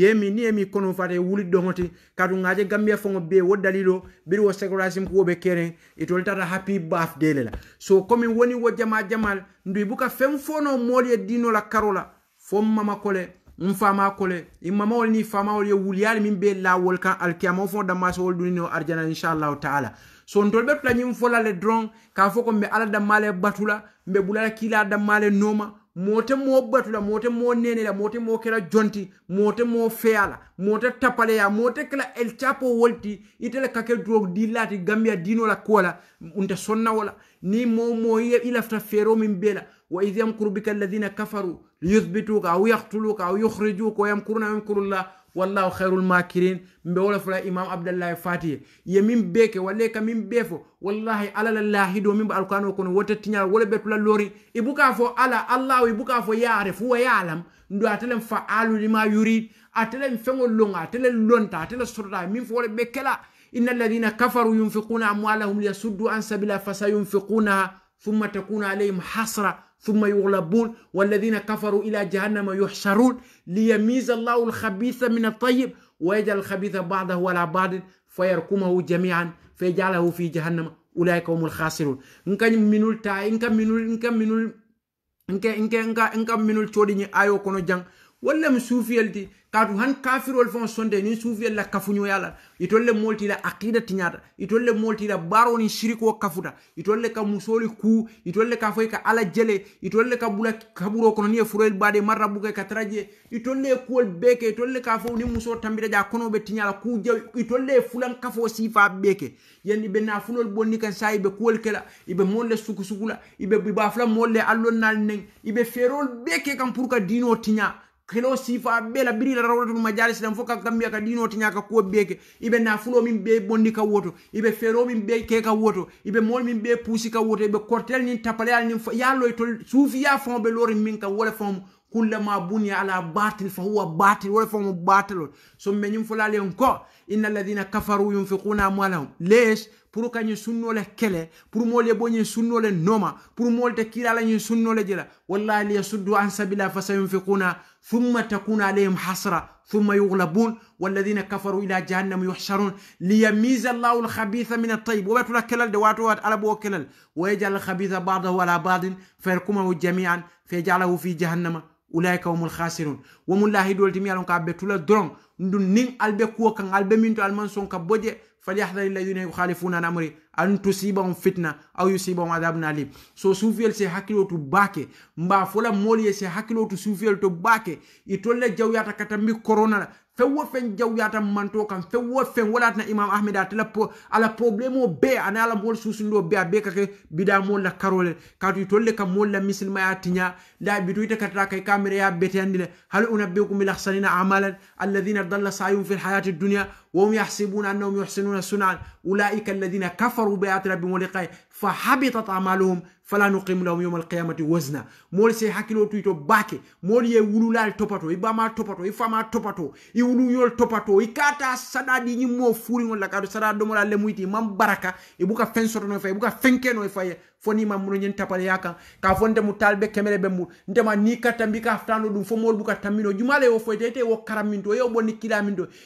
yemi ni emi kono fata e wuli dongoti kadu ngaje gambia fongo be wo dalilo biri wo sekurasim ko be keren e tata happy birthday lela so komi woni wo jama jamal ndu buka fem fono mol ye dino la karola fo mama kole n faama kole i mamawol ni faamawol ye wuliyali min be lawol kan alkiyamaw fo dammasowol duni no arjana inchallahu taala so ntol be tula ñiŋ la le doroŋ k'a fo ko mbe ala dammale batula mbe bulala kiila dammale nooma moo te moo batula moo te moo nene la moo te moo kela jonti moo te moo feya la moo te tapaleya moo kela el capo wolti ite le ka ke duro dillaati gambiya diino la kuwo la nte sonna wo la niŋ moo moo i lafita feeroo miŋ bee la waidh yamkuru bika alladhina kafaru liyuthbituka au yaktuluka au yukhrijuka wayamkuruna wayamkurullah wallahu khairul makirin mbe wala fula imam abdallahi fatiye ye min beke walle ka min be wallahi ala la lahido min ba kono wota tiñal wala betula lori ibuka fo ala allah ibuka fo yaare fu wa yalam ndo atelen fa alu lima yurid atelen fengo longa atelen lonta atelen sorda min fo wala bekela inna alladhina kafaru yunfiquna amwalahum liyasuddu an sabila fasayunfiqunaha thumma takuna alayhim hasra ثم يغلبون والذين كفروا إلى جهنم يحشرون ليميز الله الخبيث من الطيب ويجعل الخبيث بعضه على بعض فيركمه جميعا فيجعله في جهنم أولئك هم الخاسرون إنك من تا إنك من إنك من إنك إنك إنك إنك منول تودي أيو كونو جان ولا مسوفي kaatu han kafirol fon sonde ni suufiyel la kafuñoyala itol itolle moolti la aqida tiñata itolle le moolti la baaro nin siriko kafuta itolle ka musoli ku itolle ka foy ka ala jele itolle ka bula kaburo kono ni furel bade marra buke ka traje itolle le beke itolle ka fo ni muso tambira ja kono be tiñala ku jaw itolle fulan kafo sifa beke yandi ɓe na fulol bonni kan sa iɓe kuwol kela iɓe molle suku sukula iɓe iba fula molle allonal nen ibe ferol beke kan pour ka dino tiña kelo sifa be la birila rawdatul majalis dan foka kambiya ka dino tinya ka ko beke ibe na fulo min be bondi ka woto ibe fero min be ke ka woto ibe mol min be pusi ka woto ibe kortel nin tapaleal ni ya loy to sufi ya fon be lori min ka wala fon kullama bunya ala batil fa huwa batil wala fon batil so men nim fula le ko innal alladhina kafaru yunfiquna amwalahum lesh pour ka sunno le kele pour moolu boñi sunno le noma pour moolu te kirala sunno le jela wallahi yasuddu an sabila fa sayunfiquna ثم تكون عليهم حسرة ثم يغلبون والذين كفروا إلى جهنم يحشرون ليميز الله الخبيث من الطيب وبتلا كلل دواتو على بو كلل ويجعل الخبيث بعضه على بعض فيركمه جميعا فيجعله في جهنم أولئك هم الخاسرون ومن الله دول تميالون كابتولا درون ندون نين ألبكوكا ألبمينتو ألمانسون كبوجة فليحذر الذين يخالفون عن أمره an tusibahum fitna aw yusibahum adhabun alim so suufiyel se hakkilo to baake mba fola moolu ye si hakkilo to suufiyel to baake itolle jawyata katambi corona la fewo fen jawyata manto kan fewo fen walatna imam ahmed atala po ala problemo be ana ala mol susundo be be kake bida mol la karole katu tolle kam mol la misilma ya tinya la bitu ita katra kay kamere ya betendile hal unabbiukum bil ahsanina amalan alladhina dalla sa'yuhum fil hayati ad-dunya وهم يحسبون انهم يحسنون صنعا اولئك الذين كفروا بايات ربهم ولقائه fa habitat amaluhum fala nuqim lahum yawma alqiyamati wazna moolu se hakkilo tuyto baake moolu ye wululal topato i bamal topato i fama topato i wuluñol topato i kata sada ñim mo fuuriŋol la kaatu sada domola lemuyti mam baraka i buka fen sotono faye i buka fenkeno faye fo ni mam muno ñen tapale ya kan ka fo ntemu taal be kemere be mu ntema ni ka tambi ka haftano ɗum fo moolu buka tammino jumala wo foyta ite wo karam yo bonni kila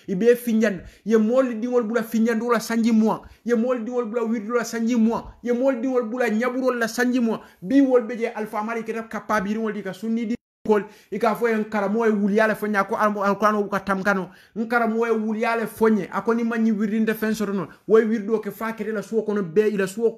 i be finjanda ye moolu diŋol bula finjandi sanji mois ye moolu diŋol bula wirdi sanji mois di diŋol bula ñaburol la sanji mo bi wol be je alfamari kita wol di ka sunni di kol i k'a fo ye n e ye yale le nyako n ye a ka tamkano en karamo ye wul le fo nye akoni a wirinde fensoro ma way wirdo ke tɛ la suwo kɔnɔ bɛɛ i suwo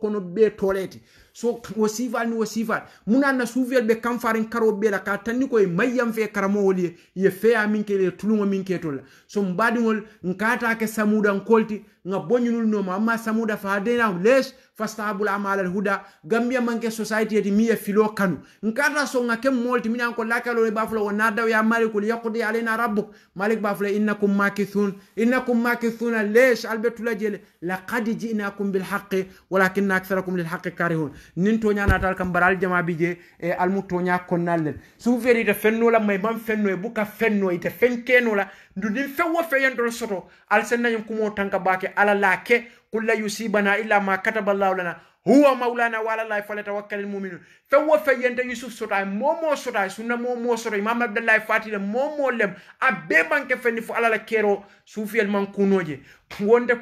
so wo sival ni wo sival muna na suvel be kam farin karo be la ka tanni ko e mayyam fe karamo woli ye fe a min ke le tulungo min ke tola so mbadi ngol nkata ke samuda nkolti nga bonyunul no ma amma samuda fa dena les fastabul amal al huda gambia manke society yati miya filo kanu nkata so nga kem molti min an ko lakalo e baflo wona daw ya malikul yaqdi alaina rabbuk malik baflo innakum makithun innakum makithuna les albetula jele laqad ji'nakum bil haqqi walakinna aktharakum lil haqqi karihun nin toñanatal kam mbaɗa aljama bi je e almu toña konnallen so feeri ite fennola may man fenno e buka fenno ite fen kenola ndu nin fewwo feyentol soto alsennañen kumo tanka bake ala lake kulla yusibana illa ma kataba llahu lana huwa maulana wala la fala tawakkal mu'minun fa wa fayyanta yusuf sota momo sota sunna momo sota imam abdullah fatila momo lem abbe banke fenni fu alala kero sufiyal man kunoje wonde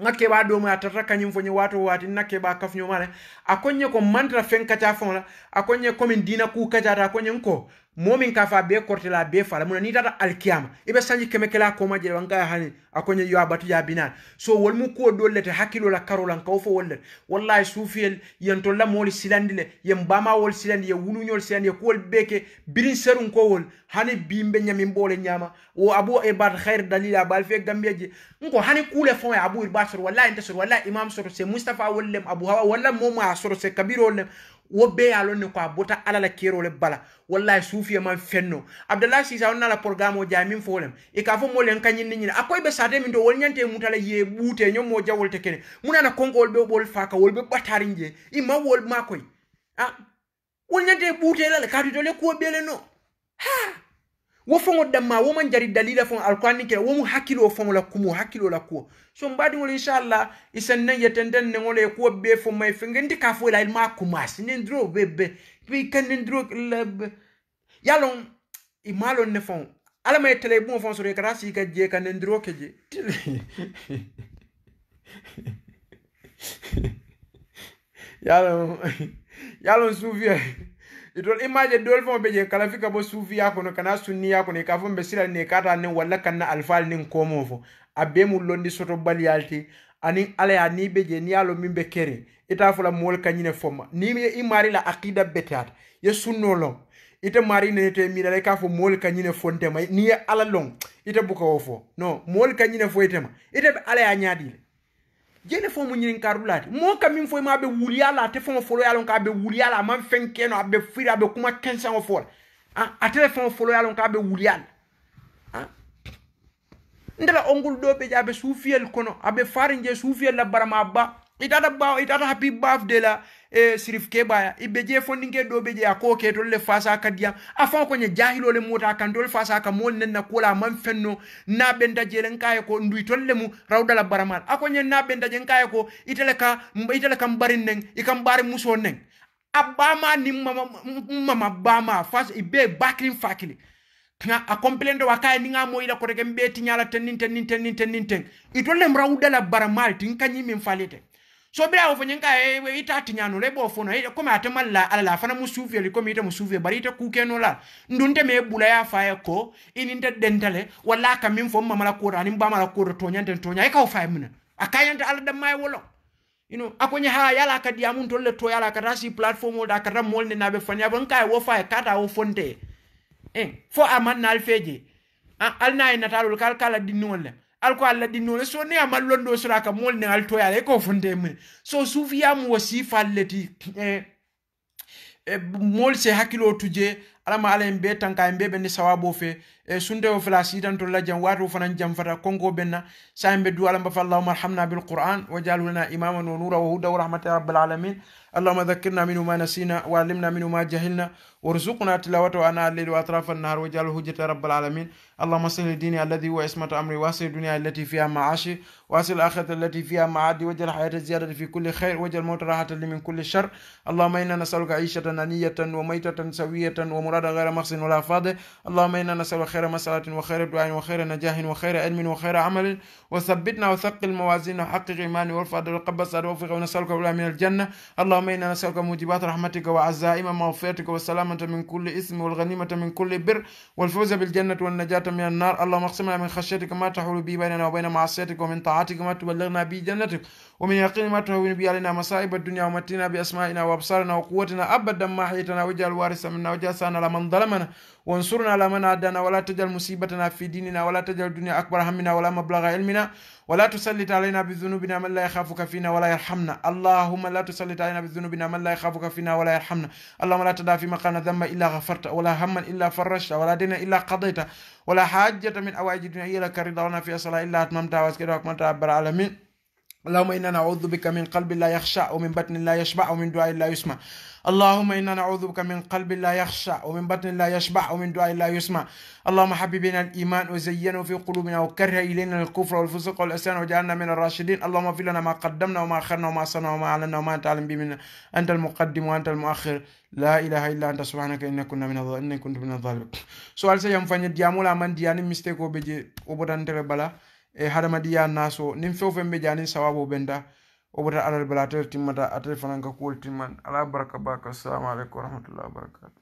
nga keɓa ɗomo a tata kañum foñe wato wati na keɓa kafnyo a akonye ko mantra fenka kaca fonla a konñe komin dina ku kacata a konñen ko moo min ka fa bee kortela bee fala muna ni tata alkiyama i be sanji keme kela koma jele wanka hani a koñe yo a batuja binani so wol mu kuwo dol hakilo la karo lan kawo fo wol wallahi suufiyel yen tolla moolu silandile le yen bamawol silandi ye wuluñol silandi ye kuwol beke birin serun kowol hani bimbe nyami mbole nyama o abu ebat khair dalila baal fe gambiya je nko hani kule fon abu irba soto wallahi nte soto wallahi imam soto se mustafa wol abu hawa wala momo a soto se kabiro lem wo be ya lon ko abota ala la kero le bala wallahi sufiya man fenno abdallah sisa onna la programme o jamin folem e ka fo mo len kanyin ni a koy be sate min do wol nyante mutala ye bute nyom mo jawol te kene muna na konko wol be bol faka wol be batarinje imma wol makoy ah wol nyante bute la ka to le ko bele no ha wo foŋo damma wo man jari dalila foŋo alqur'ani kela wo mu hakilo foŋo la kumo hakkilo la kuwo so n baadiŋolu inchallah i sen yetenden neŋo la ye kuwo bee fo ma ye feŋke nti kaa la ilima kumasi nin duro be be i ka nin duro la ye loŋ i maa loŋ ne foŋo alla ma ye tela i buŋo foŋo soto i ka taa sii ka jee ka nin duro ke je ye loŋ ye Idol imaje dol fo be kala fika bo sufiya kono kana sunniya kono ka fo be sila ne kata ne walla kanna alfal nin komo fo abbe mu londi soto baliyalti ani ala ya ni beje ni alo min be kere ita fula mol kanyine foma ni me imari la aqida betat ye sunnolo ite mari ne te mi dale ka fo mol kanyine fonte mai ni ala long ite buka wo fo no mol kanyine fo ite ma ite ala ya nyadile jele fo mu ñinin karulati mo ka min fo ma be wuliya la te fo folo ya lon ka be wuliya la man fen keno abe fira be kuma kensan o fol a atele fo folo ya lon ka be wuliya la ndela ongol ɗo ɓe jaaɓe suufiyel kono aɓe farinje suufiyel la barama ba itata ba itata happy birthday la e sirif ke baya i be je fondin ke do be je ako ke to le fasa ka diya a fa ko nye jahilo le mota kan to le fasa ka mol nen na kula man fenno na benta len kaye ko ndui to le mu rawda la baramal ako nye na benta jen kaye ko itele ka itele kam barin nen i kam bari muso nen abama ni mama mama bama fas i be bakrin fakili tinga a complainte wa kaya ninga mo ila koteke mbe tinyala tenin tenin tenin tenin ten itole mrawda la baramal tin kanyi min falite sobirawo fonyenka ewe eh, ita atinyanula ebofono ita kome ate malla alala afana musuvye likome ite musuvye bari kuke ite kukenola ndunte mebula yafaye ko ini nte dentale walla akamin fo mamala kura ani mbamala kota tonyante tonya ikawo faye mina akayante ala dammaye wolo you know akonye ha ya akadia mun tolle to yala akata rasi platform wol akata mol ne nabe fanya bon kay wo faye kata wo fonte eh fo amana alfeje feje al nay natalul kal kala dinnolle alko alla ɗinnole so ni amal londo ka mol ne al toyala ko fonde mum so wasi falleti e eh, eh moolu se hakkiloo tuje alama ala en be tanka en be ni sawabo fe e eh, suntewo fela la jam waatoo fanan jam fata konko benna sa en be du alamba fa allahuma arhamna bil qur'an jalulana imaman wa nura wa huda wa rahmata rabbil alamin اللهم ذكرنا منه ما نسينا وعلمنا منه ما جهلنا وارزقنا تلاوته أنا الليل وأطراف النهار وجعل حجه رب العالمين اللهم صل لديني الذي هو عصمة أمري واصل الدنيا التي فيها معاشي واصل الآخرة التي فيها معادي وجعل حياة زيادة في كل خير وجعل الموت راحة لي من كل شر اللهم إنا نسألك عيشة أنية وميتة سوية ومرادا غير مخز ولا فاضي اللهم إنا نسألك خير مسألة وخير دعاء وخير نجاح وخير علم وخير عمل وثبتنا وثقل الموازين وحقق إيماني وارفع درجة وقبل وفق ونسألك من الجنة اللهم اللهم إنا نسألك موجبات رحمتك وعزائم مغفرتك والسلامة من كل إثم والغنيمة من كل بر والفوز بالجنة والنجاة من النار اللهم اقسمنا من خشيتك ما تحول بي بيننا وبين معصيتك ومن طاعتك ما تبلغنا به جنتك ومن يقين ما تهون بي علينا مصائب الدنيا ومتنا بأسمائنا وأبصارنا وقوتنا أبدا ما حيتنا وجه الوارث منا وجعل سانا لمن ظلمنا وانصرنا على من عدانا ولا تجعل مصيبتنا في ديننا ولا تجعل الدنيا أكبر همنا ولا مبلغ علمنا ولا تسلط علينا بذنوبنا من لا يخافك فينا ولا يرحمنا اللهم لا تسلط علينا بذنوبنا من لا يخافك فينا ولا يرحمنا اللهم لا تدع في مقام ذنب إلا غفرت ولا هما إلا فرشت ولا دين إلا قضيت ولا حاجة من أوائج الدنيا إلا كرضا ونفي أصلا إلا أتممتها واسكتها وأكملتها رب العالمين اللهم إنا نعوذ بك من قلب لا يخشع ومن بطن لا يشبع ومن دعاء لا يسمع اللهم إنا نعوذ بك من قلب لا يخشع ومن بطن لا يشبع ومن دعاء لا يسمع اللهم حببنا الإيمان وزينه في قلوبنا وكره إلينا الكفر والفسق والعصيان وجعلنا من الراشدين اللهم اغفر لنا ما قدمنا وما أخرنا وما أسرنا وما أعلنا وما انت به بمنا أنت المقدم وأنت المؤخر لا إله إلا أنت سبحانك إنا كنا من الظالمين كنت من الظالمين سؤال سيام فانيت يامولا من دياني مستيكو بيجي وبدان تربلا e eh, hadamadiya naso nin few fen be nin sawabu benda o bota alal bala atel timmata atel fanan kuwol timman ala baraka baka assalamu aleykum warahmatullahi wabarakatu